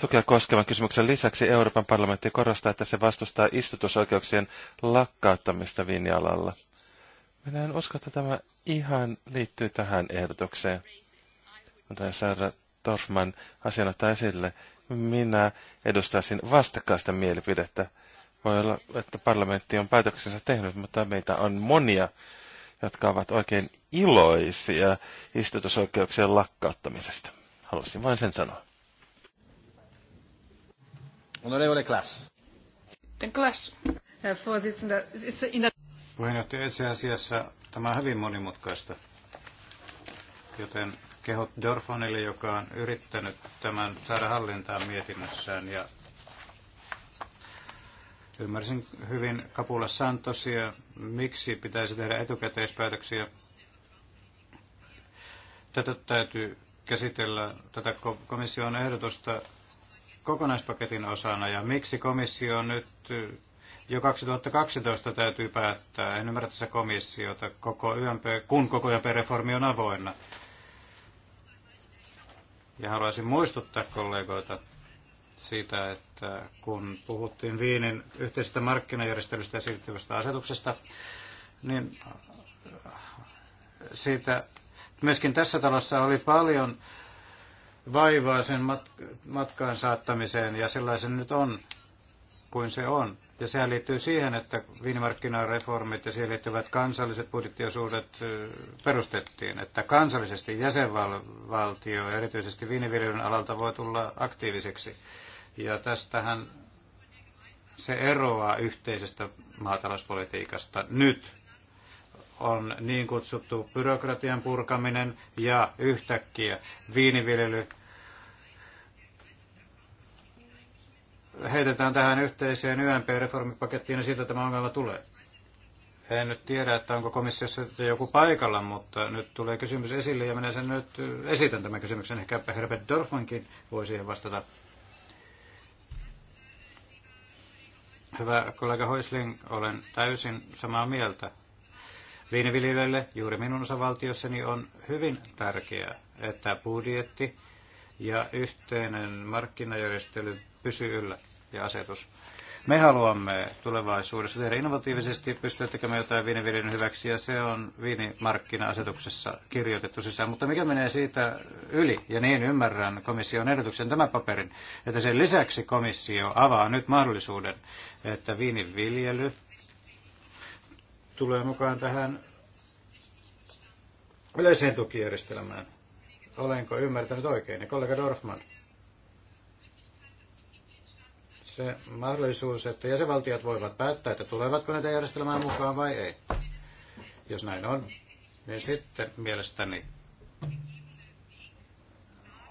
tukea koskevan kysymyksen lisäksi Euroopan parlamentti korostaa, että se vastustaa istutusoikeuksien lakkauttamista Vinjalalla. Minä en usko, että tämä ihan liittyy tähän ehdotukseen. Mutta Sarah Dorfman asian ottaa esille, minä edustaisin vastakkaista mielipidettä. Voi olla, että parlamentti on päätöksensä tehnyt, mutta meitä on monia, jotka ovat oikein iloisia istutusoikeuksien lakkauttamisesta. Halusin vain sen sanoa. Honorevole Klaas. Klaas. Puheenjohtaja, itse asiassa tämä on hyvin monimutkaista, joten kehot Dorfonille, joka on yrittänyt tämän saada hallintaan mietinnössään. Ja ymmärsin hyvin Kapula Santosia, miksi pitäisi tehdä etukäteispäätöksiä. Tätä täytyy käsitellä tätä komission ehdotusta kokonaispaketin osana ja miksi komissio nyt eh, jo 2012 täytyy päättää. En ymmärrä tässä komissiota, koko YMP, kun koko YMP-reformi on avoinna. Ja haluaisin muistuttaa kollegoita siitä, että kun puhuttiin Viinin yhteisestä markkinajärjestelystä ja siirtyvästä asetuksesta, niin siitä myöskin tässä talossa oli paljon vaivaa sen matkaan saattamiseen ja sellaisen nyt on kuin se on. Ja sehän liittyy siihen, että viinimarkkinareformit ja siihen liittyvät kansalliset budjettiosuudet perustettiin, että kansallisesti jäsenvaltio, erityisesti viiniviljelyn alalta, voi tulla aktiiviseksi. Ja tästähän se eroaa yhteisestä maatalouspolitiikasta nyt on niin kutsuttu byrokratian purkaminen ja yhtäkkiä viiniviljely heitetään tähän yhteiseen YMP-reformipakettiin ja siitä tämä ongelma tulee. He en nyt tiedä, että onko komissiossa joku paikalla, mutta nyt tulee kysymys esille ja minä sen nyt esitän tämän kysymyksen. Ehkä Herbert Dorfankin voi siihen vastata. Hyvä kollega Hoisling, olen täysin samaa mieltä. Viiniviljelijöille juuri minun osavaltiossani on hyvin tärkeää, että budjetti ja yhteinen markkinajärjestely pysyy yllä ja asetus. Me haluamme tulevaisuudessa tehdä innovatiivisesti, pystyä tekemään jotain viiniviljelyn hyväksi, ja se on viinimarkkina-asetuksessa kirjoitettu sisään. Mutta mikä menee siitä yli, ja niin ymmärrän komission ehdotuksen tämän paperin, että sen lisäksi komissio avaa nyt mahdollisuuden, että viiniviljely tulee mukaan tähän yleiseen tukijärjestelmään. Olenko ymmärtänyt oikein? Ja kollega Dorfman se mahdollisuus, että jäsenvaltiot voivat päättää, että tulevatko näitä järjestelmään mukaan vai ei. Jos näin on, niin sitten mielestäni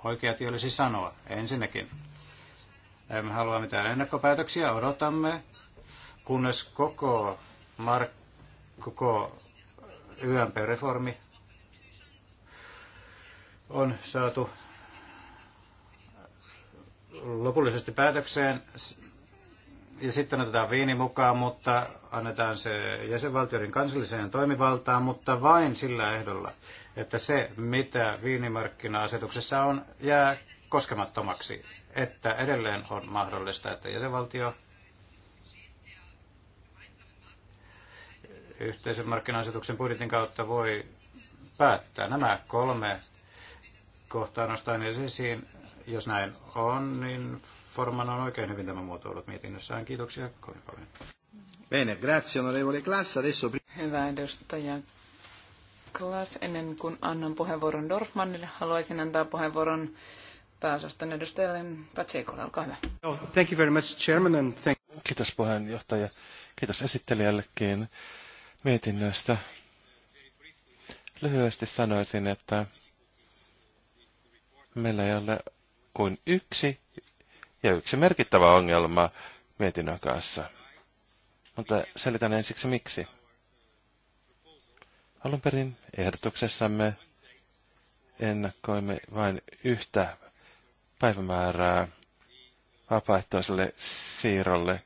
oikea tie olisi sanoa ensinnäkin. Emme halua mitään ennakkopäätöksiä, odotamme, kunnes koko, mark, koko YMP-reformi on saatu lopullisesti päätökseen ja sitten otetaan viini mukaan, mutta annetaan se jäsenvaltioiden kansalliseen toimivaltaan, mutta vain sillä ehdolla, että se, mitä viinimarkkina-asetuksessa on, jää koskemattomaksi, että edelleen on mahdollista, että jäsenvaltio yhteisen markkina-asetuksen budjetin kautta voi päättää. Nämä kolme kohtaa nostaa esiin jos näin on, niin Forman on oikein hyvin tämä muotoillut mietinnössään. Kiitoksia kovin paljon. Bene, grazie onorevole Klass. Adesso... Hyvä edustaja Klass. Ennen kuin annan puheenvuoron Dorfmannille, haluaisin antaa puheenvuoron pääosaston edustajalle Patseikolle. Olkaa hyvä. Oh, thank you very much, Chairman, and thank... Kiitos puheenjohtaja. Kiitos esittelijällekin mietinnöstä. Lyhyesti sanoisin, että meillä ei ole kuin yksi ja yksi merkittävä ongelma mietinnön kanssa. Mutta selitän ensiksi miksi. Alun perin ehdotuksessamme ennakoimme vain yhtä päivämäärää vapaaehtoiselle siirrolle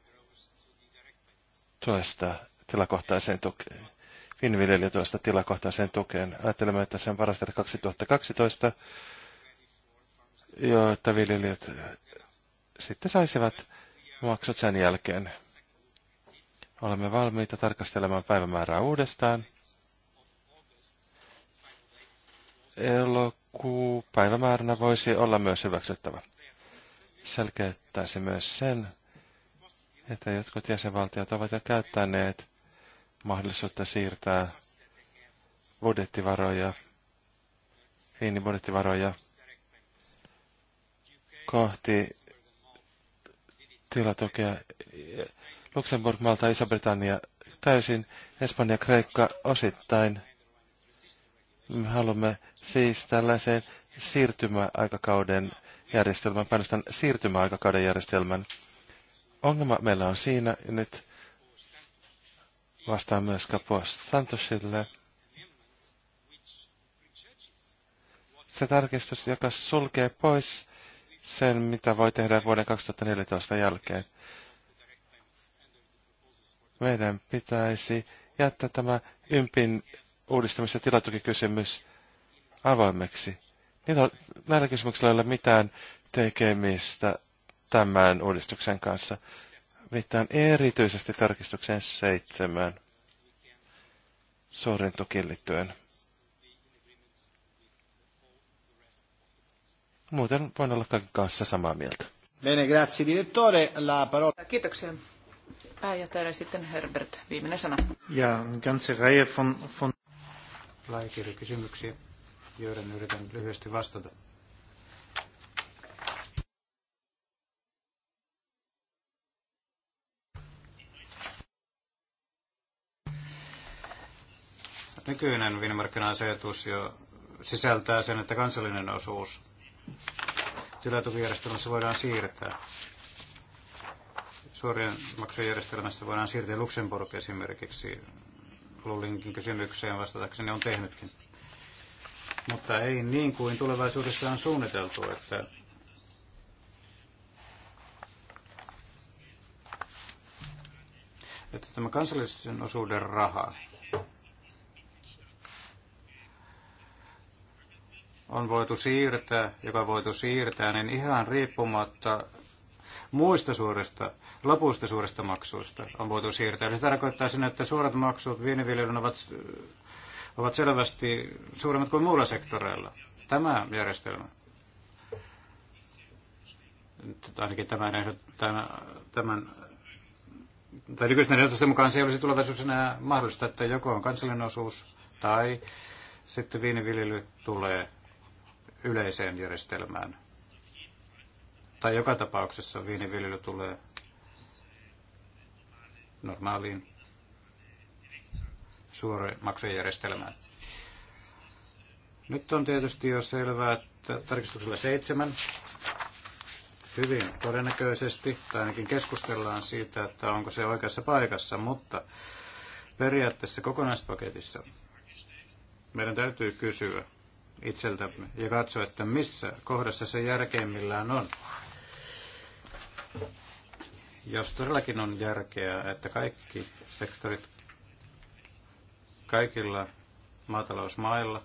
tuosta tilakohtaiseen tukeen. tuosta tilakohtaiseen tukeen. Ajattelemme, että sen varastetaan 2012 joita viljelijät sitten saisivat maksut sen jälkeen. Olemme valmiita tarkastelemaan päivämäärää uudestaan. Elokuu päivämääränä voisi olla myös hyväksyttävä. Selkeyttäisi myös sen, että jotkut jäsenvaltiot ovat jo käyttäneet mahdollisuutta siirtää budjettivaroja, viinibudjettivaroja budjettivaroja kohti tilatukea. Luxemburg, Malta, Iso-Britannia täysin, Espanja, Kreikka osittain. Me haluamme siis tällaiseen siirtymäaikakauden järjestelmän, painostan siirtymäaikakauden järjestelmän. Ongelma meillä on siinä, ja nyt vastaan myös Kapos Santosille. Se tarkistus, joka sulkee pois sen, mitä voi tehdä vuoden 2014 jälkeen. Meidän pitäisi jättää tämä ympin uudistamis- ja tilatukikysymys avoimeksi. Niin on, näillä kysymyksillä ei ole mitään tekemistä tämän uudistuksen kanssa. Viittaan erityisesti tarkistukseen seitsemän suurin tukiin liittyen. Muuten voin olla kaiken kanssa samaa mieltä. Bene, grazie direttore. La parola... Kiitoksia. Pääjohtajalle sitten Herbert, viimeinen sana. Ja ganze Reihe von, von... kysymyksiä, joiden yritän lyhyesti vastata. Nykyinen vinmarkkina-asetus jo sisältää sen, että kansallinen osuus tilatukijärjestelmässä voidaan siirtää. Suorien maksujärjestelmässä voidaan siirtää Luxemburg esimerkiksi. Lullinkin kysymykseen vastatakseni on tehnytkin. Mutta ei niin kuin tulevaisuudessa on suunniteltu, että että tämä kansallisen osuuden raha, on voitu siirtää, joka voitu siirtää, niin ihan riippumatta muista suurista, lopuista suurista maksuista on voitu siirtää. Se tarkoittaa sen, että suorat maksut viiniviljelyn ovat, ovat selvästi suuremmat kuin muulla sektoreilla. Tämä järjestelmä. Ainakin tämän, tämän, tai nykyisten ehdotusten mukaan se ei olisi tulevaisuudessa enää mahdollista, että joko on kansallinen osuus tai sitten viiniviljely tulee yleiseen järjestelmään. Tai joka tapauksessa viiniviljely tulee normaaliin suoraan maksujärjestelmään. Nyt on tietysti jo selvää, että tarkistuksella seitsemän hyvin todennäköisesti, tai ainakin keskustellaan siitä, että onko se oikeassa paikassa, mutta periaatteessa kokonaispaketissa meidän täytyy kysyä, itseltämme ja katso, että missä kohdassa se järkeimmillään on. Jos todellakin on järkeä, että kaikki sektorit kaikilla maatalousmailla,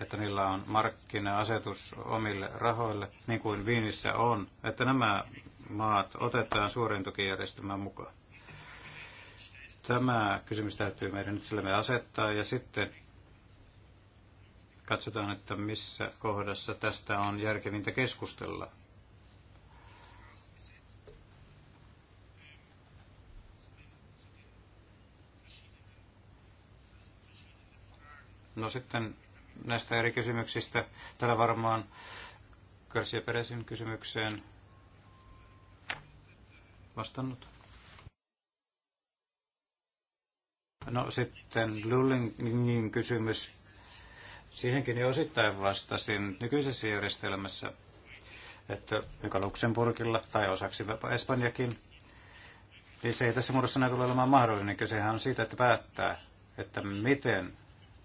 että niillä on markkina-asetus omille rahoille, niin kuin Viinissä on, että nämä maat otetaan suurin tukijärjestelmän mukaan. Tämä kysymys täytyy meidän nyt me asettaa ja sitten katsotaan, että missä kohdassa tästä on järkevintä keskustella. No sitten näistä eri kysymyksistä. Täällä varmaan Garcia Peresin kysymykseen vastannut. No sitten Lullingin kysymys. Siihenkin jo osittain vastasin nykyisessä järjestelmässä, että joka Luxemburgilla tai osaksi Espanjakin, niin se ei tässä muodossa näin tule olemaan mahdollinen. Niin kysehän on siitä, että päättää, että miten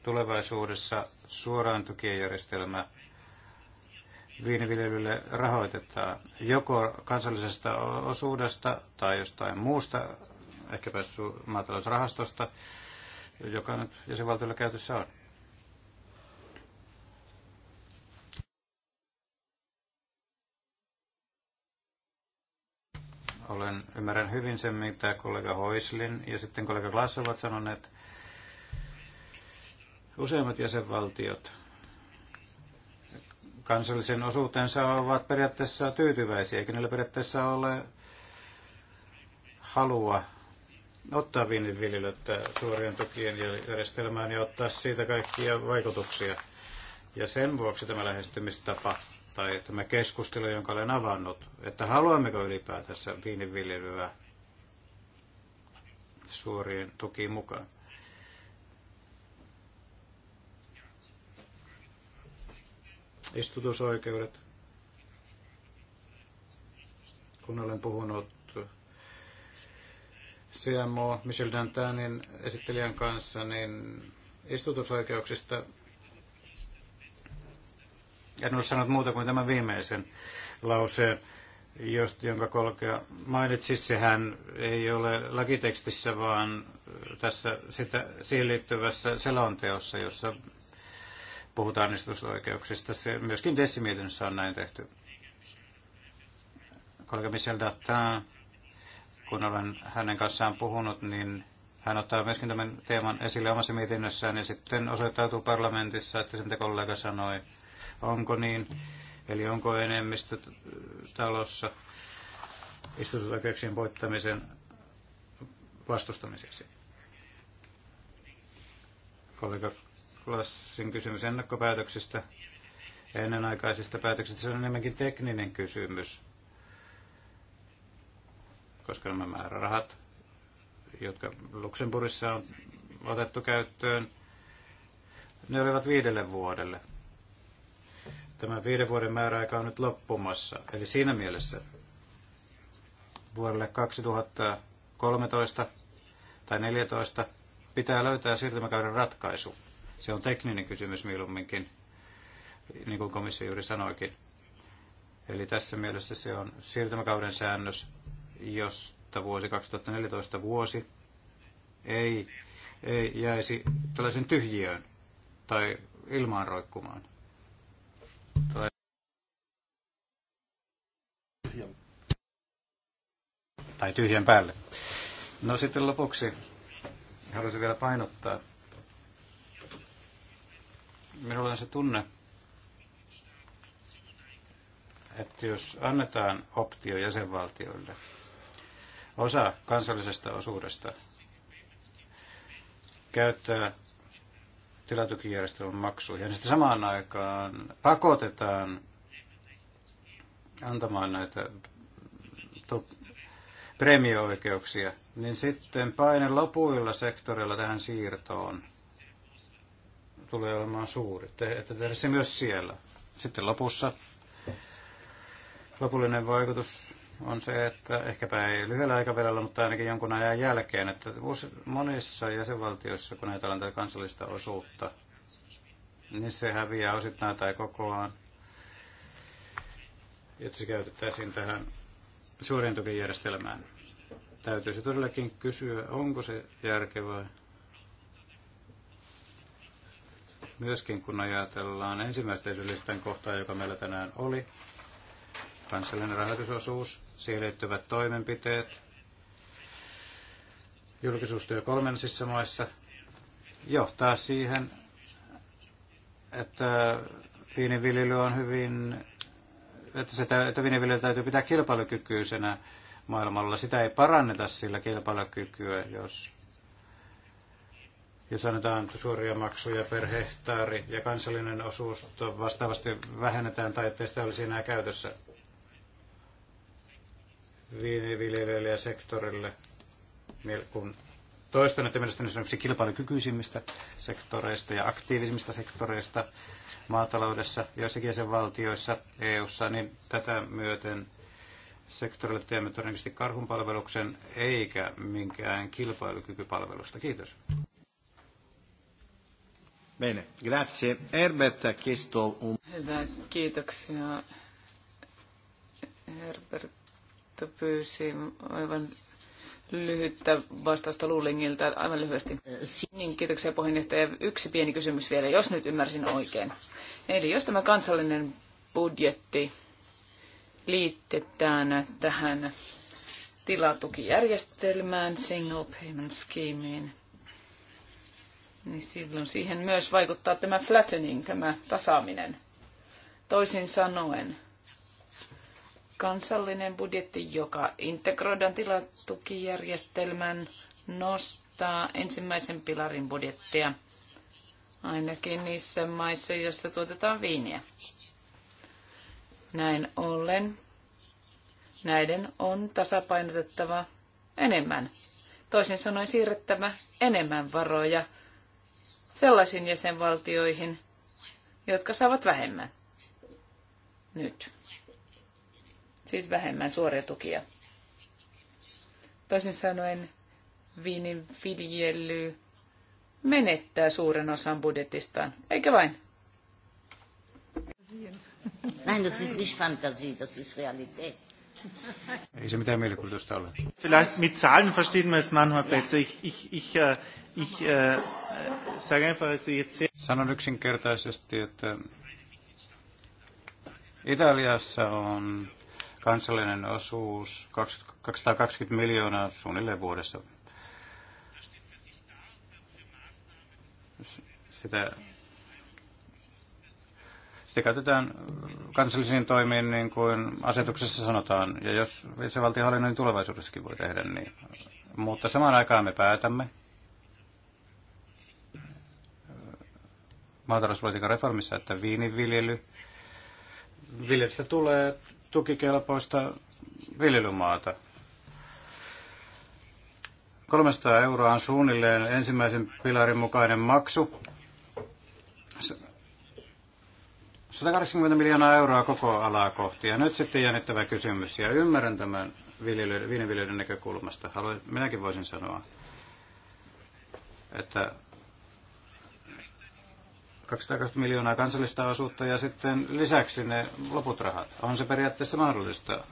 tulevaisuudessa suoraan tukijärjestelmä viiniviljelylle rahoitetaan joko kansallisesta osuudesta tai jostain muusta ehkäpä maatalousrahastosta, joka nyt jäsenvaltiolla käytössä on. Olen, ymmärrän hyvin sen, mitä kollega Hoislin ja sitten kollega Glass ovat sanoneet. Useimmat jäsenvaltiot kansallisen osuutensa ovat periaatteessa tyytyväisiä, eikä niillä periaatteessa ole halua ottaa viininviljelijöitä äh, suorien tukien järjestelmään ja ottaa siitä kaikkia vaikutuksia. Ja sen vuoksi tämä lähestymistapa tai tämä keskustelu, jonka olen avannut, että haluammeko ylipäätänsä viininviljelyä suorien tukiin mukaan. Istutusoikeudet. Kun olen puhunut CMO Michel Dantanin esittelijän kanssa niin istutusoikeuksista. En ole sanonut muuta kuin tämän viimeisen lauseen, jost, jonka Kolkea mainitsi. Sehän ei ole lakitekstissä, vaan tässä sitä, siihen liittyvässä selonteossa, jossa puhutaan istutusoikeuksista. Se, myöskin Dessimietinnössä on näin tehty. Kollega Michel Dantin kun olen hänen kanssaan puhunut, niin hän ottaa myöskin tämän teeman esille omassa mietinnössään ja sitten osoittautuu parlamentissa, että se mitä kollega sanoi, onko niin, eli onko enemmistö talossa istutusoikeuksien voittamisen vastustamiseksi. Kollega Klassin kysymys ennakkopäätöksistä ja ennenaikaisista päätöksistä, se on enemmänkin tekninen kysymys koska nämä määrärahat, jotka Luxemburgissa on otettu käyttöön, ne olivat viidelle vuodelle. Tämä viiden vuoden määräaika on nyt loppumassa. Eli siinä mielessä vuodelle 2013 tai 2014 pitää löytää siirtymäkauden ratkaisu. Se on tekninen kysymys mieluumminkin, niin kuin komissio juuri sanoikin. Eli tässä mielessä se on siirtymäkauden säännös, josta vuosi 2014 vuosi ei, ei jäisi tällaisen tyhjiöön tai ilmaan roikkumaan. Tai tai tyhjän päälle. No sitten lopuksi haluaisin vielä painottaa. Minulla on se tunne, että jos annetaan optio jäsenvaltioille, osa kansallisesta osuudesta käyttää tilatukijärjestelmän maksuja. Ja sitten samaan aikaan pakotetaan antamaan näitä premio-oikeuksia, niin sitten paine lopuilla sektoreilla tähän siirtoon tulee olemaan suuri. että tehdä se myös siellä. Sitten lopussa lopullinen vaikutus on se, että ehkäpä ei lyhyellä aikavälillä, mutta ainakin jonkun ajan jälkeen, että monissa jäsenvaltioissa, kun ajatellaan tätä kansallista osuutta, niin se häviää osittain tai kokoaan, että se käytettäisiin tähän suorien tukijärjestelmään. Täytyisi todellakin kysyä, onko se järkevää myöskin kun ajatellaan ensimmäistä esilistan kohtaa, joka meillä tänään oli, kansallinen rahoitusosuus, siihen liittyvät toimenpiteet, julkisuustyö kolmansissa maissa johtaa siihen, että viiniviljely on hyvin, että, sitä, että viiniviljely täytyy pitää kilpailukykyisenä maailmalla. Sitä ei paranneta sillä kilpailukykyä, jos, jos annetaan suoria maksuja per hehtaari ja kansallinen osuus vastaavasti vähennetään tai ettei sitä olisi enää käytössä sektorille, kun toistan, että mielestäni se on yksi kilpailukykyisimmistä sektoreista ja aktiivisimmista sektoreista maataloudessa joissakin jäsenvaltioissa EU-ssa, niin tätä myöten sektorille teemme todennäköisesti karhunpalveluksen eikä minkään kilpailukykypalvelusta. Kiitos. Bene, grazie. Herbert ha chiesto un... Hyvä, kiitoksia. Herbert Albrecht pyysi aivan lyhyttä vastausta Luulingilta aivan lyhyesti. Niin, kiitoksia puheenjohtaja. Yksi pieni kysymys vielä, jos nyt ymmärsin oikein. Eli jos tämä kansallinen budjetti liitetään tähän tilatukijärjestelmään, single payment schemeen, niin silloin siihen myös vaikuttaa tämä flattening, tämä tasaaminen. Toisin sanoen, kansallinen budjetti, joka integroidaan tilatukijärjestelmän, nostaa ensimmäisen pilarin budjettia, ainakin niissä maissa, joissa tuotetaan viiniä. Näin ollen näiden on tasapainotettava enemmän. Toisin sanoen siirrettävä enemmän varoja sellaisiin jäsenvaltioihin, jotka saavat vähemmän nyt siis vähemmän suoria tukia. Toisin sanoen viinin viljely menettää suuren osan budjetistaan, eikä vain? Nein, das ist nicht Fantasie, das ist Realität. Ei se mitään mielikuvitusta ole. Vielleicht mit Zahlen versteht man es manchmal besser. Ich, ich, ich, äh, ich äh, sage einfach, also jetzt... Sanon yksinkertaisesti, että Italiassa on kansallinen osuus 220 miljoonaa suunnilleen vuodessa. Sitä, sitä käytetään kansallisiin toimiin niin kuin asetuksessa sanotaan, ja jos se valtionhallinnon niin tulevaisuudessakin voi tehdä niin. Mutta samaan aikaan me päätämme maatalouspolitiikan reformissa, että viininviljely, viljelystä tulee tukikelpoista viljelymaata. 300 euroa on suunnilleen ensimmäisen pilarin mukainen maksu. 180 miljoonaa euroa koko alaa kohti. Ja nyt sitten jännittävä kysymys, ja ymmärrän tämän viljelijöiden, näkökulmasta. Haluan, minäkin voisin sanoa, että 220 miljoonaa kansallista osuutta ja sitten lisäksi ne loput rahat. On se periaatteessa mahdollista.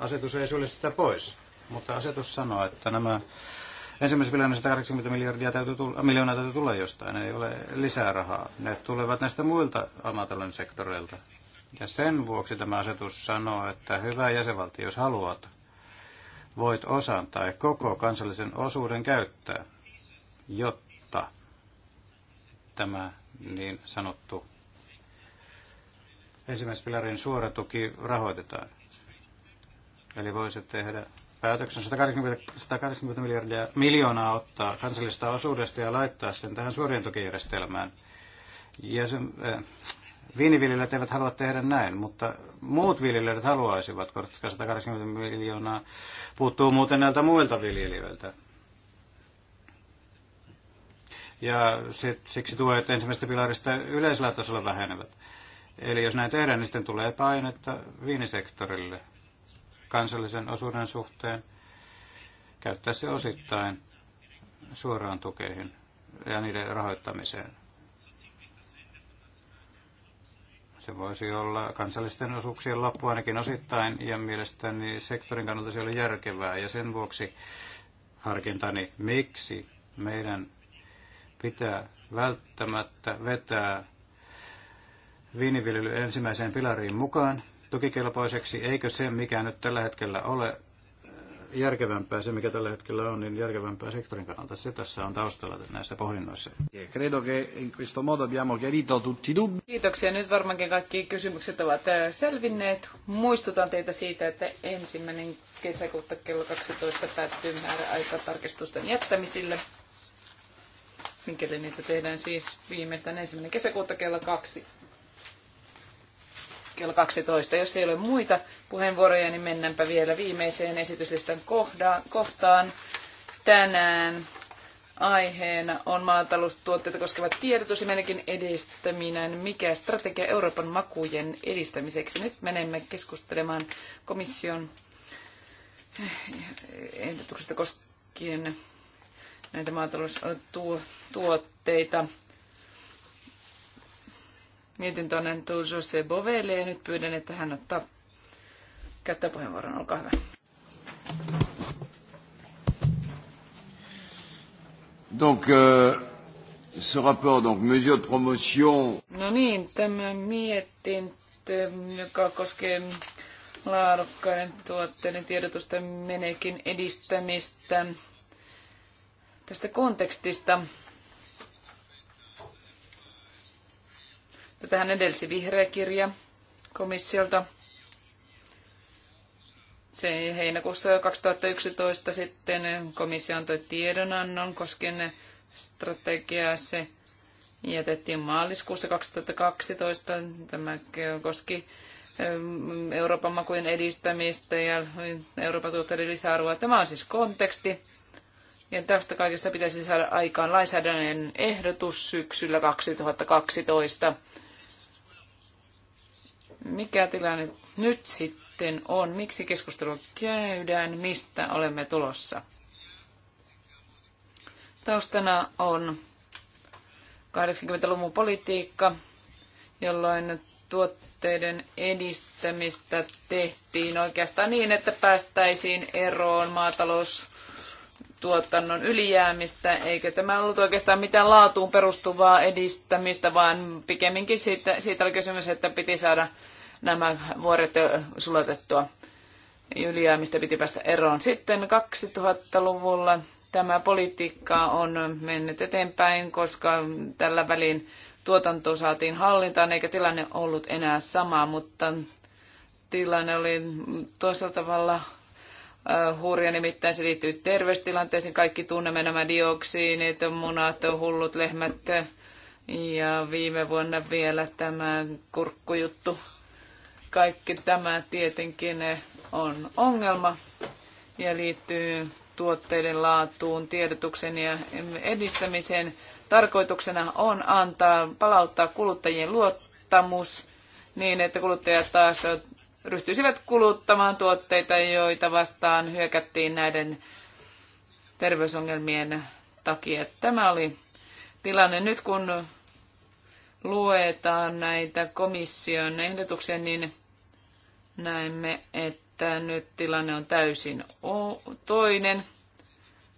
Asetus ei sulje sitä pois, mutta asetus sanoo, että nämä ensimmäisen pilarin 180 miljardia täytyy tulla, miljoonaa täytyy tulla jostain, ei ole lisää rahaa. Ne tulevat näistä muilta maatalouden sektoreilta. Ja sen vuoksi tämä asetus sanoo, että hyvä jäsenvaltio, jos haluat, voit osan tai koko kansallisen osuuden käyttää, jotta tämä niin sanottu ensimmäisen pilarin suora tuki rahoitetaan. Eli voisi tehdä päätöksen 180, 180 miljardia, miljoonaa ottaa kansallisesta osuudesta ja laittaa sen tähän suorien tukijärjestelmään. Ja sen, äh, eh, viiniviljelijät eivät halua tehdä näin, mutta muut viljelijät haluaisivat, koska 180 miljoonaa puuttuu muuten näiltä muilta viljelijöiltä ja sit, siksi tuet ensimmäisestä pilarista yleisellä tasolla vähenevät. Eli jos näin tehdään, niin sitten tulee painetta viinisektorille kansallisen osuuden suhteen käyttää se osittain suoraan tukeihin ja niiden rahoittamiseen. Se voisi olla kansallisten osuuksien lappu ainakin osittain ja mielestäni sektorin kannalta se oli järkevää ja sen vuoksi harkintani, miksi meidän pitää välttämättä vetää viiniviljely ensimmäiseen pilariin mukaan tukikelpoiseksi. Eikö se, mikä nyt tällä hetkellä ole äh, järkevämpää, se mikä tällä hetkellä on, niin järkevämpää sektorin kannalta. Se tässä on taustalla näissä pohdinnoissa. Eh, credo che in questo modo abbiamo chiarito tutti dubbi. Kiitoksia. Nyt varmaankin kaikki kysymykset ovat äh, selvinneet. Muistutan teitä siitä, että ensimmäinen kesäkuuta kello 12 päättyy määräaika tarkistusten jättämisille. Mikäli niitä tehdään siis viimeistään ensimmäinen kesäkuuta kello kaksi. Kello 12. Jos ei ole muita puheenvuoroja, niin mennäänpä vielä viimeiseen esityslistan kohtaan. Tänään aiheena on maataloustuotteita koskevat tiedotus ja edistäminen. Mikä strategia Euroopan makujen edistämiseksi? Nyt menemme keskustelemaan komission ehdotuksesta koskien näitä maataloustuotteita. Mietintö on annettu Jose Bovelle ja nyt pyydän, että hän ottaa käyttää puheenvuoron. Olkaa hyvä. Donc, euh, ce rapport, donc mesure de promotion. No niin, tämä mietintö, joka koskee laadukkaiden tuotteiden tiedotusten menekin edistämistä tästä kontekstista. Tätähän edelsi vihreä kirja komissiolta. Se heinäkuussa 2011 sitten komissio antoi tiedonannon koskien strategiaa. Se jätettiin maaliskuussa 2012. Tämä koski Euroopan makujen edistämistä ja Euroopan tuotteiden lisäarvoa. Tämä on siis konteksti. Ja tästä kaikesta pitäisi saada aikaan lainsäädännön ehdotus syksyllä 2012. Mikä tilanne nyt sitten on? Miksi keskustelu käydään? Mistä olemme tulossa? Taustana on 80-luvun politiikka, jolloin tuotteiden edistämistä tehtiin oikeastaan niin, että päästäisiin eroon maatalous tuotannon ylijäämistä, eikä tämä ollut oikeastaan mitään laatuun perustuvaa edistämistä, vaan pikemminkin siitä, siitä oli kysymys, että piti saada nämä vuoret sulatettua. Ylijäämistä piti päästä eroon. Sitten 2000-luvulla tämä politiikka on mennyt eteenpäin, koska tällä välin tuotanto saatiin hallintaan, eikä tilanne ollut enää sama, mutta tilanne oli toisella tavalla hurja, nimittäin se liittyy terveystilanteisiin. Kaikki tunnemme nämä dioksiinit, munat, hullut lehmät ja viime vuonna vielä tämä kurkkujuttu. Kaikki tämä tietenkin on ongelma ja liittyy tuotteiden laatuun, tiedotuksen ja edistämiseen. Tarkoituksena on antaa palauttaa kuluttajien luottamus niin, että kuluttajat taas ryhtyisivät kuluttamaan tuotteita, joita vastaan hyökättiin näiden terveysongelmien takia. Tämä oli tilanne. Nyt kun luetaan näitä komission ehdotuksia, niin näemme, että nyt tilanne on täysin toinen.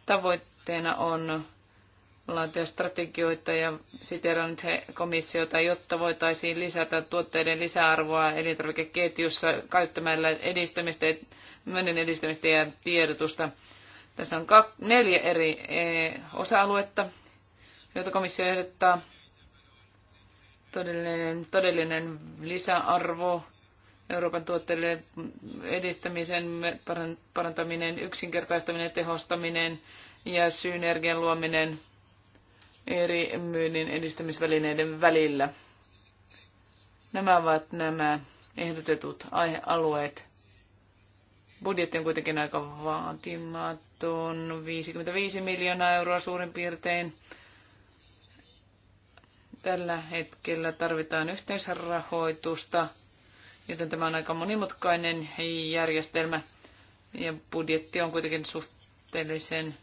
Tavoitteena on laatia strategioita ja siteeraan nyt he komissiota, jotta voitaisiin lisätä tuotteiden lisäarvoa elintarvikeketjussa käyttämällä edistämistä, myönnin edistämistä ja tiedotusta. Tässä on neljä eri eh, osa-aluetta, joita komissio ehdottaa. Todellinen, todellinen lisäarvo Euroopan tuotteiden edistämisen parantaminen, yksinkertaistaminen, tehostaminen ja synergian luominen eri myynnin edistämisvälineiden välillä. Nämä ovat nämä ehdotetut aihealueet. Budjetti on kuitenkin aika vaatimaton, 55 miljoonaa euroa suurin piirtein. Tällä hetkellä tarvitaan yhteisrahoitusta, joten tämä on aika monimutkainen järjestelmä ja budjetti on kuitenkin suhteellisen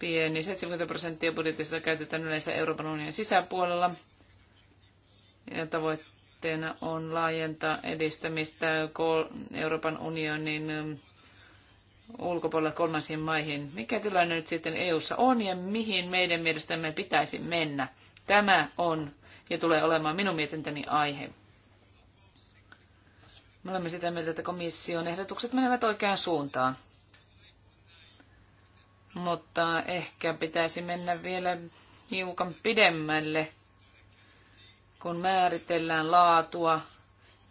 pieni. 70 prosenttia budjetista käytetään yleensä Euroopan unionin sisäpuolella. Ja tavoitteena on laajentaa edistämistä Euroopan unionin ulkopuolella kolmansiin maihin. Mikä tilanne nyt sitten EU:ssa on ja mihin meidän mielestämme pitäisi mennä? Tämä on ja tulee olemaan minun mietintäni aihe. Me olemme sitä mieltä, että komission ehdotukset menevät oikeaan suuntaan mutta ehkä pitäisi mennä vielä hiukan pidemmälle, kun määritellään laatua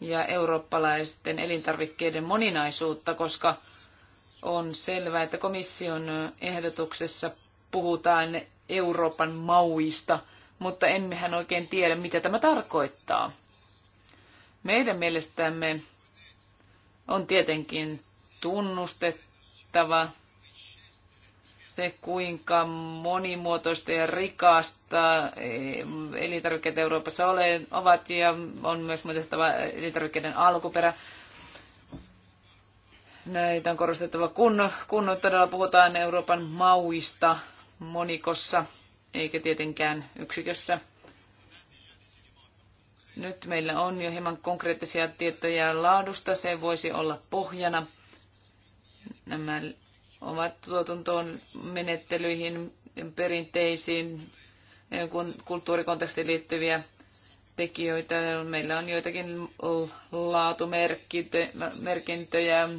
ja eurooppalaisten elintarvikkeiden moninaisuutta, koska on selvää, että komission ehdotuksessa puhutaan Euroopan mauista, mutta emmehän oikein tiedä, mitä tämä tarkoittaa. Meidän mielestämme on tietenkin tunnustettava se, kuinka monimuotoista ja rikasta eh, elintarvikkeet Euroopassa ole, ovat ja on myös muistettava elintarvikkeiden alkuperä. Näitä on korostettava, kun, kun todella puhutaan Euroopan mauista monikossa, eikä tietenkään yksikössä. Nyt meillä on jo hieman konkreettisia tietoja laadusta, se voisi olla pohjana. Nämä ovat tuotantoon menettelyihin, perinteisiin, eh, kulttuurikontekstiin liittyviä tekijöitä. Meillä on joitakin laatumerkintöjä,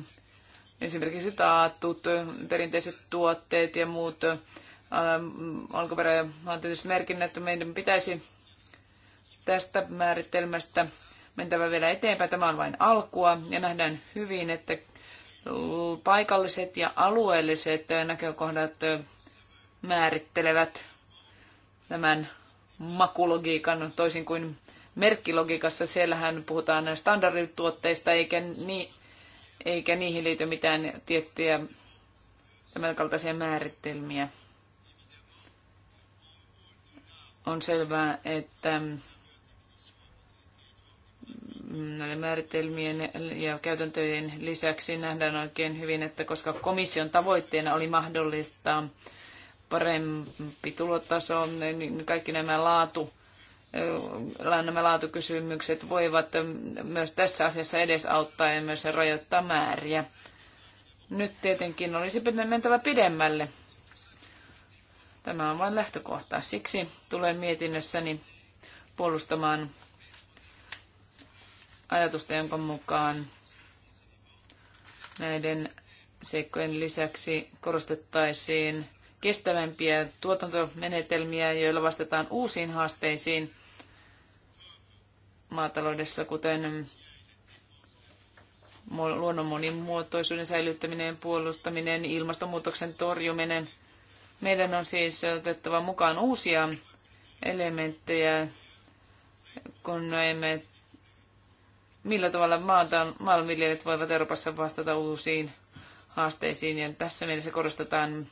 esimerkiksi taatut perinteiset tuotteet ja muut ähm, alkuperä- ja merkinnät. Meidän pitäisi tästä määritelmästä mentävä vielä eteenpäin. Tämä on vain alkua ja nähdään hyvin, että paikalliset ja alueelliset näkökohdat määrittelevät tämän makulogiikan toisin kuin merkkilogiikassa. Siellähän puhutaan standardituotteista eikä, ni, eikä niihin liity mitään tiettyjä tämänkaltaisia määrittelmiä. On selvää, että näiden määritelmien ja käytäntöjen lisäksi nähdään oikein hyvin, että koska komission tavoitteena oli mahdollistaa parempi tulotaso, niin kaikki nämä laatu nämä laatukysymykset voivat myös tässä asiassa edesauttaa ja myös rajoittaa määriä. Nyt tietenkin olisi mentävä pidemmälle. Tämä on vain lähtökohta. Siksi tulen mietinnössäni puolustamaan ajatusta, jonka mukaan näiden seikkojen lisäksi korostettaisiin kestävämpiä tuotantomenetelmiä, joilla vastataan uusiin haasteisiin maataloudessa, kuten luonnon monimuotoisuuden säilyttäminen, puolustaminen, ilmastonmuutoksen torjuminen. Meidän on siis otettava mukaan uusia elementtejä, kun emme millä tavalla maanviljelijät voivat Euroopassa vastata uusiin haasteisiin. Ja tässä mielessä korostetaan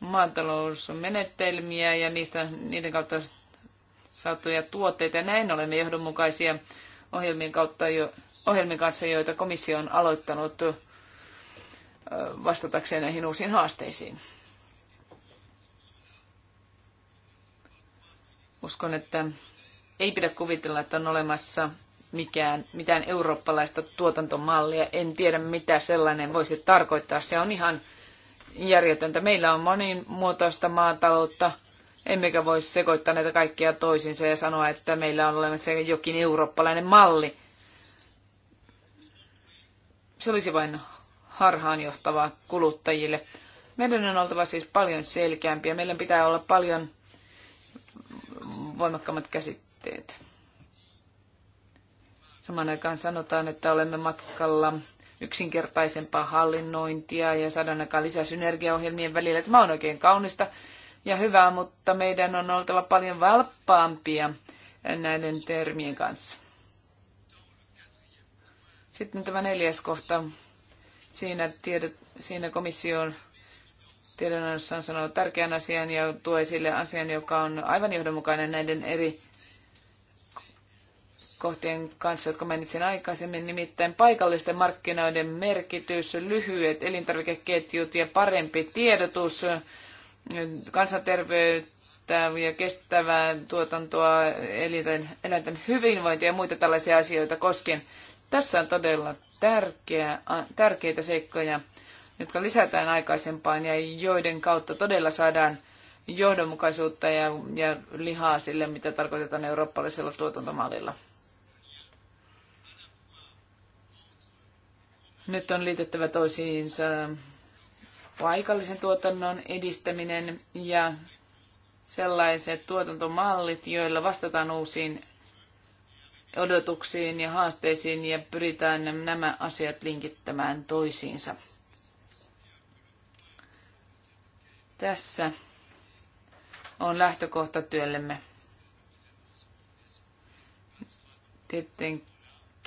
maatalousmenetelmiä ja niistä, niiden kautta saatuja tuotteita. Ja näin olemme johdonmukaisia ohjelmien, kautta jo, ohjelmien kanssa, joita komissio on aloittanut vastatakseen näihin uusiin haasteisiin. Uskon, että ei pidä kuvitella, että on olemassa mikään, mitään eurooppalaista tuotantomallia. En tiedä, mitä sellainen voisi tarkoittaa. Se on ihan järjetöntä. Meillä on monimuotoista maataloutta, emmekä voi sekoittaa näitä kaikkia toisiinsa ja sanoa, että meillä on olemassa jokin eurooppalainen malli. Se olisi vain harhaanjohtavaa kuluttajille. Meidän on oltava siis paljon selkeämpiä. Meillä pitää olla paljon voimakkaammat käsitteet. Samaan aikaan sanotaan, että olemme matkalla yksinkertaisempaa hallinnointia ja saadaan aikaan lisää synergiaohjelmien välillä. Tämä on oikein kaunista ja hyvää, mutta meidän on oltava paljon valppaampia näiden termien kanssa. Sitten tämä neljäs kohta. Siinä, tiedot, siinä komission on sanonut tärkeän asian ja tuo esille asian, joka on aivan johdonmukainen näiden eri kohtien kanssa, jotka mainitsin aikaisemmin, nimittäin paikallisten markkinoiden merkitys, lyhyet elintarvikeketjut ja parempi tiedotus, kansanterveyttä ja kestävää tuotantoa, elinten, eläinten hyvinvointia ja muita tällaisia asioita koskien. Tässä on todella tärkeä, tärkeitä seikkoja, jotka lisätään aikaisempaan ja joiden kautta todella saadaan johdonmukaisuutta ja, ja lihaa sille, mitä tarkoitetaan eurooppalaisella tuotantomallilla. Nyt on liitettävä toisiinsa paikallisen tuotannon edistäminen ja sellaiset tuotantomallit, joilla vastataan uusiin odotuksiin ja haasteisiin ja pyritään nämä asiat linkittämään toisiinsa. Tässä on lähtökohta työllemme. Tietenkin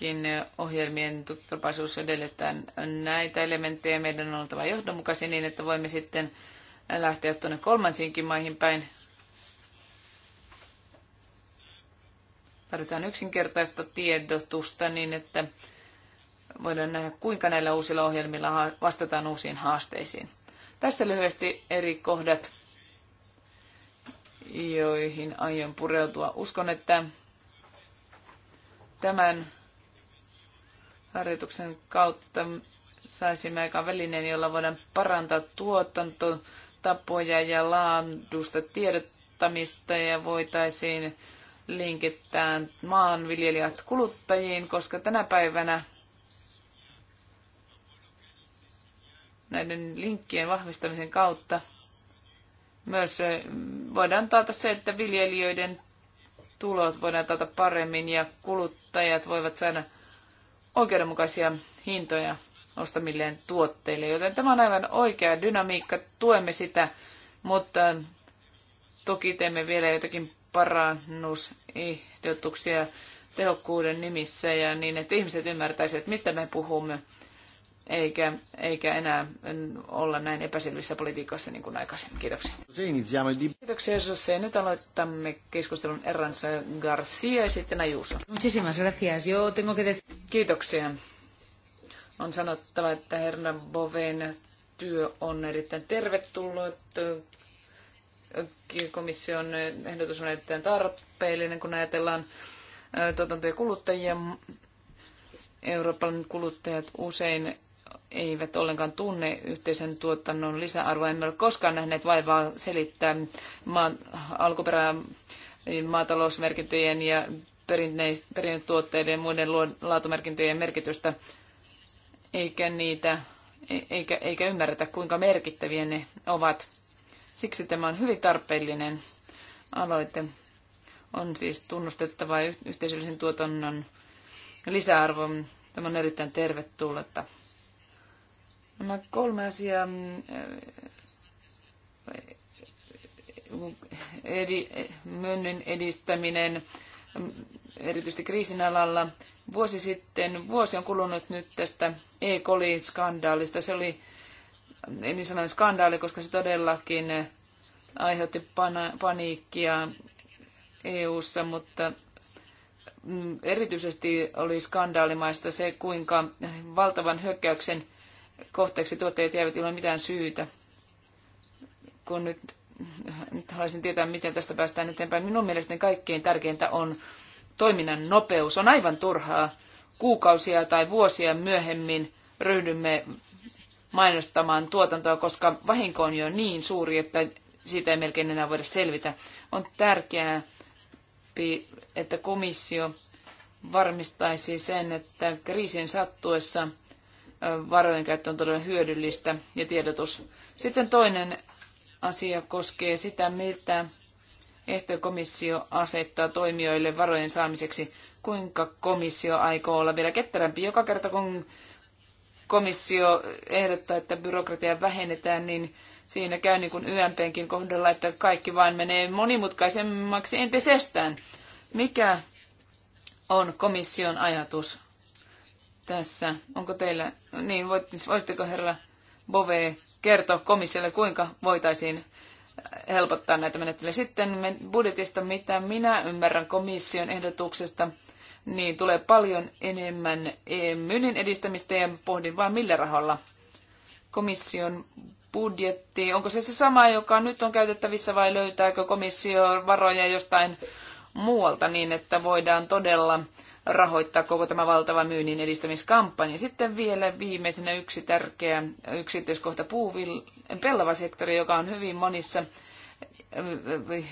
Tietenkin ohjelmien tukikelpoisuus edellyttää näitä elementtejä. Meidän on oltava johdonmukaisia niin, että voimme sitten lähteä tuonne kolmansiinkin maihin päin. Tarvitaan yksinkertaista tiedotusta niin, että voidaan nähdä, kuinka näillä uusilla ohjelmilla vastataan uusiin haasteisiin. Tässä lyhyesti eri kohdat, joihin aion pureutua. Uskon, että tämän harjoituksen kautta saisimme aika välineen, jolla voidaan parantaa tuotantotapoja ja laadusta tiedottamista ja voitaisiin linkittää maanviljelijät kuluttajiin, koska tänä päivänä näiden linkkien vahvistamisen kautta myös voidaan taata se, että viljelijöiden tulot voidaan taata paremmin ja kuluttajat voivat saada oikeudenmukaisia hintoja ostamilleen tuotteille. Joten tämä on aivan oikea dynamiikka, tuemme sitä, mutta toki teemme vielä jotakin parannusehdotuksia tehokkuuden nimissä ja niin, että ihmiset ymmärtäisivät, mistä me puhumme eikä, eikä enää olla näin epäselvissä politiikassa niin kuin aikaisemmin. Kiitoksia. Kiitoksia Jose. Nyt aloitamme keskustelun Erransa Garcia ja sitten Ajuso. Kiitoksia. On sanottava, että herra Boven työ on erittäin tervetullut. Komission ehdotus on erittäin tarpeellinen, kun ajatellaan tuotantojen kuluttajia Euroopan kuluttajat usein eivät ollenkaan tunne yhteisen tuotannon lisäarvoa. Emme ole koskaan nähneet vaivaa selittää maan, alkuperää niin maatalousmerkintöjen ja perinnetuotteiden ja muiden laatumerkintöjen merkitystä, eikä niitä e-, eikä, eikä ymmärretä, kuinka merkittäviä ne ovat. Siksi tämä on hyvin tarpeellinen aloite. On siis tunnustettava yhteisöllisen tuotannon lisäarvo. Tämä on erittäin tervetullutta. Nämä kolme asiaa mm, eh, edi, eh, myönnin edistäminen, mm, erityisesti kriisin alalla. Vuosi sitten, vuosi on kulunut nyt tästä E. coli-skandaalista. Se oli, mm, en niin sanoin skandaali, koska se todellakin eh, aiheutti pana, paniikkia EU-ssa, mutta erityisesti oli skandaalimaista se, kuinka valtavan hyökkäyksen – kohteeksi tuotteet jäävät ilman mitään syytä. Kun nyt, nyt haluaisin tietää, miten tästä päästään eteenpäin. Minun mielestäni kaikkein tärkeintä on toiminnan nopeus. On aivan turhaa kuukausia tai vuosia myöhemmin ryhdymme mainostamaan tuotantoa, koska vahinko on jo niin suuri, että siitä ei melkein enää voida selvitä. On tärkeää, että komissio varmistaisi sen, että kriisin sattuessa – varojen käyttö on todella hyödyllistä ja tiedotus. Sitten toinen asia koskee sitä, miltä ehto komissio asettaa toimijoille varojen saamiseksi. Kuinka komissio aikoo olla vielä ketterämpi? Joka kerta kun komissio ehdottaa, että byrokratiaa vähennetään, niin siinä käy niin kuin YMPnkin kohdalla, että kaikki vain menee monimutkaisemmaksi entisestään. Mikä on komission ajatus tässä. Onko teillä, niin voisitteko herra Bove kertoa komissiolle, kuinka voitaisiin helpottaa näitä menettelyjä. Sitten budjetista, mitä minä ymmärrän komission ehdotuksesta, niin tulee paljon enemmän eh, myynnin edistämistä ja pohdin vain millä rahalla. Komission budjetti, onko se se sama, joka nyt on käytettävissä vai löytääkö komissio varoja jostain muualta niin, että voidaan todella rahoittaa koko tämä valtava myynnin edistämiskampanja. Sitten vielä viimeisenä yksi tärkeä yksityiskohta puuvil, pellavasektori, joka on hyvin monissa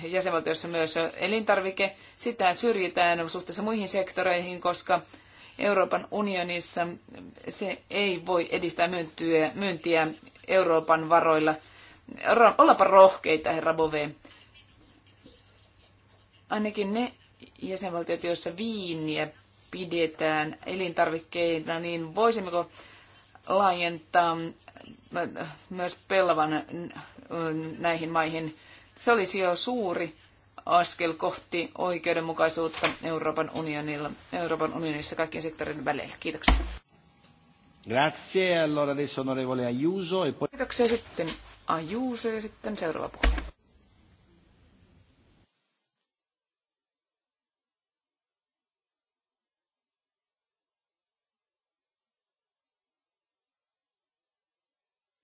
jäsenvaltioissa myös elintarvike. Sitä syrjitään suhteessa muihin sektoreihin, koska Euroopan unionissa se ei voi edistää myyntiä, myyntiä Euroopan varoilla. Ollaanpa rohkeita, herra Bove. Ainakin ne jäsenvaltiot, joissa viiniä pidetään elintarvikkeina, niin voisimmeko laajentaa myös pelvan näihin maihin? Se olisi jo suuri askel kohti oikeudenmukaisuutta Euroopan, unionilla, Euroopan unionissa kaikkien sektorin välillä. Kiitoksia. Grazie. Allora adesso onorevole Ayuso. E poi... Kiitoksia sitten Ayuso ja sitten seuraava puhuja.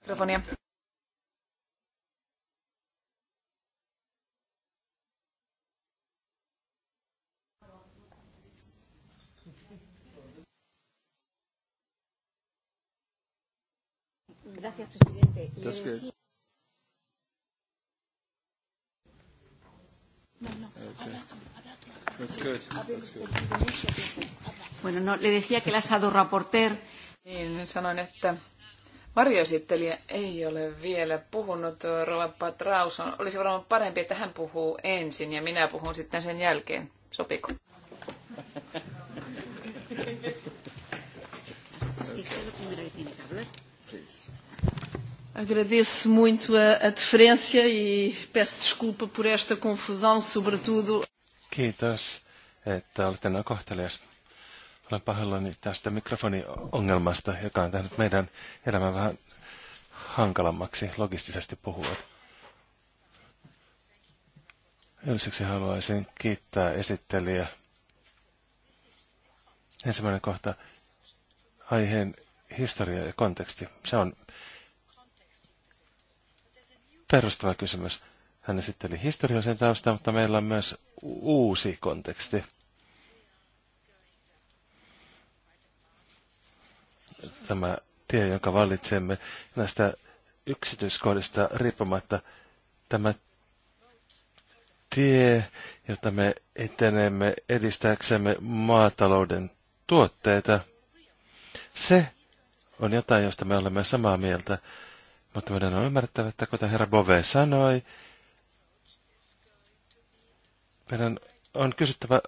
Mikrofonia. Gracias, presidente. No, no, bueno, no, le decía que la Sado Raporter. Niin, sanoin, että Varjoesittelijä ei ole vielä puhunut. Rova Patraus on, olisi varmaan parempi, että hän puhuu ensin ja minä puhun sitten sen jälkeen. Sopiko? Agradeço muito a, a deferência e peço desculpa por esta confusão, sobretudo. Kiitos, että olette noin kohtelias. Olen pahoillani tästä mikrofoniongelmasta, joka on tehnyt meidän elämän vähän hankalammaksi logistisesti puhua. Ensiksi haluaisin kiittää esittelijä. Ensimmäinen kohta, aiheen historia ja konteksti. Se on perustava kysymys. Hän esitteli historiallisen taustan, mutta meillä on myös uusi konteksti – tämä tie, jonka valitsemme. Näistä yksityiskohdista riippumatta tämä tie, jota me etenemme edistääksemme maatalouden tuotteita, se on jotain, josta me olemme samaa mieltä. Mutta meidän on ymmärrettävä, että kuten herra Bove sanoi, meidän on kysyttävä,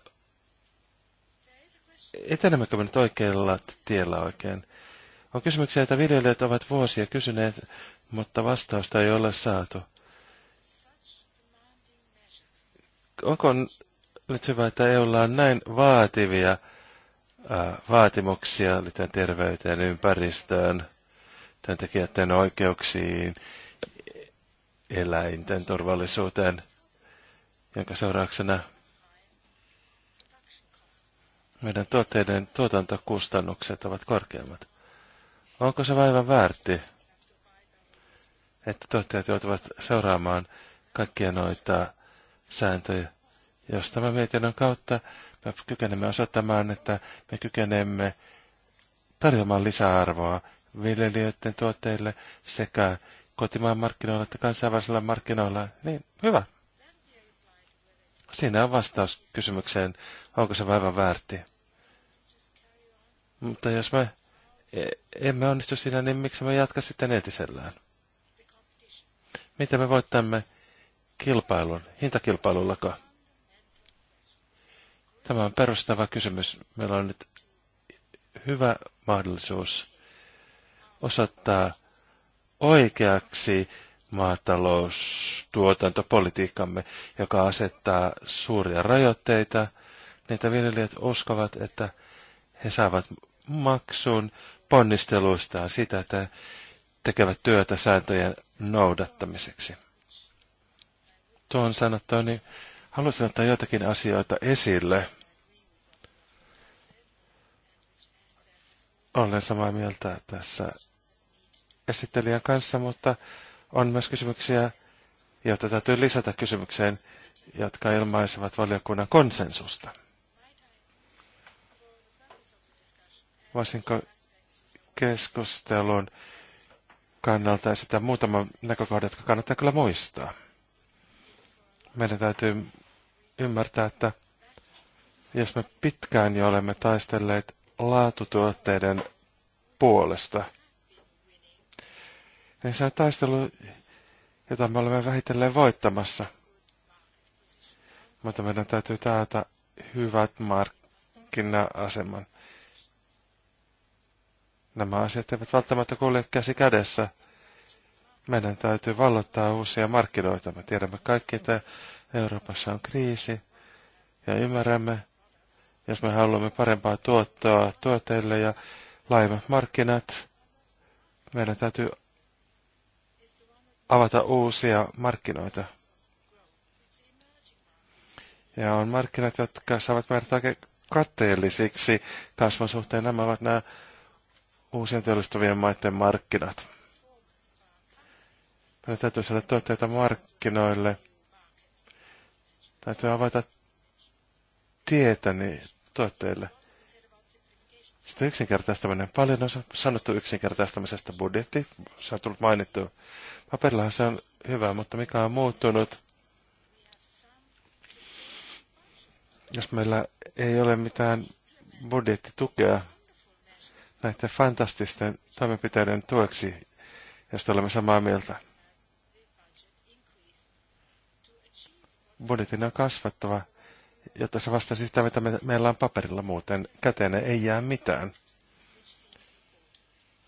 etenemmekö me nyt oikealla tiellä oikein. On kysymyksiä, että viljelijät ovat vuosia kysyneet, mutta vastausta ei ole saatu. Onko nyt hyvä, että EUlla on näin vaativia vaatimuksia liittyen terveyteen, ympäristöön, työntekijöiden oikeuksiin, eläinten turvallisuuteen, jonka seurauksena meidän tuotteiden tuotantokustannukset ovat korkeammat. Onko se vaivan väärti, että tuottajat joutuvat seuraamaan kaikkia noita sääntöjä? Jos tämän mietinnön kautta me kykenemme osoittamaan, että me kykenemme tarjoamaan lisäarvoa viljelijöiden tuotteille sekä kotimaan markkinoilla että kansainvälisillä markkinoilla, niin hyvä. Siinä on vastaus kysymykseen, onko se vaivan väärti. Mutta jos me E, emme onnistu siinä, niin miksi me jatka sitten entisellään? Miten me voittamme kilpailun, hintakilpailullako? Tämä on perustava kysymys. Meillä on nyt hyvä mahdollisuus osoittaa oikeaksi maataloustuotantopolitiikkamme, joka asettaa suuria rajoitteita. Niitä viljelijät uskovat, että he saavat maksun ponnisteluistaan sitä, että tekevät työtä sääntöjen noudattamiseksi. Tuon sanottua, niin haluaisin ottaa joitakin asioita esille. Olen samaa mieltä tässä esittelijän kanssa, mutta on myös kysymyksiä, joita täytyy lisätä kysymykseen, jotka ilmaisevat valiokunnan konsensusta. Voisinko keskustelun kannalta esitän muutama näkökohta, jotka kannattaa kyllä muistaa. Meidän täytyy ymmärtää, että jos me pitkään jo olemme taistelleet laatutuotteiden puolesta, niin se on taistelu, jota me olemme vähitellen voittamassa. Mutta meidän täytyy taata hyvät markkina-aseman. Nämä asiat eivät välttämättä kulje käsi kädessä. Meidän täytyy vallottaa uusia markkinoita. Me tiedämme kaikki, että Euroopassa on kriisi ja ymmärrämme, jos me haluamme parempaa tuottoa tuoteille ja laajemmat markkinat, meidän täytyy avata uusia markkinoita. Ja on markkinat, jotka saavat määrätä oikein katteellisiksi kasvun suhteen. Nämä ovat nämä uusien teollistuvien maiden markkinat. Meidän täytyy saada tuotteita markkinoille. Täytyy avata tietä niin tuotteille. Sitten yksinkertaistaminen. Paljon on sanottu yksinkertaistamisesta budjetti. Se on tullut mainittu. Paperillahan se on hyvä, mutta mikä on muuttunut? Jos meillä ei ole mitään budjettitukea, näiden fantastisten toimenpiteiden tueksi, josta olemme samaa mieltä. Budjetin on kasvattava, jotta se vastaisi sitä, mitä me, meillä on paperilla muuten. Käteen ei jää mitään.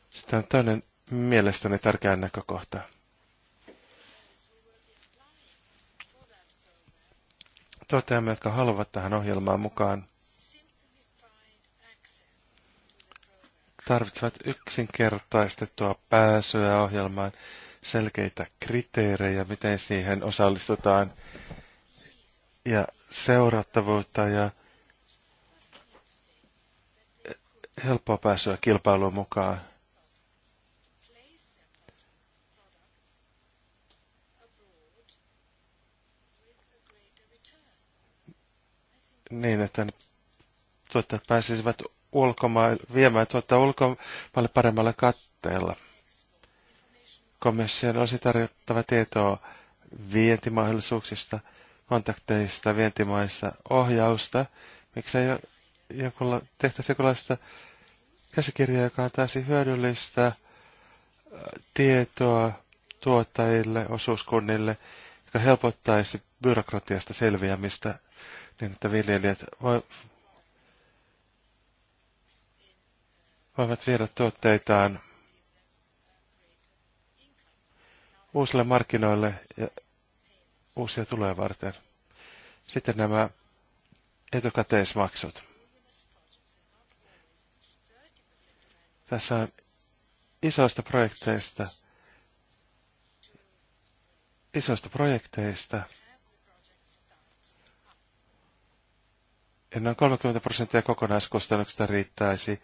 Sitten on toinen mielestäni tärkeä näkökohta. Toteamme, jotka haluavat tähän ohjelmaan mukaan, tarvitsevat yksinkertaistettua pääsyä ohjelmaan, selkeitä kriteerejä, miten siihen osallistutaan, ja seurattavuutta ja helppoa pääsyä kilpailuun mukaan. Niin, että tuottajat pääsisivät ulkomaille, viemään tuottaa ulkomaille paremmalla katteella. Komission olisi tarjottava tietoa vientimahdollisuuksista, kontakteista vientimaissa, ohjausta, miksei jonkunla, tehtäisi jonkinlaista käsikirjaa, joka antaisi hyödyllistä tietoa tuottajille, osuuskunnille, joka helpottaisi byrokratiasta selviämistä niin, että viljelijät voi, voivat viedä tuotteitaan uusille markkinoille ja uusia tuloja varten. Sitten nämä etukäteismaksut. Tässä on isoista projekteista, isoista projekteista, ennen 30 prosenttia kokonaiskustannuksista riittäisi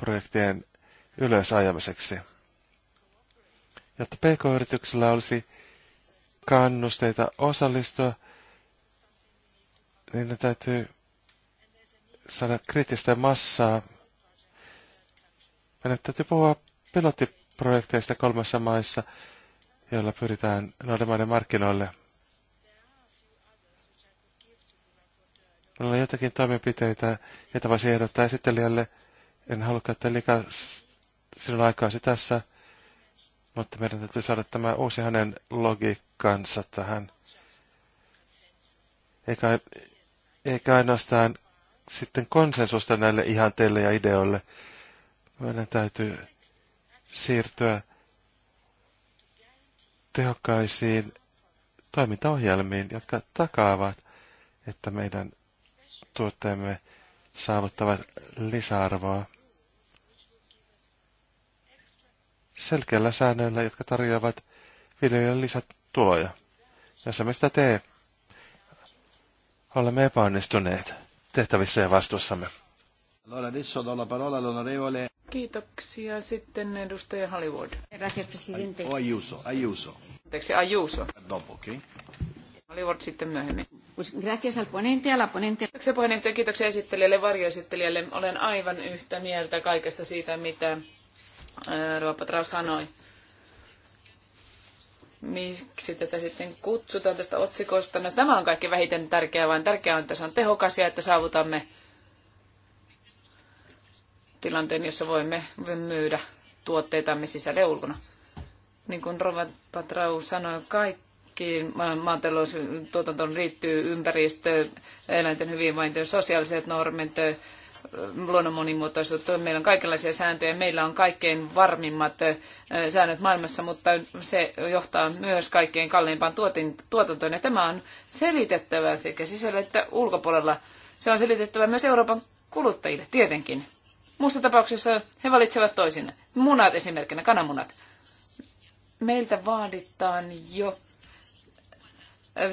projektien ylösajamiseksi, jotta pk-yrityksellä olisi kannusteita osallistua, niin ne täytyy saada kriittistä massaa. Meidän täytyy puhua pilottiprojekteista kolmessa maissa, joilla pyritään noiden maiden markkinoille. Meillä on jotakin toimenpiteitä, joita voisi ehdottaa esittelijälle – en halua käyttää liikaa sinun aikaasi tässä, mutta meidän täytyy saada tämä uusi hänen logiikkansa tähän. Eikä, eikä ainoastaan sitten konsensusta näille ihanteille ja ideoille. Meidän täytyy siirtyä tehokkaisiin toimintaohjelmiin, jotka takaavat, että meidän tuotteemme saavuttavat lisäarvoa. selkeillä säännöillä, jotka tarjoavat viljelijöille lisätuloja. Tässä me sitä tee. Olemme epäonnistuneet tehtävissä ja vastuussamme. Kiitoksia. Sitten edustaja Hollywood. Oh, Ayuso. Ayuso. Anteeksi, Ayuso. Dopo, okay. Hollywood sitten myöhemmin. Gracias al ponente, a la ponente. Kiitoksia puheenjohtaja, kiitoksia esittelijälle, varjoesittelijälle. Olen aivan yhtä mieltä kaikesta siitä, mitä Ruopatrau sanoi. Miksi tätä sitten kutsutaan tästä otsikosta? No, tämä on kaikki vähiten tärkeää, vaan tärkeää on, että se on tehokas ja että saavutamme tilanteen, jossa voimme myydä tuotteitamme sisällä ulkona. Niin kuin Rova Patrau sanoi, kaikki maataloustuotantoon liittyy ympäristö, eläinten hyvinvointi, sosiaaliset normit, luonnon monimuotoisuutta. Meillä on kaikenlaisia sääntöjä, meillä on kaikkein varmimmat säännöt maailmassa, mutta se johtaa myös kaikkein kalliimpaan tuotantoon. Ja tämä on selitettävä sekä sisällä että ulkopuolella. Se on selitettävä myös Euroopan kuluttajille, tietenkin. Muussa tapauksessa he valitsevat toisin. Munat esimerkkinä, kananmunat. Meiltä vaaditaan jo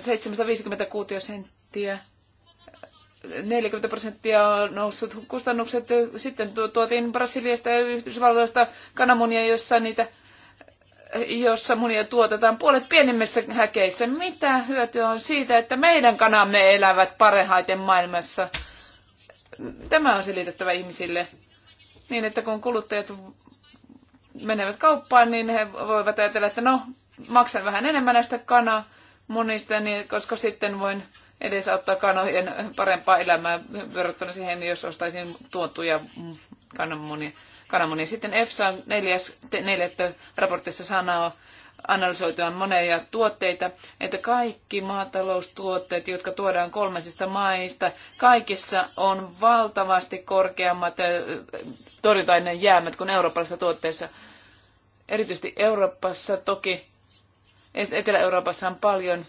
750 kuutiosenttiä 40 prosenttia noussut kustannukset. Sitten tuotiin Brasiliasta ja Yhdysvalloista kananmunia, jossa niitä jossa munia tuotetaan puolet pienemmissä häkeissä. Mitä hyötyä on siitä, että meidän kanamme elävät parehaiten maailmassa? Tämä on selitettävä ihmisille. Niin, että kun kuluttajat menevät kauppaan, niin he voivat ajatella, että no, maksan vähän enemmän näistä kanamunista, niin, koska sitten voin edesauttaa kanojen parempaa elämää verrattuna siihen, jos ostaisin tuotuja kananmunia. kananmunia. Sitten EFSA neljättä raportissa sanoo, analysoituaan monia tuotteita, että kaikki maataloustuotteet, jotka tuodaan kolmesista maista, kaikissa on valtavasti korkeammat äh, torjuntaineen jäämät kuin eurooppalaisissa tuotteissa. Erityisesti Euroopassa toki, Etelä-Euroopassa on paljon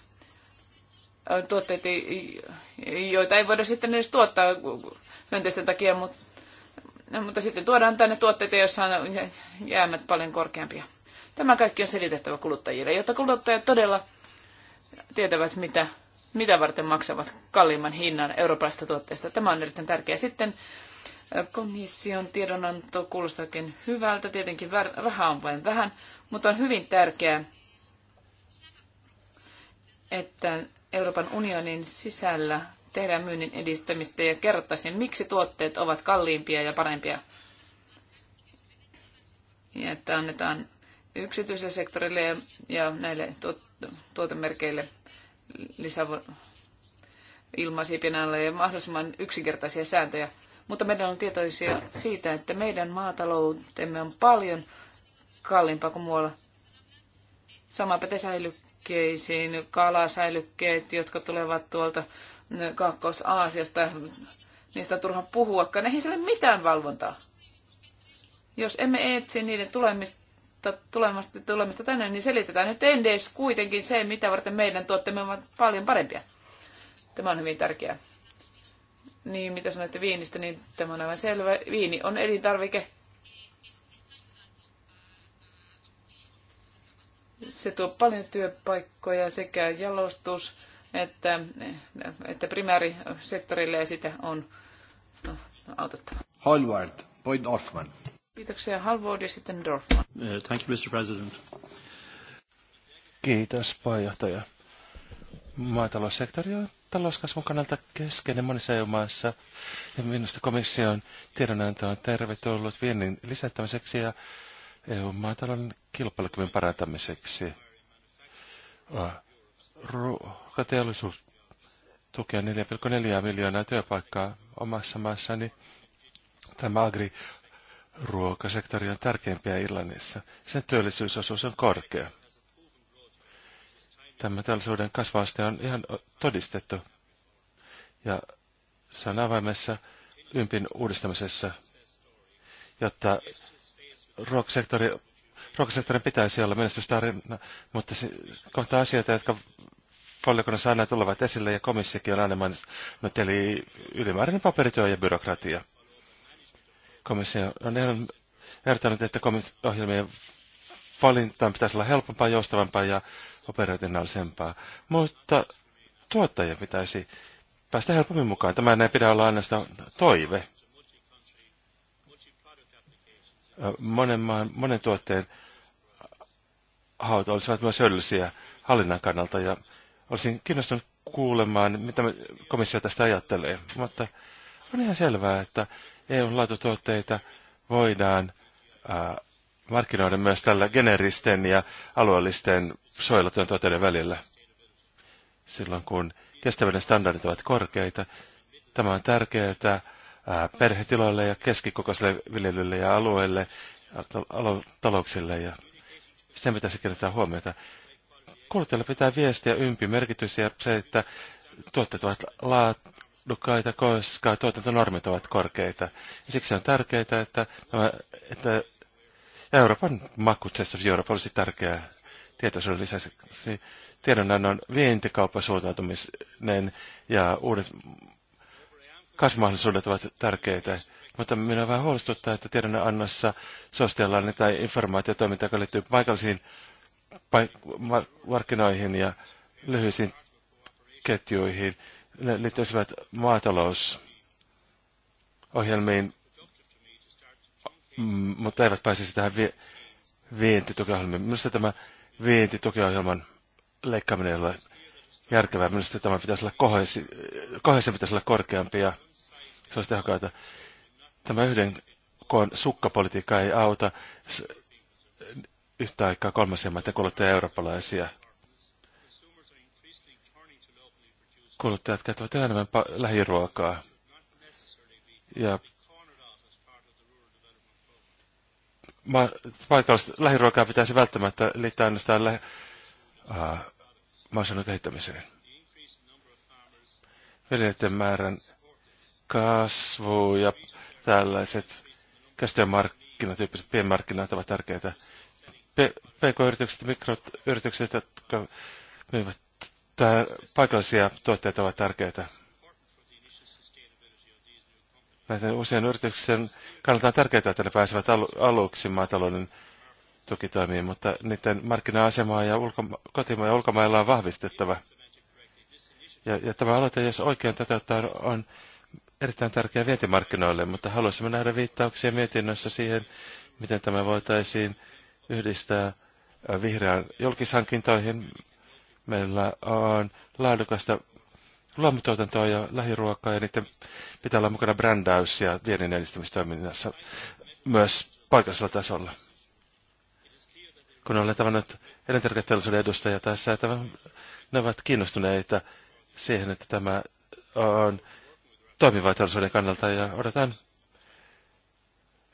tuotteita, joita ei voida sitten edes tuottaa hyönteisten takia, mutta, mutta sitten tuodaan tänne tuotteita, joissa on jäämät paljon korkeampia. Tämä kaikki on selitettävä kuluttajille, jotta kuluttajat todella tietävät, mitä, mitä varten maksavat kalliimman hinnan eurooppalaisista tuotteista. Tämä on erittäin tärkeää. Sitten komission tiedonanto kuulostaakin hyvältä. Tietenkin rahaa on vain vähän, mutta on hyvin tärkeää, että Euroopan unionin sisällä tehdään myynnin edistämistä ja kerrottaisiin, miksi tuotteet ovat kalliimpia ja parempia. Ja että annetaan yksityiselle sektorille ja, näille tuotemerkeille lisävo- ilmaisipinällä ja mahdollisimman yksinkertaisia sääntöjä. Mutta meidän on tietoisia siitä, että meidän maataloutemme on paljon kalliimpaa kuin muualla. Sama pätee säilyy säilykkeisiin, kalasäilykkeet, jotka tulevat tuolta Kaakkois-Aasiasta, niistä on turha puhuakaan. Eihän sille mitään valvontaa. Jos emme etsi niiden tulemista, tulemasta, tulemista tänne, niin selitetään nyt edes kuitenkin se, mitä varten meidän tuotteemme ovat paljon parempia. Tämä on hyvin tärkeää. Niin, mitä sanoitte viinistä, niin tämä on aivan selvä. Viini on elintarvike, Se tuo paljon työpaikkoja sekä jalostus että, että primäärisektorille ja sitä on no, autettava. Hallward, Boyd Dorfman. Kiitoksia. Halvood ja sitten Dorfman. Uh, thank you, Mr. President. Kiitos, puheenjohtaja. Maataloussektori on talouskasvun kannalta keskeinen monissa EU-maissa, ja minusta komission tiedonanto on tervetullut viennin lisättämiseksi ja EU-maatalouden kilpailukyvyn parantamiseksi. Äh, ruokateollisuus tukee 4,4 miljoonaa työpaikkaa omassa maassani. Tämä agriruokasektori on tärkeimpiä Irlannissa. Sen työllisyysosuus on korkea. Tämä teollisuuden kasvaaste on ihan todistettu. Ja se on avaimessa ympin uudistamisessa, jotta ruokasektori ruokasektorin pitäisi olla menestystarina, mutta se kohtaa asioita, jotka valiokunnassa aina tulevat esille ja komissiokin on aina maininnut, eli ylimääräinen paperityö ja byrokratia. Komissio on ehdottanut, että ohjelmien valintaan pitäisi olla helpompaa, joustavampaa ja operationaalisempaa, mutta tuottajia pitäisi päästä helpommin mukaan. Tämä ei pidä olla ainoastaan toive. Monen, maan, monen tuotteen hauta olisivat myös hyödyllisiä hallinnan kannalta ja olisin kiinnostunut kuulemaan, mitä komissio tästä ajattelee. Mutta on ihan selvää, että EU-laatutuotteita voidaan ää, markkinoida myös tällä generisten ja alueellisten suojelutyön tuotteiden välillä. Silloin kun kestävyyden standardit ovat korkeita, tämä on tärkeää perhetiloille ja keskikokoiselle viljelylle ja alueelle talouksille ja sen pitäisi kiinnittää huomiota. Kuluttajalle pitää viestiä ympi merkitys ja se, että tuotteet ovat laadukkaita, koska tuotantonormit ovat korkeita. Ja siksi on tärkeää, että, nämä, että Euroopan maku Test of Europe olisi tärkeää tietoisuuden lisäksi. Tiedonannon vientikauppa suuntautuminen ja uudet kasvumahdollisuudet ovat tärkeitä. Mutta minä vähän huolestuttaa, että tiedonannossa sosiaalinen tai informaatiotoiminta, joka liittyy paikallisiin paik- markkinoihin ja lyhyisiin ketjuihin. Ne liittyisivät maatalousohjelmiin, mm, mutta eivät pääsisi tähän vi- vientitukiohjelmiin. Minusta tämä vientitukiohjelman leikkaaminen ei ole järkevää. Minusta tämä pitäisi olla kohesi, kohesi pitäisi olla korkeampi ja se olisi tehokkaita. Tämä yhden koon sukkapolitiikka ei auta yhtä aikaa kolmasia maita kuluttajia eurooppalaisia. Kuluttajat käyttävät enemmän lähiruokaa. Ja ma- paikallista lähiruokaa pitäisi välttämättä liittää ainoastaan lä- maaseudun kehittämiseen. Viljelijöiden määrän kasvu ja tällaiset tyyppiset pienmarkkinat ovat tärkeitä. PK-yritykset ja mikroyritykset, jotka myyvät tää, paikallisia tuotteita, ovat tärkeitä. Näiden uusien yrityksien kannalta on tärkeää, että ne pääsevät alu, aluksi maatalouden tukitoimiin, mutta niiden markkina-asemaa ja ulkoma- ja ulkomailla on vahvistettava. Ja, ja tämä aloite, jos oikein toteuttaa, on erittäin tärkeä vietimarkkinoille, mutta haluaisimme nähdä viittauksia mietinnössä siihen, miten tämä voitaisiin yhdistää vihreään julkishankintoihin. Meillä on laadukasta luomutuotantoa ja lähiruokaa ja niiden pitää olla mukana brändäys ja viennin edistämistoiminnassa myös paikallisella tasolla. Kun olen tavannut elintarviketeollisuuden edustajia tässä, että ne ovat kiinnostuneita siihen, että tämä on toimivaisuuden kannalta ja odotan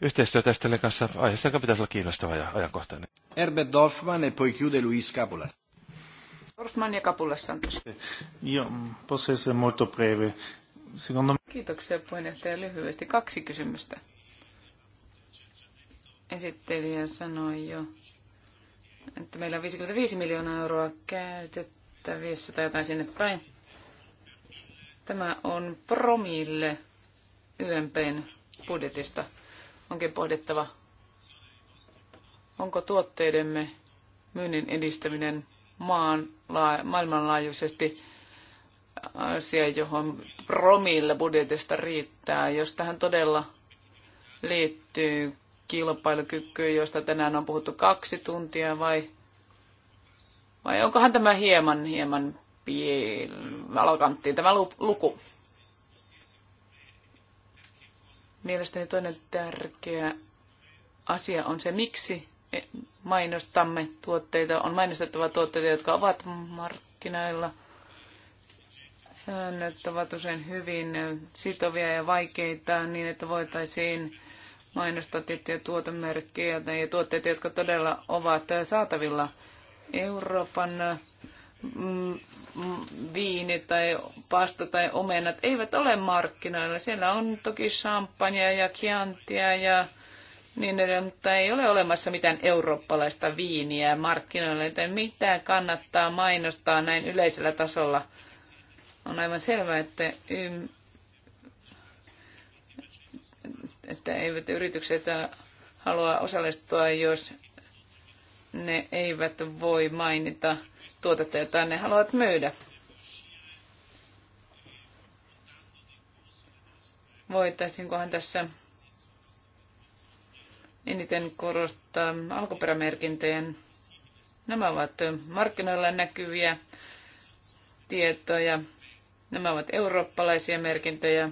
yhteistyötä Estellen kanssa aiheessa, joka pitäisi olla kiinnostava ja ajankohtainen. Herbert Dorfman ja e poi chiude Luis Capula. Dorfman ja Capula Santos. Joo, mm, possesse molto breve. Secondo... Kiitoksia puheenjohtaja lyhyesti. Kaksi kysymystä. Esittelijä sanoi jo, että meillä on 55 miljoonaa euroa käytettävissä tai jotain sinne päin. Tämä on promille YMPn budjetista. Onkin pohdittava, onko tuotteidemme myynnin edistäminen maan, maailmanlaajuisesti asia, johon promille budjetista riittää, jos tähän todella liittyy kilpailukyky, josta tänään on puhuttu kaksi tuntia vai, vai onkohan tämä hieman, hieman alakanttiin tämä luku. Mielestäni toinen tärkeä asia on se, miksi e- mainostamme tuotteita. On mainostettava tuotteita, jotka ovat markkinoilla. Säännöt ovat usein hyvin sitovia ja vaikeita niin, että voitaisiin mainostaa tiettyjä tuotemerkkejä ja tuotteita, jotka todella ovat saatavilla. Euroopan Mm, mm, viini tai pasta tai omenat eivät ole markkinoilla. Siellä on toki champagnea ja kiantia ja niin edelleen, mutta ei ole olemassa mitään eurooppalaista viiniä markkinoilla, joten mitä kannattaa mainostaa näin yleisellä tasolla. On aivan selvää, että, ym... että eivät yritykset halua osallistua, jos ne eivät voi mainita – tuotetta, jota ne haluavat myydä. Voitaisinkohan tässä eniten korostaa alkuperämerkintöjen. Nämä ovat markkinoilla näkyviä tietoja. Nämä ovat eurooppalaisia merkintöjä.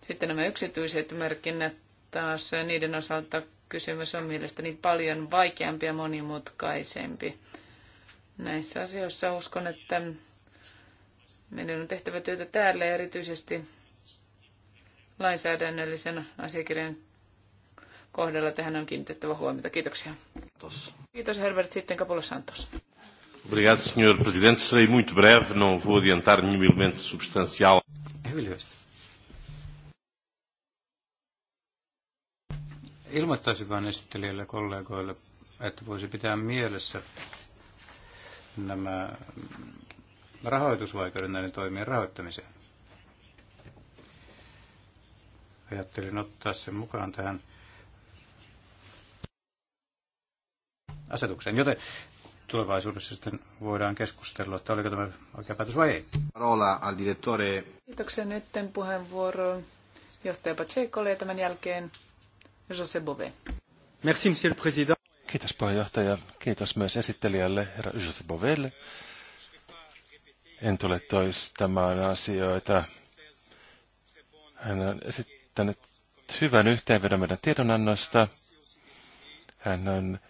Sitten nämä yksityiset merkinnät taas, niiden osalta kysymys on mielestäni paljon vaikeampi ja monimutkaisempi näissä asioissa. Uskon, että meidän on tehtävä työtä täällä erityisesti lainsäädännöllisen asiakirjan kohdalla tähän on kiinnitettävä huomiota. Kiitoksia. Kiitos. Kiitos Herbert. Sitten Capula Santos. Obrigado, Sr. Presidente. Serei muito breve, não vou adiantar nenhum elemento substancial. Ilmoittaisin vain esittelijälle kollegoille, että voisi pitää mielessä nämä rahoitusvaikeudet näiden toimien rahoittamiseen. Ajattelin ottaa sen mukaan tähän asetukseen, joten tulevaisuudessa sitten voidaan keskustella, että oliko tämä oikea päätös vai ei. Parola al direttore. Kiitoksia nyt puheenvuoroon johtaja Pachecolle ja tämän jälkeen José Bove. Merci, monsieur le président. Kiitos puheenjohtaja. Kiitos myös esittelijälle, herra Joseph Bovelle. En tule toistamaan asioita. Hän on esittänyt hyvän yhteenvedon meidän tiedonannosta. Hän on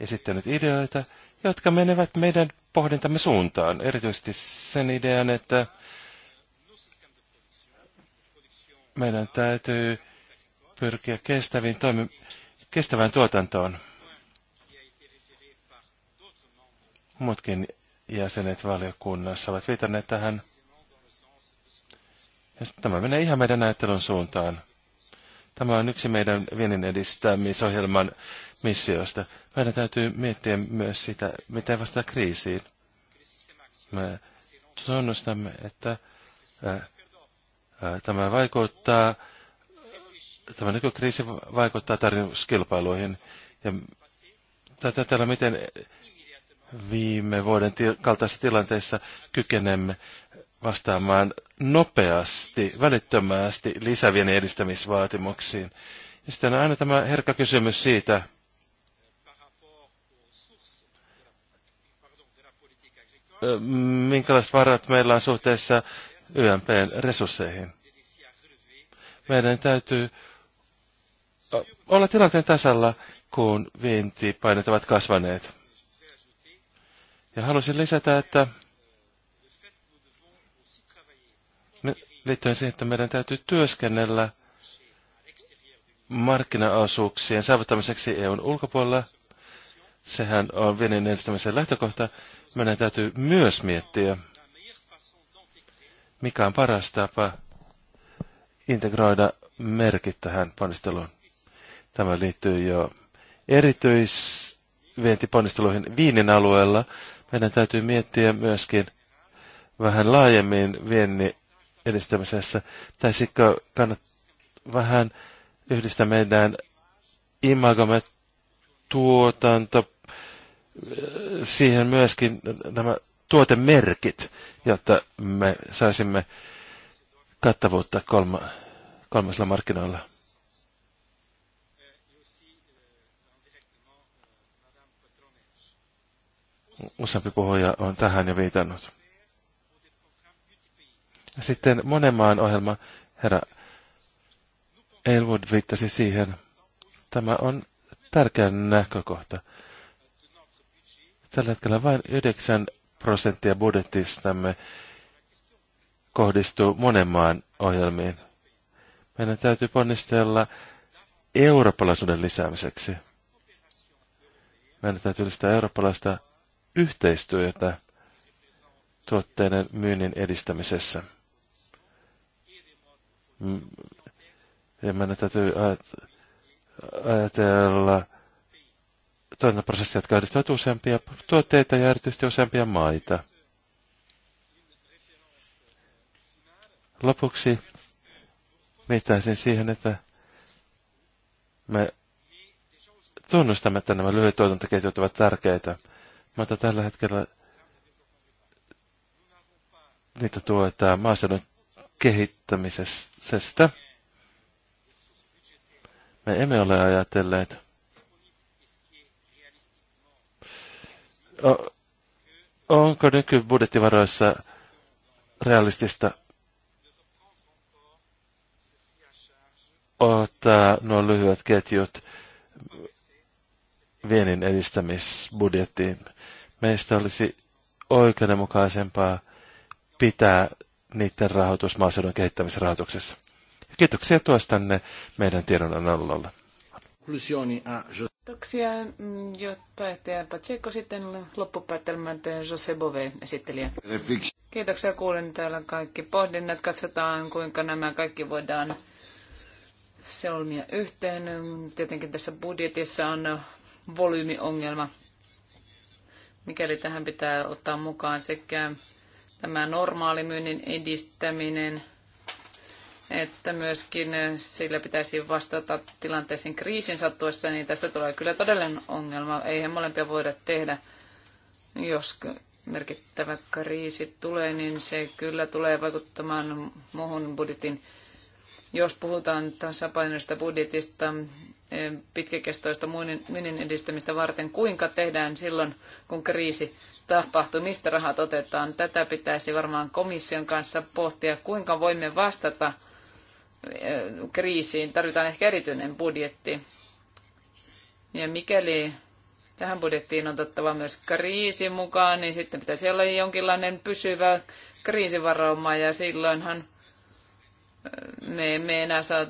esittänyt ideoita, jotka menevät meidän pohdintamme suuntaan. Erityisesti sen idean, että meidän täytyy pyrkiä kestäviin toimi- kestävään tuotantoon. Muutkin jäsenet valiokunnassa ovat viitanneet tähän. Ja tämä menee ihan meidän ajattelun suuntaan. Tämä on yksi meidän viennin edistämisohjelman missioista. Meidän täytyy miettiä myös sitä, miten vastata kriisiin. Me tunnustamme, että ää, äh, ää, äh, tämä vaikuttaa tämä nykykriisi vaikuttaa tarjouskilpailuihin. Ja tällä miten viime vuoden kaltaisessa tilanteessa kykenemme vastaamaan nopeasti, välittömästi lisävien edistämisvaatimuksiin. Ja sitten on aina tämä herkkä kysymys siitä, minkälaiset varat meillä on suhteessa YMPn resursseihin. Meidän täytyy olla tilanteen tasalla, kun vientipainet ovat kasvaneet. Ja halusin lisätä, että liittyen siihen, että meidän täytyy työskennellä markkinaosuuksien saavuttamiseksi EUn ulkopuolella. Sehän on viennin edistämisen lähtökohta. Meidän täytyy myös miettiä, mikä on paras tapa integroida merkit tähän ponnisteluun. Tämä liittyy jo erityisvientiponnisteluihin viinin alueella. Meidän täytyy miettiä myöskin vähän laajemmin viennin edistämisessä. Taisiko kannat vähän yhdistää meidän imagomme tuotanto, siihen myöskin nämä tuotemerkit, jotta me saisimme kattavuutta kolma, kolmasilla markkinoilla. Useampi puhuja on tähän jo viitannut. Sitten maan ohjelma, herra Elwood viittasi siihen. Tämä on tärkeä näkökohta. Tällä hetkellä vain 9 prosenttia budjetistamme kohdistuu maan ohjelmiin. Meidän täytyy ponnistella eurooppalaisuuden lisäämiseksi. Meidän täytyy lisätä eurooppalaista yhteistyötä tuotteiden myynnin edistämisessä. Mm. Ja meidän täytyy ajatella tuotantoprosessia, jotka yhdistävät useampia tuotteita ja erityisesti useampia maita. Lopuksi viittaisin siihen, että me tunnustamme, että nämä lyhyet tuotantoketjut ovat tärkeitä – mutta tällä hetkellä niitä tuetaan maaseudun kehittämisestä. Me emme ole ajatelleet o, onko nykybudjettivaroissa realistista ottaa nuo lyhyet ketjut viennin edistämisbudjettiin. Meistä olisi oikeudenmukaisempaa pitää niiden rahoitus maaseudun kehittämisrahoituksessa. Kiitoksia tuostanne meidän tiedonannolla. Kiitoksia, jotta eteenpäin Pacheco sitten loppupäätelmän Jose Bove esittelijä. Eh, Kiitoksia, kuulen täällä kaikki pohdinnat. Katsotaan, kuinka nämä kaikki voidaan selmia yhteen. Tietenkin tässä budjetissa on volyymiongelma, mikäli tähän pitää ottaa mukaan sekä tämä normaalimyynnin edistäminen, että myöskin sillä pitäisi vastata tilanteeseen kriisin sattuessa, niin tästä tulee kyllä todellinen ongelma. Eihän molempia voida tehdä, jos merkittävä kriisi tulee, niin se kyllä tulee vaikuttamaan muuhun budjetin. Jos puhutaan tasapainoista budjetista, Eh, pitkäkestoista myynnin edistämistä varten. Kuinka tehdään silloin, kun kriisi tapahtuu, mistä rahat otetaan? Tätä pitäisi varmaan komission kanssa pohtia, kuinka voimme vastata eh, kriisiin. Tarvitaan ehkä erityinen budjetti. Ja mikäli tähän budjettiin on otettava myös kriisi mukaan, niin sitten pitäisi olla jonkinlainen pysyvä kriisivarauma ja silloinhan eh, me emme enää saa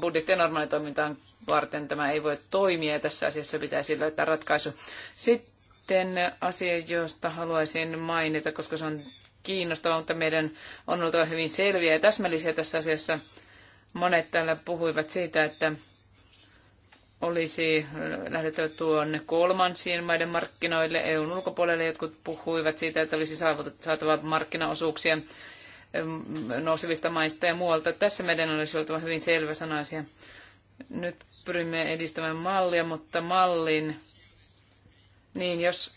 budjettien normaalitoimintaan varten tämä ei voi toimia ja tässä asiassa pitäisi löytää ratkaisu. Sitten asia, josta haluaisin mainita, koska se on kiinnostavaa, mutta meidän on oltava hyvin selviä ja täsmällisiä tässä asiassa. Monet täällä puhuivat siitä, että olisi lähdettävä tuonne kolmansien maiden markkinoille EUn ulkopuolelle. Jotkut puhuivat siitä, että olisi saatava markkinaosuuksia nousevista maista ja muualta. Tässä meidän olisi oltava hyvin selvä sanaisia. Nyt pyrimme edistämään mallia, mutta mallin, niin jos,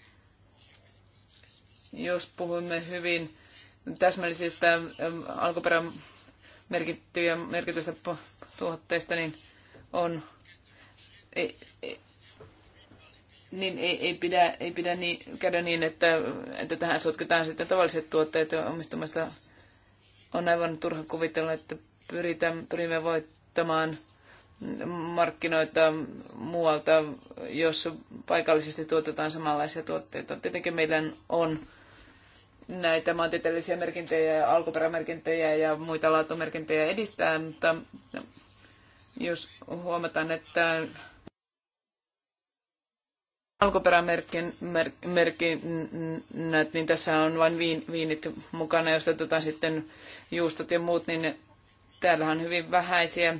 jos puhumme hyvin täsmällisistä alkuperän merkittyjä merkitystä tuotteista, niin on, ei, ei, niin ei, ei pidä, ei pidä niin, käydä niin, että, että tähän sotketaan sitten tavalliset tuotteet omistamasta. On aivan turha kuvitella, että pyritään, pyrimme voittamaan markkinoita muualta, jos paikallisesti tuotetaan samanlaisia tuotteita. Tietenkin meillä on näitä maantieteellisiä merkintöjä ja alkuperämerkintöjä ja muita laatumerkintöjä edistää, mutta jos huomataan, että alkuperämerkinnät, niin tässä on vain viinit mukana, jos otetaan sitten juustot ja muut, niin täällä on hyvin vähäisiä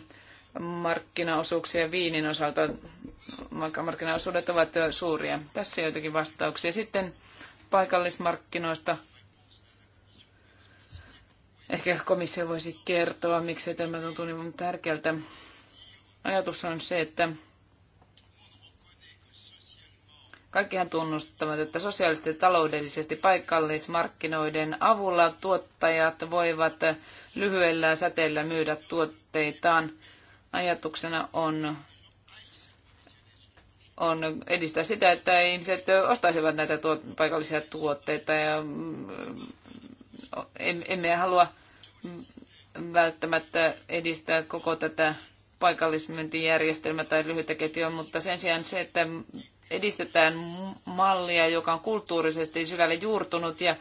markkinaosuuksia viinin osalta. Markkinaosuudet ovat suuria. Tässä joitakin vastauksia. Sitten paikallismarkkinoista. Ehkä komissio voisi kertoa, miksi tämä tuntuu niin tärkeältä. Ajatus on se, että Kaikkihan tunnustavat, että sosiaalisesti ja taloudellisesti paikallismarkkinoiden avulla tuottajat voivat lyhyellä säteellä myydä tuotteitaan ajatuksena on, on edistää sitä, että ihmiset ostaisivat näitä tuo, paikallisia tuotteita ja mm, emme halua välttämättä edistää koko tätä paikallismyyntijärjestelmää tai lyhyitä ketjua, mutta sen sijaan se, että edistetään mallia, joka on kulttuurisesti syvälle juurtunut ja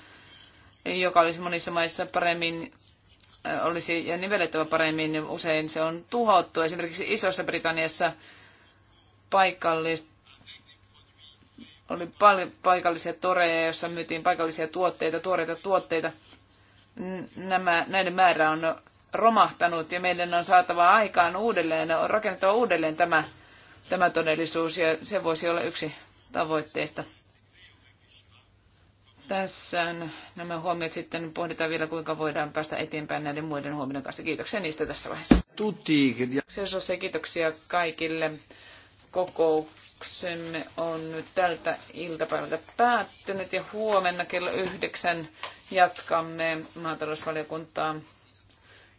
joka olisi monissa maissa paremmin Äh, olisi ja nivellettävä paremmin, niin usein se on tuhottu. Esimerkiksi Isossa Britanniassa paikallista oli paljon paikallisia toreja, joissa myytiin paikallisia tuotteita, tuoreita tuotteita. Nämä, näiden määrä on romahtanut ja meidän on saatava aikaan uudelleen, on rakennettava uudelleen tämä, tämä todellisuus ja se voisi olla yksi tavoitteista. Tässä nämä huomiot sitten pohditaan vielä, kuinka voidaan päästä eteenpäin näiden muiden huomioiden kanssa. Kiitoksia niistä tässä vaiheessa. se kiitoksia kaikille. Kokouksemme on nyt tältä iltapäivältä päättynyt ja huomenna kello yhdeksän jatkamme maatalousvaliokuntaa.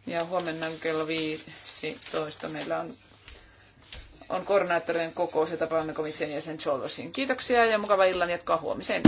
Ja huomenna kello 15 meillä on, on koordinaattorien kokous ja tapaamme komission jäsen Cholosin. Kiitoksia ja mukava illan jatkoa huomiseen.